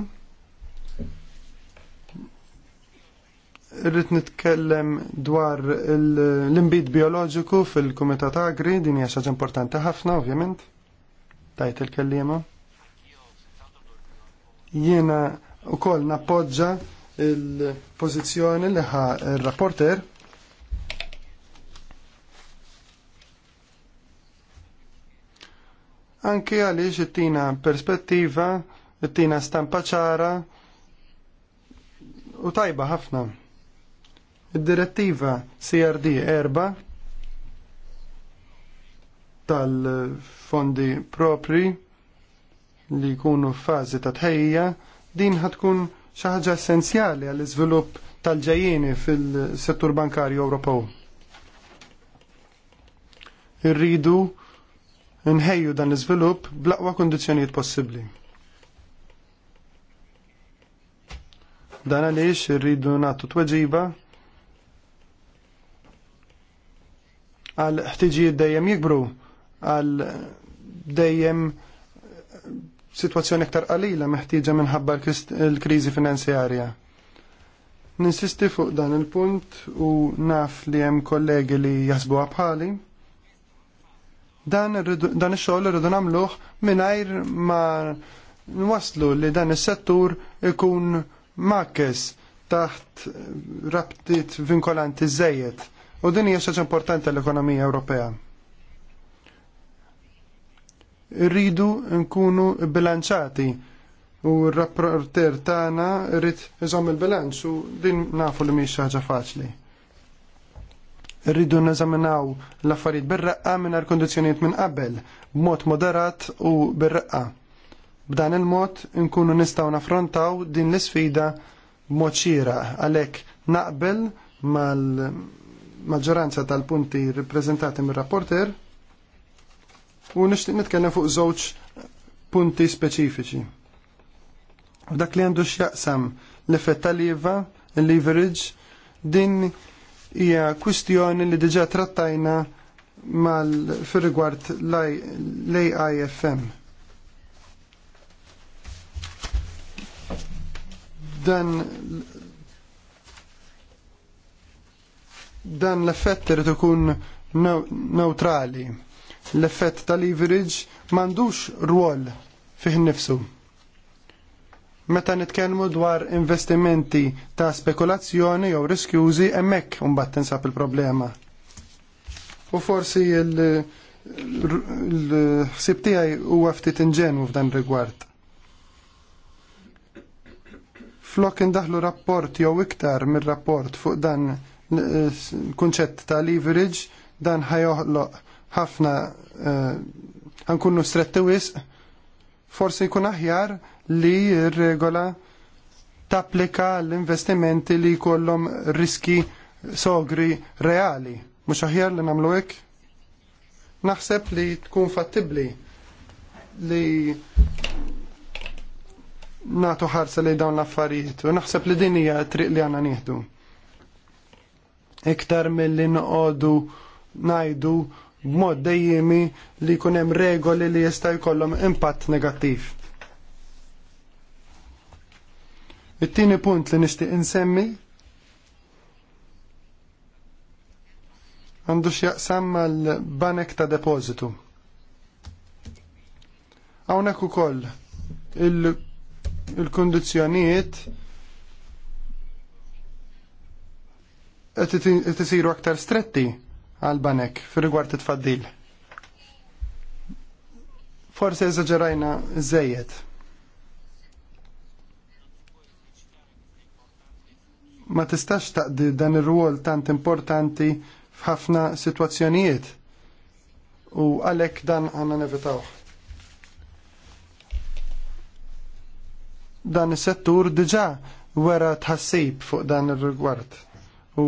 Irrid nitkellem dwar l-imbit bioloġiku fil-Kumitat Agri, din hija xaġa importanti ħafna, ovvjament. Tajt il-kellima. Jiena wkoll nappoġġa il-pożizzjoni li ħa il-rapporter anke għaliex ittina perspettiva, it-tina stampa ċara u tajba ħafna. Id-direttiva CRD 4 tal-fondi propri li jkunu f'fażi ta' tħejja din ħatkun xi ħaġa essenzjali għall iżvilupp tal-ġejjieni fil-settur bankarju Ewropew. Irridu nħejju dan l-iżvilupp bl-aqwa kondizzjonijiet possibbli. Dan għaliex irridu nagħtu tweġiba għal ħtiġijiet dejjem jikbru għal dejjem situazzjoni aktar qalila meħtieġa minħabba l-kriżi finanzjarja. Ninsisti fuq dan il-punt u naf li hemm kollegi li jasbuha bħali. Dan, dan xoll rridu namluħ nagħmluh mingħajr ma nwaslu li dan is-settur ikun makkes taħt rabtiet vinkolanti żejjed. U din hija xaġa importanti l-ekonomija Ewropea. Rridu nkunu bilanċati u r-rapporter tagħna rrid iżomm il-bilanċ u din nafu li mhix ħaġa faċli rridu neżaminaw l-affarijiet bir-raqqa mingħajr kondizzjonijiet minn qabel, b'mod moderat u bir-raqqa. B'dan il-mod nkunu nistgħu nafrontaw din l-isfida b'mod xira għalhekk naqbel mal-maġġoranza tal-punti rippreżentati mir-rapporter u nixtieq nitkellem fuq żewġ punti speċifiċi. Dak li għandu x'jaqsam l-effett tal-iva, il-leverage, din hija kwistjoni li diġà trattajna mal fir-rigward l-AIFM. Dan dan l-effett irid ikun neutrali. L-effett tal-leverage m'għandux rwol fih nifsu. Meta nitkellmu dwar investimenti ta' spekulazzjoni jew riskjużi hemmhekk imbagħad tinsab il-problema. U forsi l-ħsib tiegħi huwa ftit inġenwu f'dan rigward. Flok indaħlu rapport jew iktar mir-rapport fuq dan eh, kunċett ta' leverage dan ħajoħloq ħafna eh, ħankunu stretti wisq forsi jkun aħjar li r-regola tapplika l-investimenti li jkollhom riski sogri reali. Mhux aħjar li nagħmlu hekk? Naħseb li tkun fattibbli li natu ħarsa li dawn l-affarijiet u naħseb li din hija triq li għandna nieħdu. Iktar milli noqodu ngħidu b'mod dejjemi li jkun hemm regoli li jista' jkollhom impatt negattiv. It-tieni punt li nishtiq insemmi għandu x'jaqsam mal-banek ta' depożitu. Hawnhekk ukoll il-kundizzjonijiet qed isiru aktar stretti għal banek fir-rigward it-tfaddil. Forse eżaġerajna żejjed. ma tistax taqdi dan ir-rwol tant importanti f'ħafna sitwazzjonijiet u għalhekk dan għandna nevitaw. Dan is-settur diġà wera tħassib fuq dan ir-rigward u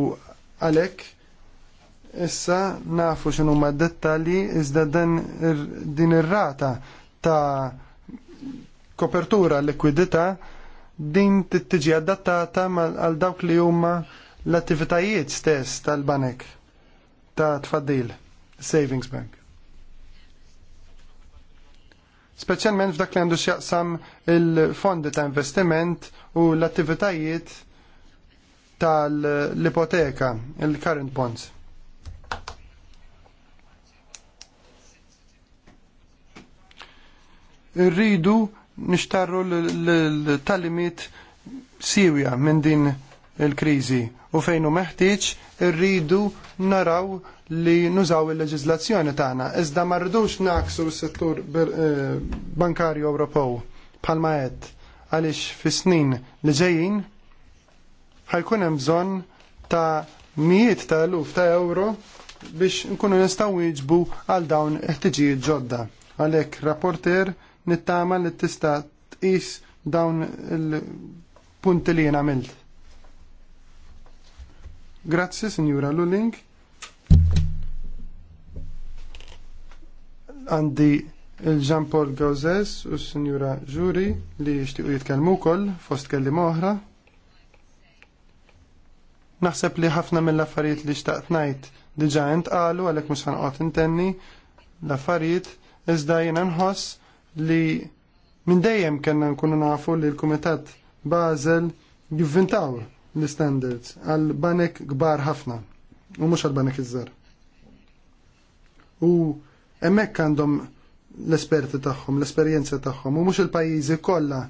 għalhekk issa nafu x'inhu ma dettalji iżda din ir-rata ta' kopertura likwidità din tiġi adattata għal dawk li huma l-attivitajiet stess tal-banek ta' tfaddil, savings bank. Speċjalment f'dak li għandu x'jaqsam il-fondi ta' investiment u l-attivitajiet tal-ipoteka, il-current bonds. Irridu nishtarru l-talimit siwja minn din il-krizi u fejnu meħtieġ irridu naraw li nużaw il-leġizlazzjoni tagħna iżda ma rridux naqsu s-settur eh, bankarju Ewropew bħalma qed għaliex fis-snin li ġejjin ħajkun hemm bżonn ta' mijiet ta' eluf ta' euro biex nkunu nistgħu jiġbu għal dawn il ħtiġijiet ġodda. Għalhekk rapporter nittama li tista' tqis dawn il-punti li jena għamilt. Grazzi, Signora Lulling. Għandi il-Jean Paul Gauzes u Signora Juri li jishtiqu jitkelmu kol fost kelli moħra. Naħseb li ħafna mill-affarijiet li xtaqt najt diġa jent għalu għalek mux ħanqot intenni l-affarijiet iżda jena nħoss li minn dejjem kellna nkunu nafu li l-Kumitat Basel jivvintaw l-standards għal banek kbar ħafna u mhux għal banek iż-żar. U hemmhekk għandhom l-esperti tagħhom, l-esperjenza tagħhom u mhux il-pajjiżi kollha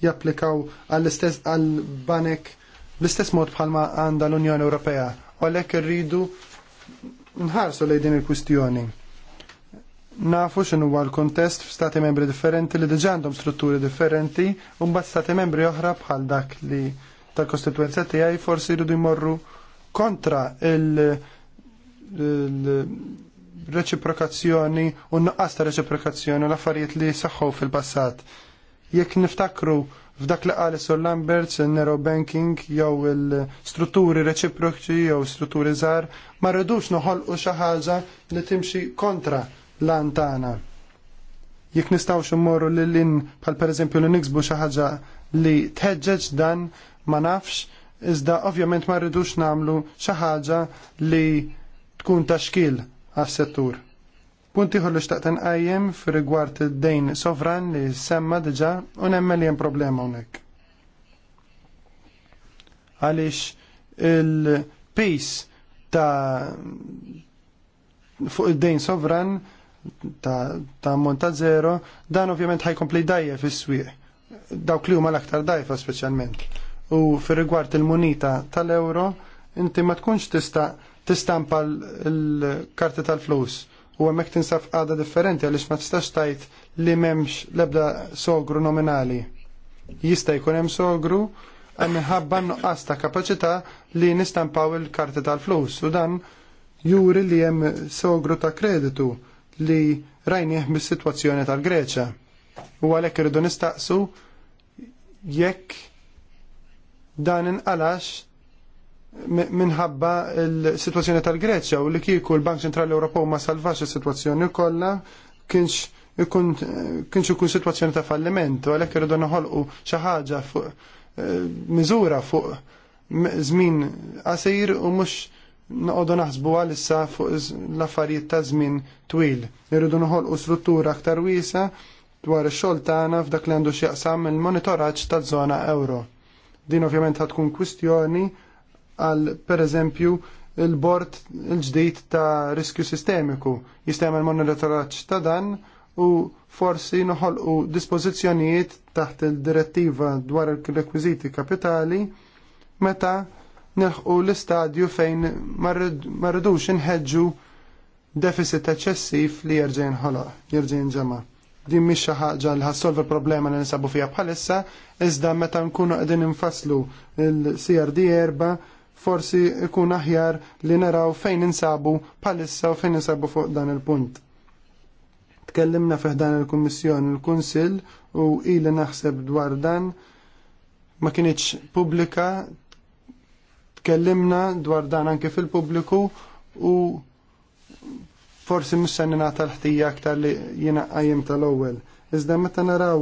japplikaw għall-istess għal banek bl-istess mod bħalma għandha l-Unjoni Ewropea. U għalhekk irridu nħarsu lejn din il-kwistjoni nafu x'inhu huwa l kontest f'stati membri differenti li diġà għandhom strutturi differenti u mbagħad stati membri oħra bħal dak li tal-kostituenza tiegħi forsi jridu jmorru kontra il-reċiprokazzjoni u n-nuqqas ta' reċiprokazzjoni u l-affarijiet li saħħu fil-passat. Jekk niftakru f'dak li qal sur Lamberts, il-Nero Banking jew il-strutturi reċiproċi jew strutturi żgħar ma rridux noħolqu xi ħaġa li timxi kontra l-antana. Jek nistawx immorru l-lin bħal per eżempju li niksbu xi ħaġa li tħeġġeġ dan ma nafx, iżda ovvjament ma rridux namlu xi ħaġa li tkun ta' xkil għas-settur. Punti li xtaqten qajjem fir-rigward id-dejn sovran li semma diġa u li jem problema hawnhekk. Għaliex il-pace ta' fuq id-dejn sovran ta' ammont ta' zero, dan ovvjament ħajkompli dajja fis-swieq. Dawk li huma l-aktar dajfa speċjalment. U fir rigward il-munita tal-euro, inti ma tkunx tista' tistampa l-karti tal-flus u għemmek tinsaf għada differenti għalix ma tistax tajt li memx lebda sogru nominali. Jista jkun hemm sogru minħabba nuqqas ta' kapacità li nistampaw il-karti tal-flus u dan juri li hemm sogru ta' kreditu li rajnieh mis-sitwazzjoni tal-Greċa. U għalhekk irridu nistaqsu jekk dan inqalax minħabba l-sitwazzjoni tal-Greċja u li kieku l-Bank Ċentrali Ewropew ma salvax is-sitwazzjoni kollha kienx ikun kienx ikun sitwazzjoni ta' falliment u għalhekk irridu noħolqu xi ħaġa fuq eh, miżura fuq żmien qasir u mhux noqogħdu naħsbu għalissa fuq l-affarijiet ta' żmien twil. Irridu noħolqu struttura aktar wiesa dwar ix-xogħol tagħna f'dak li għandu x'jaqsam il-monitoraġġ taż-żona euro. Din ovvjament tkun kwistjoni għal pereżempju il-bord il-ġdid ta' riskju sistemiku. Jista' jagħmel monitoraġġ ta' dan u forsi noħolqu dispożizzjonijiet taħt il-direttiva dwar il-rekwiżiti kapitali meta neħu l-istadju fejn marridux nħedġu deficit eċċessiv li jerġa' jinħoloq, jerġa' ġemma. Din mi ħaġa li ħassolvi problema li nisabu fiha bħalissa, iżda meta nkunu qegħdin infasslu l-CRD erba' forsi ikun aħjar li naraw fejn insabu bħalissa u fejn insabu fuq dan il-punt tkellimna fih dan il-Kummissjoni il-Kunsill u ili naħseb dwar dan ma kienieċ pubblika Tkellimna dwar dan anke fil-pubbliku u forsi mhux se ningħata l-ħtija aktar li jiena qajjem tal-ewwel. Iżda meta naraw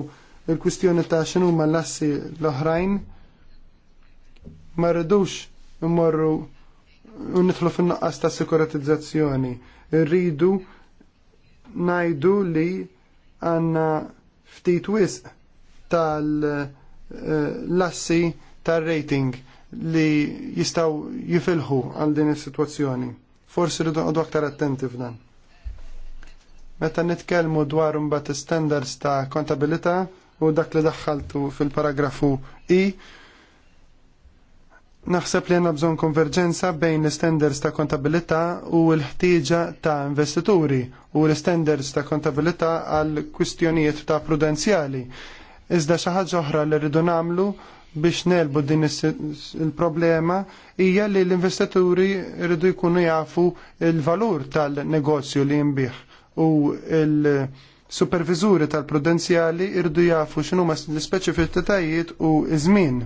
il-kwistjoni ta' x'inhu ma l-assi l-oħrajn ma rridux immorru u nidħlu fin ta' sikuratizzazzjoni. Rridu ngħidu li għandna ftit wisq tal-lassi eh, tar-rating li jistaw jifilħu għal din is-sitwazzjoni. Forsi rridu għadu aktar attenti f'dan. Meta nitkellmu dwar imbagħad standards ta' kontabilità u dak li daħħaltu fil-paragrafu I, naħseb li għandna bżonn konverġenza bejn l-standards ta' kontabilità u l-ħtieġa ta' investituri u l-standards ta' kontabilità għal kwistjonijiet ta' prudenzjali. Iżda xi ħaġa oħra li rridu nagħmlu biex nelbu din il-problema hija li l-investituri rridu jkunu jafu il-valur tal-negozju li jimbih u il-supervizuri tal-prudenzjali rridu jafu ma l-ispeċifittajiet u iż-żmien.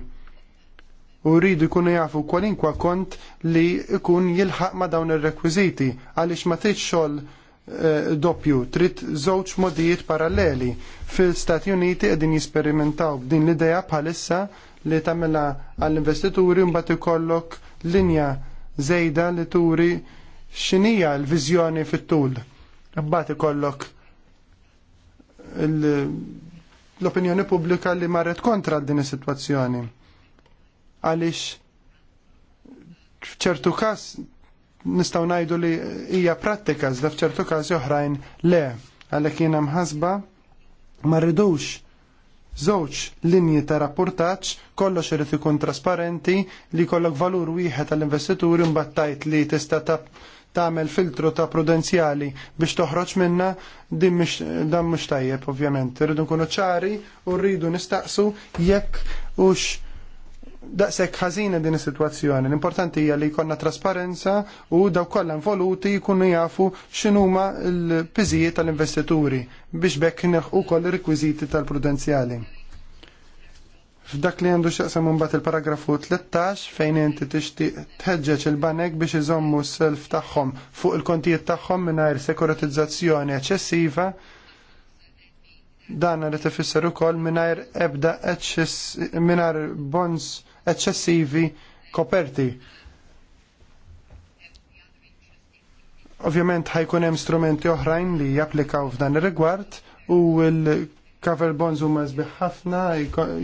U rridu jkunu jafu kwalinkwa kont li jkun jilħaq ma' dawn ir-rekwiżiti għaliex ma tgħidx xogħol eh, doppju, trid żewġ modijiet paralleli. Fil-Stati Uniti qegħdin jisperimentaw b'din l-idea bħalissa li tagħmilha għall-investituri mbagħad ikollok linja żejda li turi x'inija l-viżjoni fit-tul. Mbagħad ikollok l-opinjoni pubblika li marret kontra din is-sitwazzjoni. Għaliex f'ċertu każ nistgħu ngħidu li hija prattika iżda f'ċertu każi oħrajn le. Għalhekk jiena mħasba ma rridux żewġ linji ta' rapportaġġ kollox irid ikun trasparenti li jkollok valur wieħed tal-investituri mbagħad tajt li tista' tagħmel filtru ta' prudenzjali biex toħroġ minna din dan mhux tajjeb ovvjament. Irridu nkunu ċari u rridu nistaqsu jekk hux daqshekk ħażina din is-sitwazzjoni. L-importanti hija li jkollna trasparenza u daw kollha involuti jkunu jafu x'inhuma l-piżijiet tal-investituri biex bekk neħqu ukoll ir-rekwiżiti tal-prudenzjali. F'dak li għandu xaqsam mbagħad il-paragrafu 13 fejn inti tixtieq tħeġġeġ il-banek biex iżommu s-self tagħhom fuq il-kontijiet tagħhom mingħajr sekuratizzazzjoni eċċessiva dan li ifisser ukoll mingħajr ebda mingħajr bonds eċċessivi koperti. Ovvjament ħajkun hemm strumenti oħrajn li japplikaw f'dan ir-rigward u l-cover bonds huma sbieħ ħafna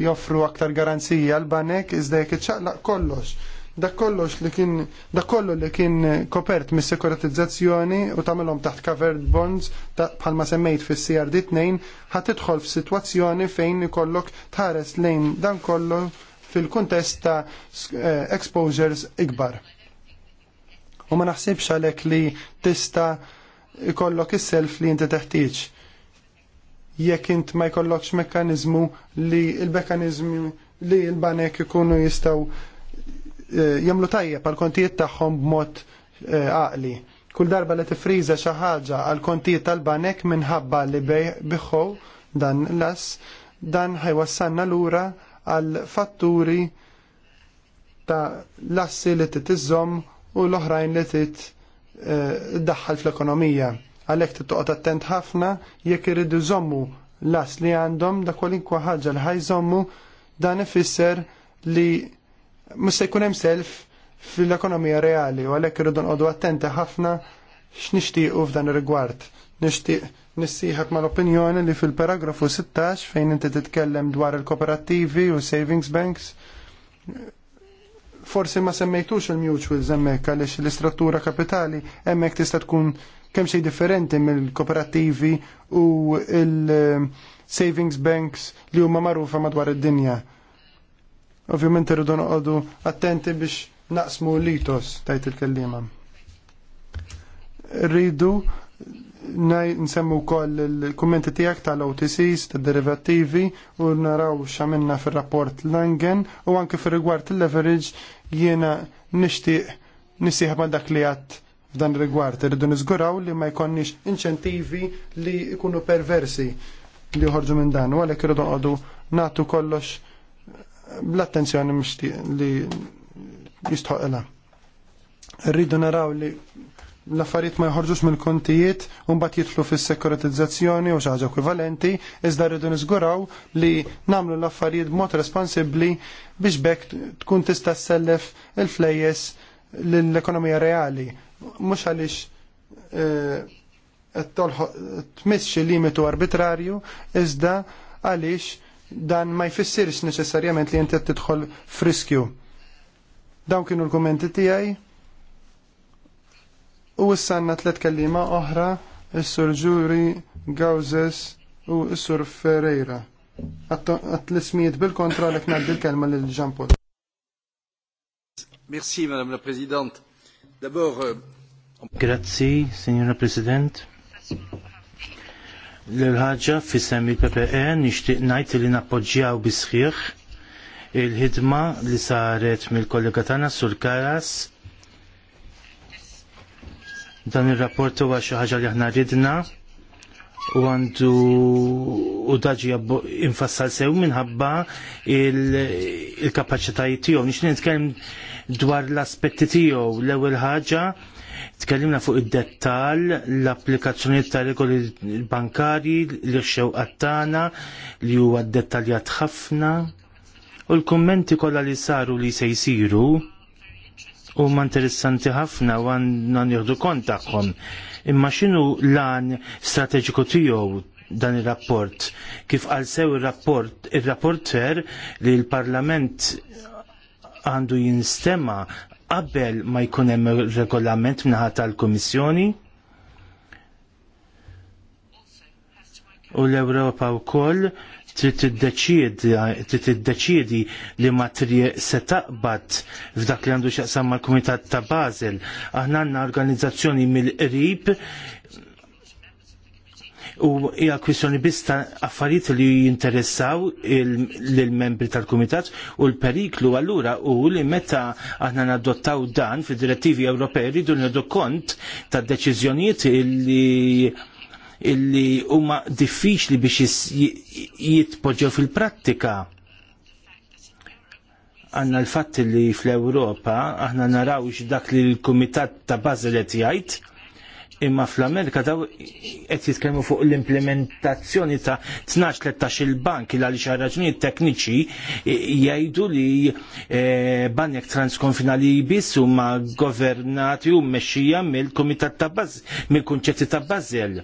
joffru aktar garanzija għal banek iżda jekk iċċaqlaq kollox. Dak kollox li kien dak kollu li kien kopert mis-sekuritizzazzjoni u tagħmelhom taħt covered bonds bħalma semmejt fis-CRD 2 ħad tidħol f'sitwazzjoni fejn ikollok tħares lejn dan kollu fil-kuntest ta' eh, exposures ikbar. U ma naħsibx għalek li tista ikollok is-self li inti teħtieġ. Jekk int ma jkollokx mekkaniżmu li l mekkaniżmu li l-banek ikunu jistaw eh, jamlu tajjeb għal kontijiet tagħhom b'mod eh, għaqli. Kull darba li tifriża xi ħaġa għal kontijiet tal-banek minħabba li biħħu dan l-as dan ħajwassanna lura għal fatturi ta' lassi li li titizzom u l-oħrajn li tit eh, daħħal fl-ekonomija. Għalek t-toqot attent ħafna jekk irridu zommu las li għandhom da kwalinkwa ħaġa li ħajżommu dan ifisser li musa jkun hemm self fil-ekonomija reali u għalhekk irridu nqogħdu attenti ħafna x'nixtiequ f'dan ir-rigward. Nixtieq Nissiħat mal-opinjoni li fil-paragrafu 16 fejn inti titkellem dwar il kooperativi u savings banks forsi ma semmejtux il-mutuals zemmek għaliex l-istruttura kapitali hemmhekk tista' tkun kemm xejn differenti mill kooperativi u il-savings banks li huma magħrufa madwar id-dinja. Ovvjament irridu noqogħdu attenti biex naqsmu litos tajt il-kellima. Rridu nsemmu koll il-kommenti tijak tal-OTCs, tal-derivativi u naraw xamenna fil-rapport Langen u anke fil-rigward il-leverage jiena nishti nisiħ għal dak li għat f'dan rigward. Irridu nizguraw li ma jkonnix inċentivi li jkunu perversi li jħorġu minn dan u għalek rridu għadu natu kollox bl-attenzjoni mishtiq li jistħoqla. Rridu naraw li l-affarijiet ma jħorġux mill-kontijiet u mbagħad jidħlu fis-sekuritizzazzjoni u xi ħaġa ekwivalenti, iżda rridu niżguraw li nagħmlu l-affarijiet b'mod responsibbli biex bekk tkun tista' sellef il-flejjes l-ekonomija reali. Mhux għaliex e, tmissi limitu arbitrarju, iżda għaliex dan ma jfissirx neċessarjament li inti tidħol friskju. Dawn kienu l kommenti tiegħi U s-sanna tlet kellima oħra, s-sur Ġuri, Gawzes u s-sur Ferreira. Għat l-ismijiet bil-kontra l naddi l-kelma l-ġampol. Merci, Madame la Présidente. D'abord... Euh, Grazzi, Signora President. L-ħagġa fi semmi PPE nishtiq najt li nappoġġjaw bisħiħ il-ħidma li saret mill-kollega tagħna Sur Karas Dan ir-rapport huwa xi ħaġa li aħna ridna u għandu u daġi infassal sew minħabba il-kapacitajiet tiegħu. Nix nitkellem dwar l-aspetti tiegħu. L-ewwel ħaġa tkellimna fuq id-dettal, l-applikazzjoni ta' regoli bankari li xew għattana li huwa dettaljat ħafna u l-kummenti kollha li saru li se jsiru ma interessanti ħafna u għandna nieħdu kont tagħhom. Imma x'inhu lan strateġiku tiegħu dan ir-rapport? Kif għal sew ir-rapport il rapporter li l-Parlament għandu jinstema qabel ma jkun hemm regolament minħa tal komissjoni U l-Ewropa wkoll tiddeċiedi li ma se taqbad f'dak li għandu xaqsam mal kumitat ta' Basel. Aħna għandna organizzazzjoni mill-qrib u hija kwistjoni biss ta' affarijiet li jinteressaw lill-membri tal-Kumitat u l-periklu allura u li meta aħna nadottaw dan fid-direttivi Ewropej ridu nieħdu kont tad deċiżjonijiet li illi huma diffiċli biex jitpoġġew fil-prattika. Għanna l-fatt li fl-Ewropa aħna naraw dak li l-Kumitat ta' Basel qed jgħid, imma fl-Amerika daw qed jitkellmu fuq l-implementazzjoni ta' 12-13 il-bank il għaliex raġunijiet tekniċi jgħidu li e, banjek transkonfinali biss huma governati u mmexxija mill-Kumitat ta' Bażel, mill-Kunċetti ta' Bażel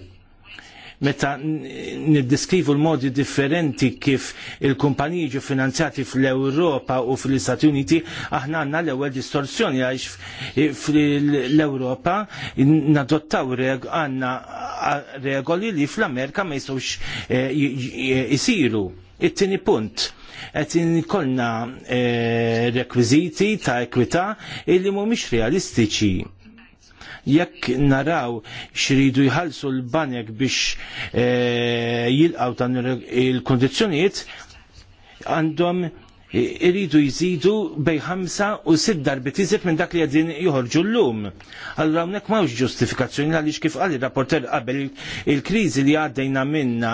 meta niddiskrivu l-modi differenti kif il-kumpaniji ġu finanzjati fl-Europa u fl-Istati Uniti, aħna għanna l-ewel distorsjoni għax fl-Europa nadottaw għanna regoli li fl-Amerika ma jistawx eh, jisiru. It-tini punt, qed kolna eh, rekwiziti ta' ekwità illi mhumiex realistiċi jekk naraw xridu jħalsu l-banek biex e, jilqaw dan il-kondizjoniet għandhom iridu jżidu bej 5 u sitt darbi iżid minn dak li għedin joħorġu l-lum. Allura hawnhekk m'hawnx ġustifikazzjoni għaliex kif qal ir-rapporter qabel il-kriżi li għaddejna minna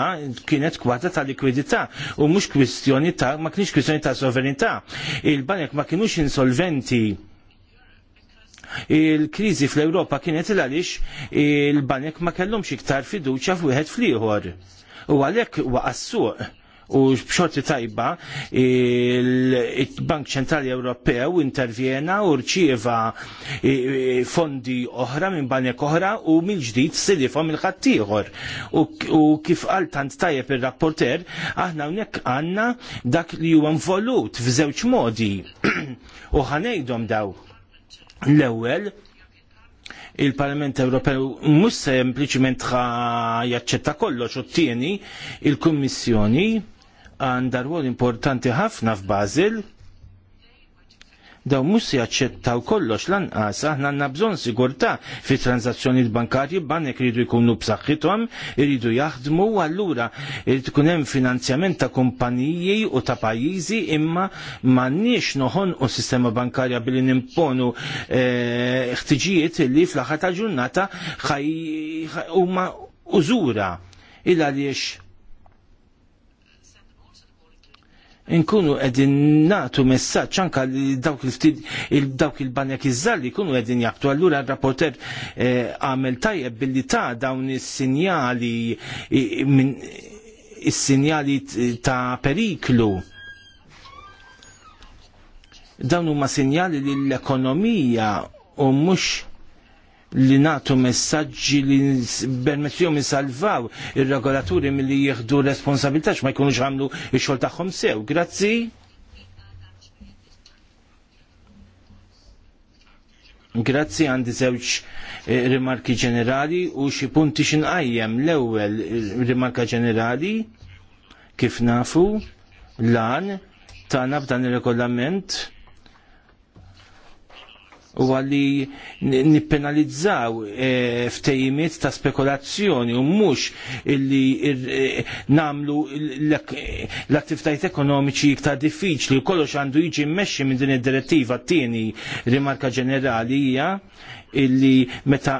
kienet kwata ta' likwidità u mhux kwistjoni ta' ma kienx kwistjoni ta' sovranità. Il-banek ma kienux insolventi il-kriżi fl-Ewropa kienet il għalix il-banek ma kellhomx iktar fiduċja f'wieħed fl-ieħor. U għalhekk waqas-suq u b'xorti tajba il-Bank Ċentrali Ewropew intervjena u rċieva e, e, fondi oħra minn banek oħra u mill-ġdid silifhom il-ħaddieħor. U kif qal tant tajjeb ir-rapporter, aħna hawnhekk għandna dak li huwa involut f'żewġ modi u ħanejdhom daw L-ewwel, il-Parlament Ewropew mhux sempliċiment ħa jaċċetta kollox u tieni il-Kummissjoni għandha rwol importanti ħafna f'Basil daw mhux se jaċċettaw kollox lanqas aħna għandna bżonn sigurtà fi transazzjonijiet bankarji banek iridu jkunu b'saħħithom, iridu jaħdmu u allura tkun hemm finanzjament ta' kumpaniji u ta' pajjiżi imma m'għandniex noħonqu sistema bankarja billi nimponu eh, ħtiġijiet li fl-aħħar ta' ġurnata huma użura illa għaliex nkunu qegħdin nagħtu messaġġ anke dawk il-ftit dawk il-banek iż-żar li jkunu qegħdin jaqtu. Allura r-rapporter eh, għamel tajjeb billi ta' dawn is-sinjali minn sinjali ta' periklu dawn huma sinjali l ekonomija u mhux li natu messaġġi li permessjom jisalvaw il-regolaturi mill-li jieħdu responsabilità ma jkunux għamlu il-xol tagħhom sew. Grazzi. Grazzi għandi żewġ eh, rimarki ġenerali u xi punti x'inqajjem l-ewwel eh, rimarka ġenerali kif nafu lan t'ana b'dan ir-regolament u għalli nipenalizzaw eh, ftejimiet ta' spekulazzjoni u mux illi eh, namlu l-attivitajiet ekonomiċi iktar diffiċli u kollox għandu jiġi mmexxi minn din id-direttiva t-tieni rimarka ġenerali hija illi meta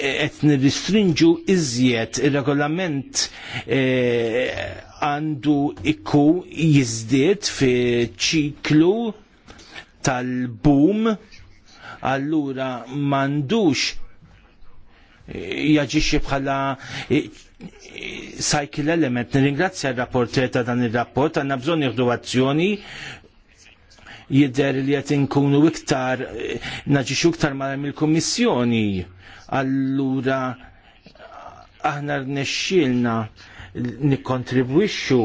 qed nirristrinġu iżjed ir-regolament eh, għandu ikku jizdiet fi ċiklu tal-boom allura m'għandux jaġixxi bħala e, e, l element. Nirringrazzja r-rapporter ta' dan ir-rapport, għandna bżonn jieħdu azzjoni jidher li qed inkunu iktar e, naġixxu iktar ma' mill-Kummissjoni. Allura aħna rnexxielna nikkontribwixxu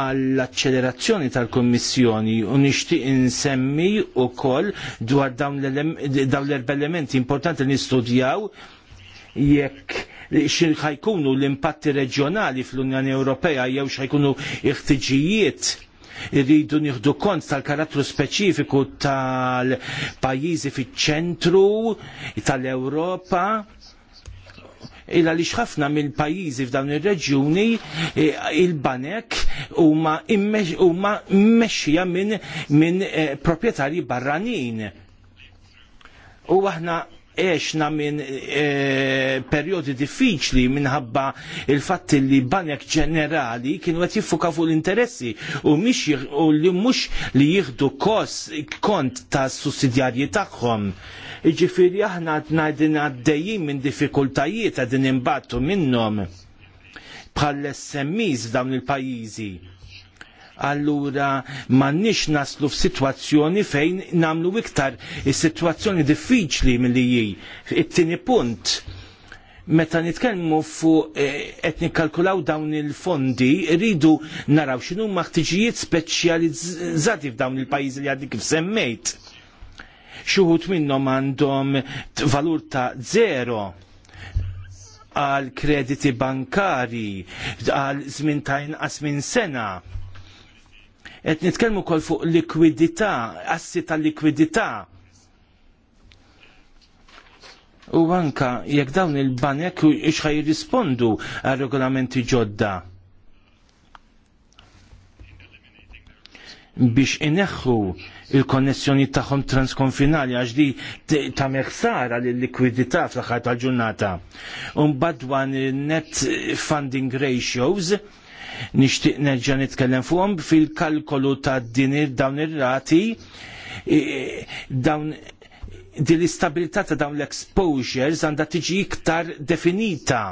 għall-accelerazzjoni tal-Kommissjoni u nixtieq insemmi wkoll dwar dawn l-erba elementi importanti li nistudjaw jekk ħajkunu l-impatti reġjonali fl-Unjoni Ewropea jew x'ħajkunu jkunu ħtiġijiet irridu nieħdu kont tal-karattru speċifiku tal-pajjiżi fiċ-ċentru tal-Ewropa il għaliex ħafna mill-pajjiżi f'dawn ir-reġjuni eh, il-banek huma mmexxija minn min, eh, proprjetarji barranin. U aħna eċna minn e, periodi diffiċli minħabba il-fatt li banek ġenerali kienu għet jiffuka fuq l-interessi u mux li mux li jihdu kos kont ta' sussidjarji tagħhom Iġifiri aħna għadin għaddejjin minn diffikultajiet għadin imbattu minnom bħal-SMIs f'dawn il-pajizi. Allura mannix naslu f'sitwazzjoni fejn namlu iktar is-sitwazzjoni diffiċli milli hi. It-tieni punt meta nitkellmu fuq eh, qed nikkalkulaw dawn il-fondi, rridu naraw x'inhu maħtiġijiet speċjalizzati f'dawn il-pajjiżi li għaddi kif semmejt xuħut minnhom għandhom valur ta' zero għal krediti bankari għal żmien ta' inqas minn sena. Qed nitkellmu wkoll fuq likwidità, assi ta' likwidità U anka jekk dawn il-banek xħaj jirrispondu għal regolamenti ġodda. biex ineħħu il-konnessjoni tagħhom transkonfinali għax di tagħmel ħsara lill-likwidità fl-aħħar tal-ġurnata. Imbagħad dwar net funding ratios nixtieq nerġa' nitkellem fuqhom fil-kalkolu ta' din dawn ir-rati e, dawn din l-istabilità ta' dawn l-exposures għandha tiġi iktar definita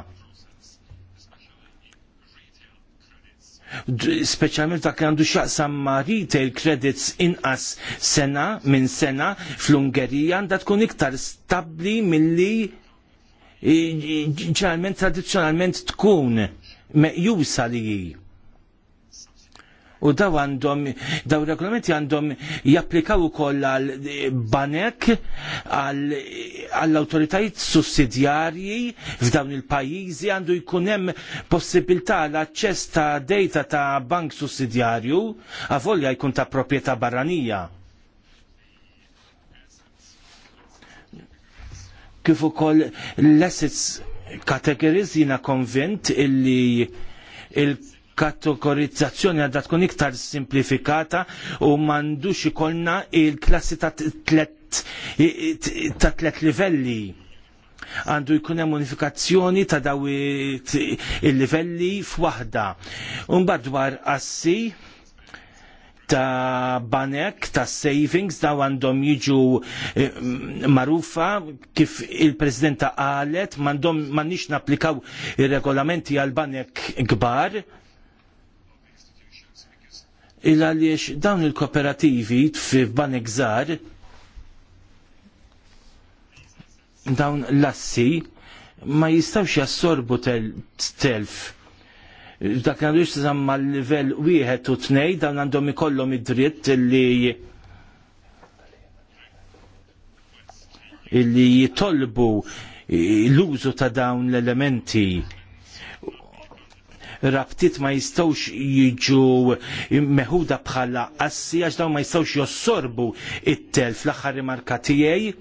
speċjalment dak għandu xaqsam ma' retail credits inqas sena minn sena fl-Ungerija għandha tkun iktar stabbli milli ġeneralment tradizzjonalment tkun meqjusa li U daw għandhom, daw regolamenti għandhom japplikaw ukoll għal eh, banek għall autoritajiet sussidjarji f'dawn il-pajjiżi għandu jkun hemm possibilità l-aċċess ta' data ta' bank sussidjarju għavolja jkun ta' proprjetà barranija. Kif ukoll l-assets kategorizzina konvent illi il kategorizzazzjoni għadha tkun iktar simplifikata u m'għandux ikollna il-klassi ta' tlet livelli għandu jkun hemm unifikazzjoni ta' daw il-livelli f'waħda. Mbagħad dwar assi ta' banek, ta' savings, daw għandhom jiġu eh, marufa kif il-Presidenta qalet, m'għandhom m'għandniex napplikaw ir regolamenti għal banek kbar, il għaliex dawn il-kooperativi fi banek żgħar dawn l-assi ma jistawx jassorbu telf. Dak għandux zamma l-level wieħed u 2 dawn għandhom ikollhom id-dritt li illi jitolbu l-użu ta' dawn l-elementi rabtiet ma jistawx jiġu meħuda bħala assi għax dawn ma jistawx jossorbu it-tel fl-aħħar rimarka tiegħi.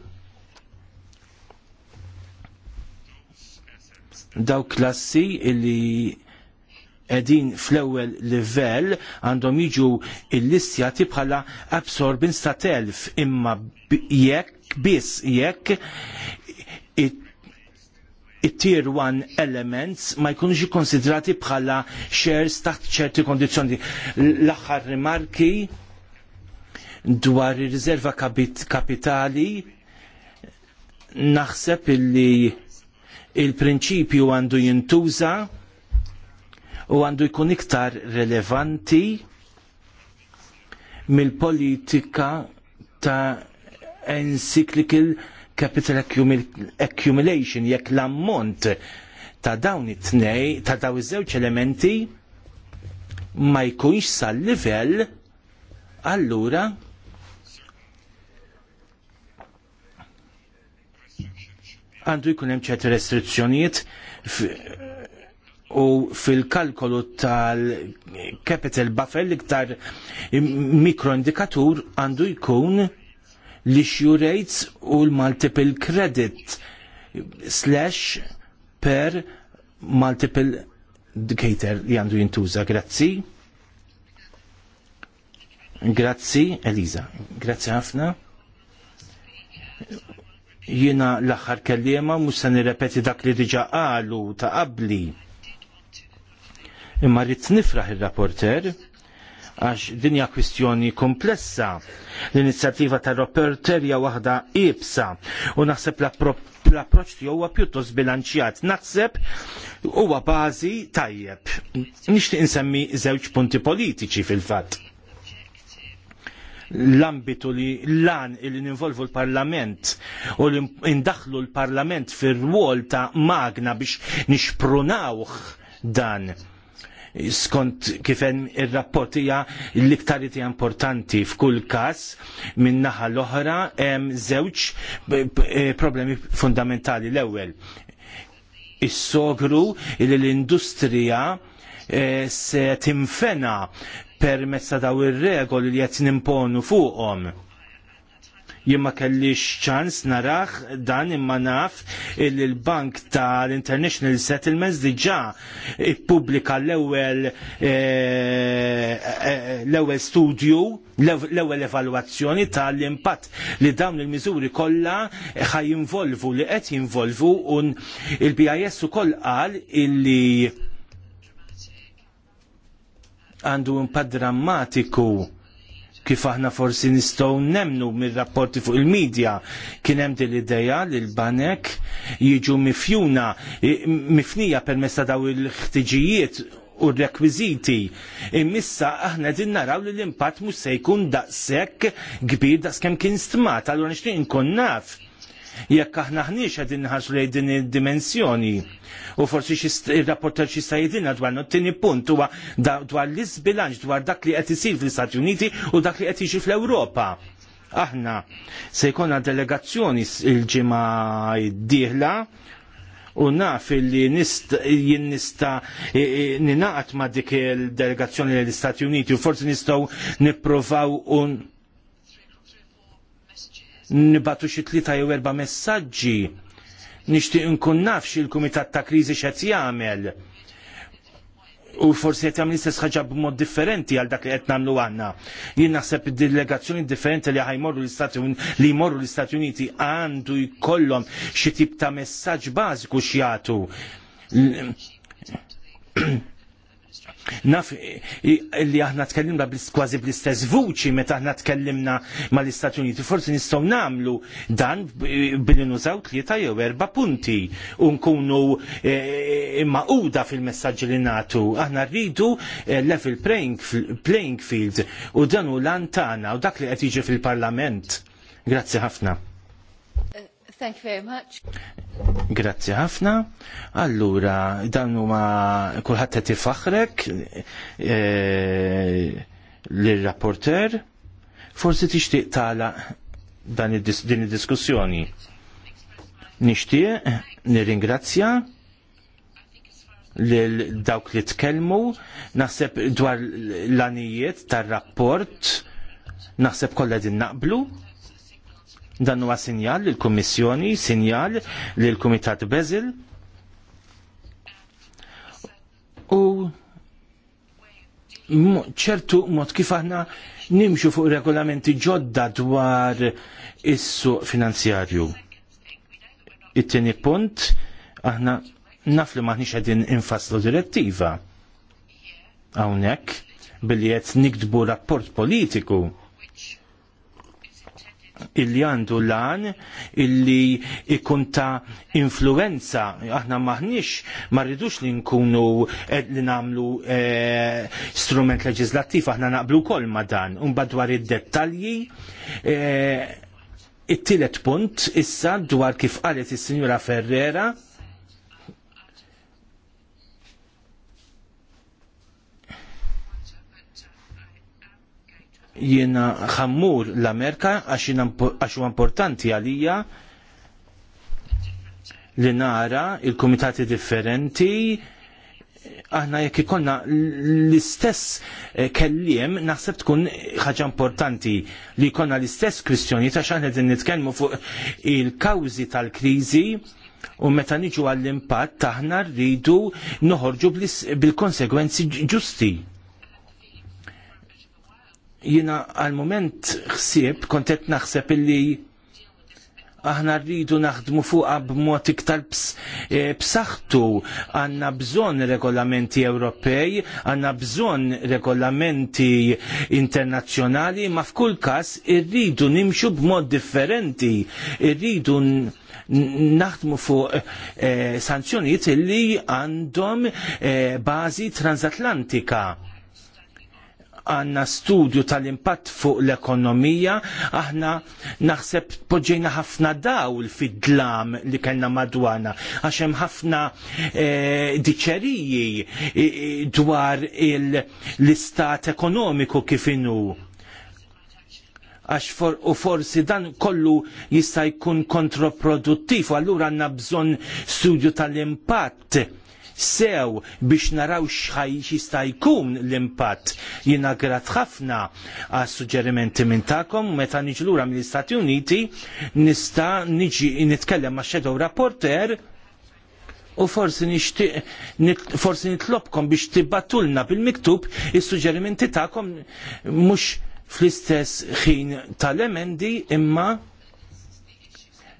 Daw klassi illi edin fl-ewwel livell għandhom jiġu listjati bħala absorbins ta' telf imma jekk biss jekk it-tier one elements ma jkunux konsidrati bħala shares taħt ċerti kondizjoni. L-aħħar rimarki dwar ir-riserva kapit kapitali naħseb illi il-prinċipju għandu jintuża u għandu jkun iktar relevanti mill-politika ta' encyclical capital accumulation jekk l-ammont ta' dawn it-tnej, ta' daw iż-żewġ elementi ma jkunx sal-livell allura għandu jkun hemm ċerti restrizzjonijiet u fil-kalkolu tal-capital buffer l-iktar mikroindikatur għandu jkun l-issue rates u l-multiple credit slash per multiple indicator li għandu jintuża. Grazzi. Grazzi, Eliza. Grazzi ħafna. Jina l-axar kellima, musa nirrepeti dak li diġa għalu ta' qabli. Imma rrit nifraħ il-rapporter għax dinja kwistjoni komplessa. L-inizjattiva ta' Roperterja waħda ibsa u naħseb l-approċ tiegħu huwa pjuttost bilanċjat. Naħseb huwa bażi tajjeb. Nixtieq insemmi żewġ punti politiċi fil-fatt l-ambitu li l-għan li ninvolvu l-parlament u li indaħlu l-parlament fir ruol ta' magna biex nixprunawh dan skont kifem ir-rapport hija l-iktar importanti f'kull każ minn naħa l-oħra hemm żewġ eh, eh, problemi fundamentali l-ewwel. Is-sogru li l-industrija eh, se timfena permezz ta' daw ir-regoli li qed nimponu fuqhom jien ma kellix ċans dan imma naf il l-Bank tal-International Settlements diġà ippubblika l-ewwel eh, eh, l-ewwel studju l-ewwel evalwazzjoni tal-impatt li dawn il-miżuri kollha xa jinvolvu li qed jinvolvu un il-BIS ukoll qal illi għandu impatt drammatiku kif aħna forsi nistgħu nemnu mir-rapporti fuq il-medja kien hemm din l-idea li l-banek jiġu mifjuna mifnija permezz ta' daw il-ħtiġijiet u r-rekwiżiti. Imissa aħna din naraw li l-impatt mhux se jkun daqshekk kbir daqskemm kien stmat, allura nixtieq inkun naf jekk aħna ħniex għadin nħarsu lejn din id-dimensjoni. U forsi il rapporta xi jidina dwar not-tieni punt huwa dwar l-isbilanċ dwar dak li qed isir fl-Istati Uniti u dak li qed jiġi fl-Ewropa. Aħna se jkollna delegazzjoni il-ġimgħa d-dieħla u naf li jien nista ninaqat ma dik il-delegazzjoni l-Istati Uniti u forsi nistgħu nipprovaw un nibatu xi tlieta jew erba' messaġġi nixtieq inkun naf il-kumitat ta' kriżi x'qed jagħmel. U forsi qed jagħmel istess ħaġa b'mod differenti għal dak li qed nagħmlu għandna. Jien naħseb id-delegazzjoni differenti li ħajmorru l-Istati li jmorru l-Istati Uniti għandu jkollhom xi tip ta' messaġġ bażiku x'jagħtu Naf li aħna tkellimna kważi bl-istess vuċi meta aħna tkellimna mal istati Uniti, forsi nistgħu nagħmlu dan billi nużaw tlieta jew erba punti u nkunu e, e, maquda fil-messaġġi li nagħtu. Aħna rridu e, level playing field u dan u lantana u dak li qed jiġi fil-Parlament. Grazzi ħafna. Thank you very much. Grazzi ħafna. Allura, dan huma kulħadd qed ifaħrek eh, lir-rapporter. Forsi tixtieq tagħlaq dan din id-diskussjoni. Nixtieq nirringrazzja lil dawk li tkellmu naħseb dwar l-anijiet tar-rapport naħseb kollha din naqblu Dan huwa sinjal lill kummissjoni sinjal lill kumitat Bezil. U ċertu mod kif aħna nimxu fuq regolamenti ġodda dwar is-suq finanzjarju. It-tieni punt aħna naf li maħniex qegħdin infaslu direttiva. Hawnhekk billi qed nikdbu rapport politiku illi għandu lan illi ikun ta' influenza aħna maħniex ma rridux li nkunu eh, li namlu eh, strument leġislattiv aħna naqblu kol ma dan un dwar id-dettalji eh, it-tielet punt issa dwar kif qalet is-Sinjura Ferrera jiena ħammur l-Amerika għax huwa importanti għalija li nara il-kumitati differenti aħna jekk ikonna l-istess eh, kelliem naħseb tkun ħaġa importanti li jkollna l-istess kwistjoni ta' xaħna din nitkellmu fuq il-kawżi tal-kriżi u meta niġu għall-impatt taħna rridu noħorġu bil-konsegwenzi ġusti jina għal-moment xsieb, kontet naħseb illi aħna rridu naħdmu fuqa b'mod iktar eh, b'saħħtu għandna bżonn regolamenti Ewropej, għandna bżonn regolamenti internazzjonali, ma f'kull każ irridu nimxu b'mod differenti, irridu naħdmu fuq eh, sanzjonijiet li għandhom eh, bażi transatlantika għanna studju tal-impatt fuq l-ekonomija, aħna naħseb poġġejna ħafna dawl fid-dlam li kellna madwana, għax hemm ħafna e, diċeriji eh, eh, dwar l-istat ekonomiku kif inhu għax for, u forsi dan kollu jista' jkun kontroproduttiv, allura għandna bżonn studju tal-impatt sew biex naraw xħaj jista' jkun l-impatt. Jiena grat ħafna għas suġġerimenti minn tagħkom meta niġi lura mill-Istati Uniti nista' niġi nitkellem ma' Shadow Rapporter u forsi nixtieq forsi nitlobkom biex tibbatulna bil-miktub is-suġġerimenti tagħkom mhux fl-istess ħin tal-emendi imma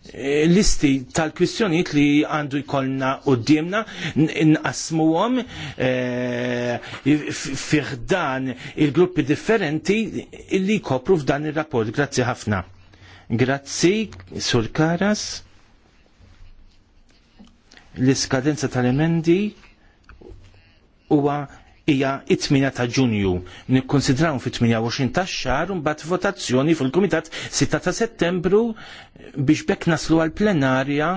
Eh, listi tal-kwistjoniet li għandu jkollna u d-diemna nqasmuhom eh, fiħdan il-gruppi differenti li kopru f'dan il-rapport. Grazzi ħafna. Grazzi, Sur Karas. L-iskadenza tal-emendi huwa hija 8 ta' Ġunju. Nikkonsidraw fit-28 ta' un bat votazzjoni fil-Kumitat 6 ta' Settembru biex bekk naslu għal plenarja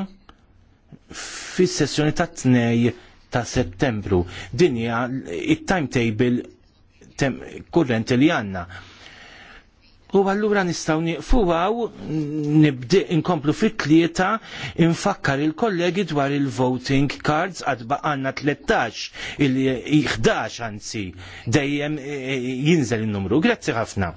fis-sessjoni ta' 2 ta' Settembru. Din hija it-timetable kurrent li għandna U għallura nistaw niqfu għaw, inkomplu fit-tlieta, infakkar il-kollegi dwar il-voting cards għad baqanna 13, il-11 għanzi, dejjem e, e, jinżel il-numru. Grazzi ħafna.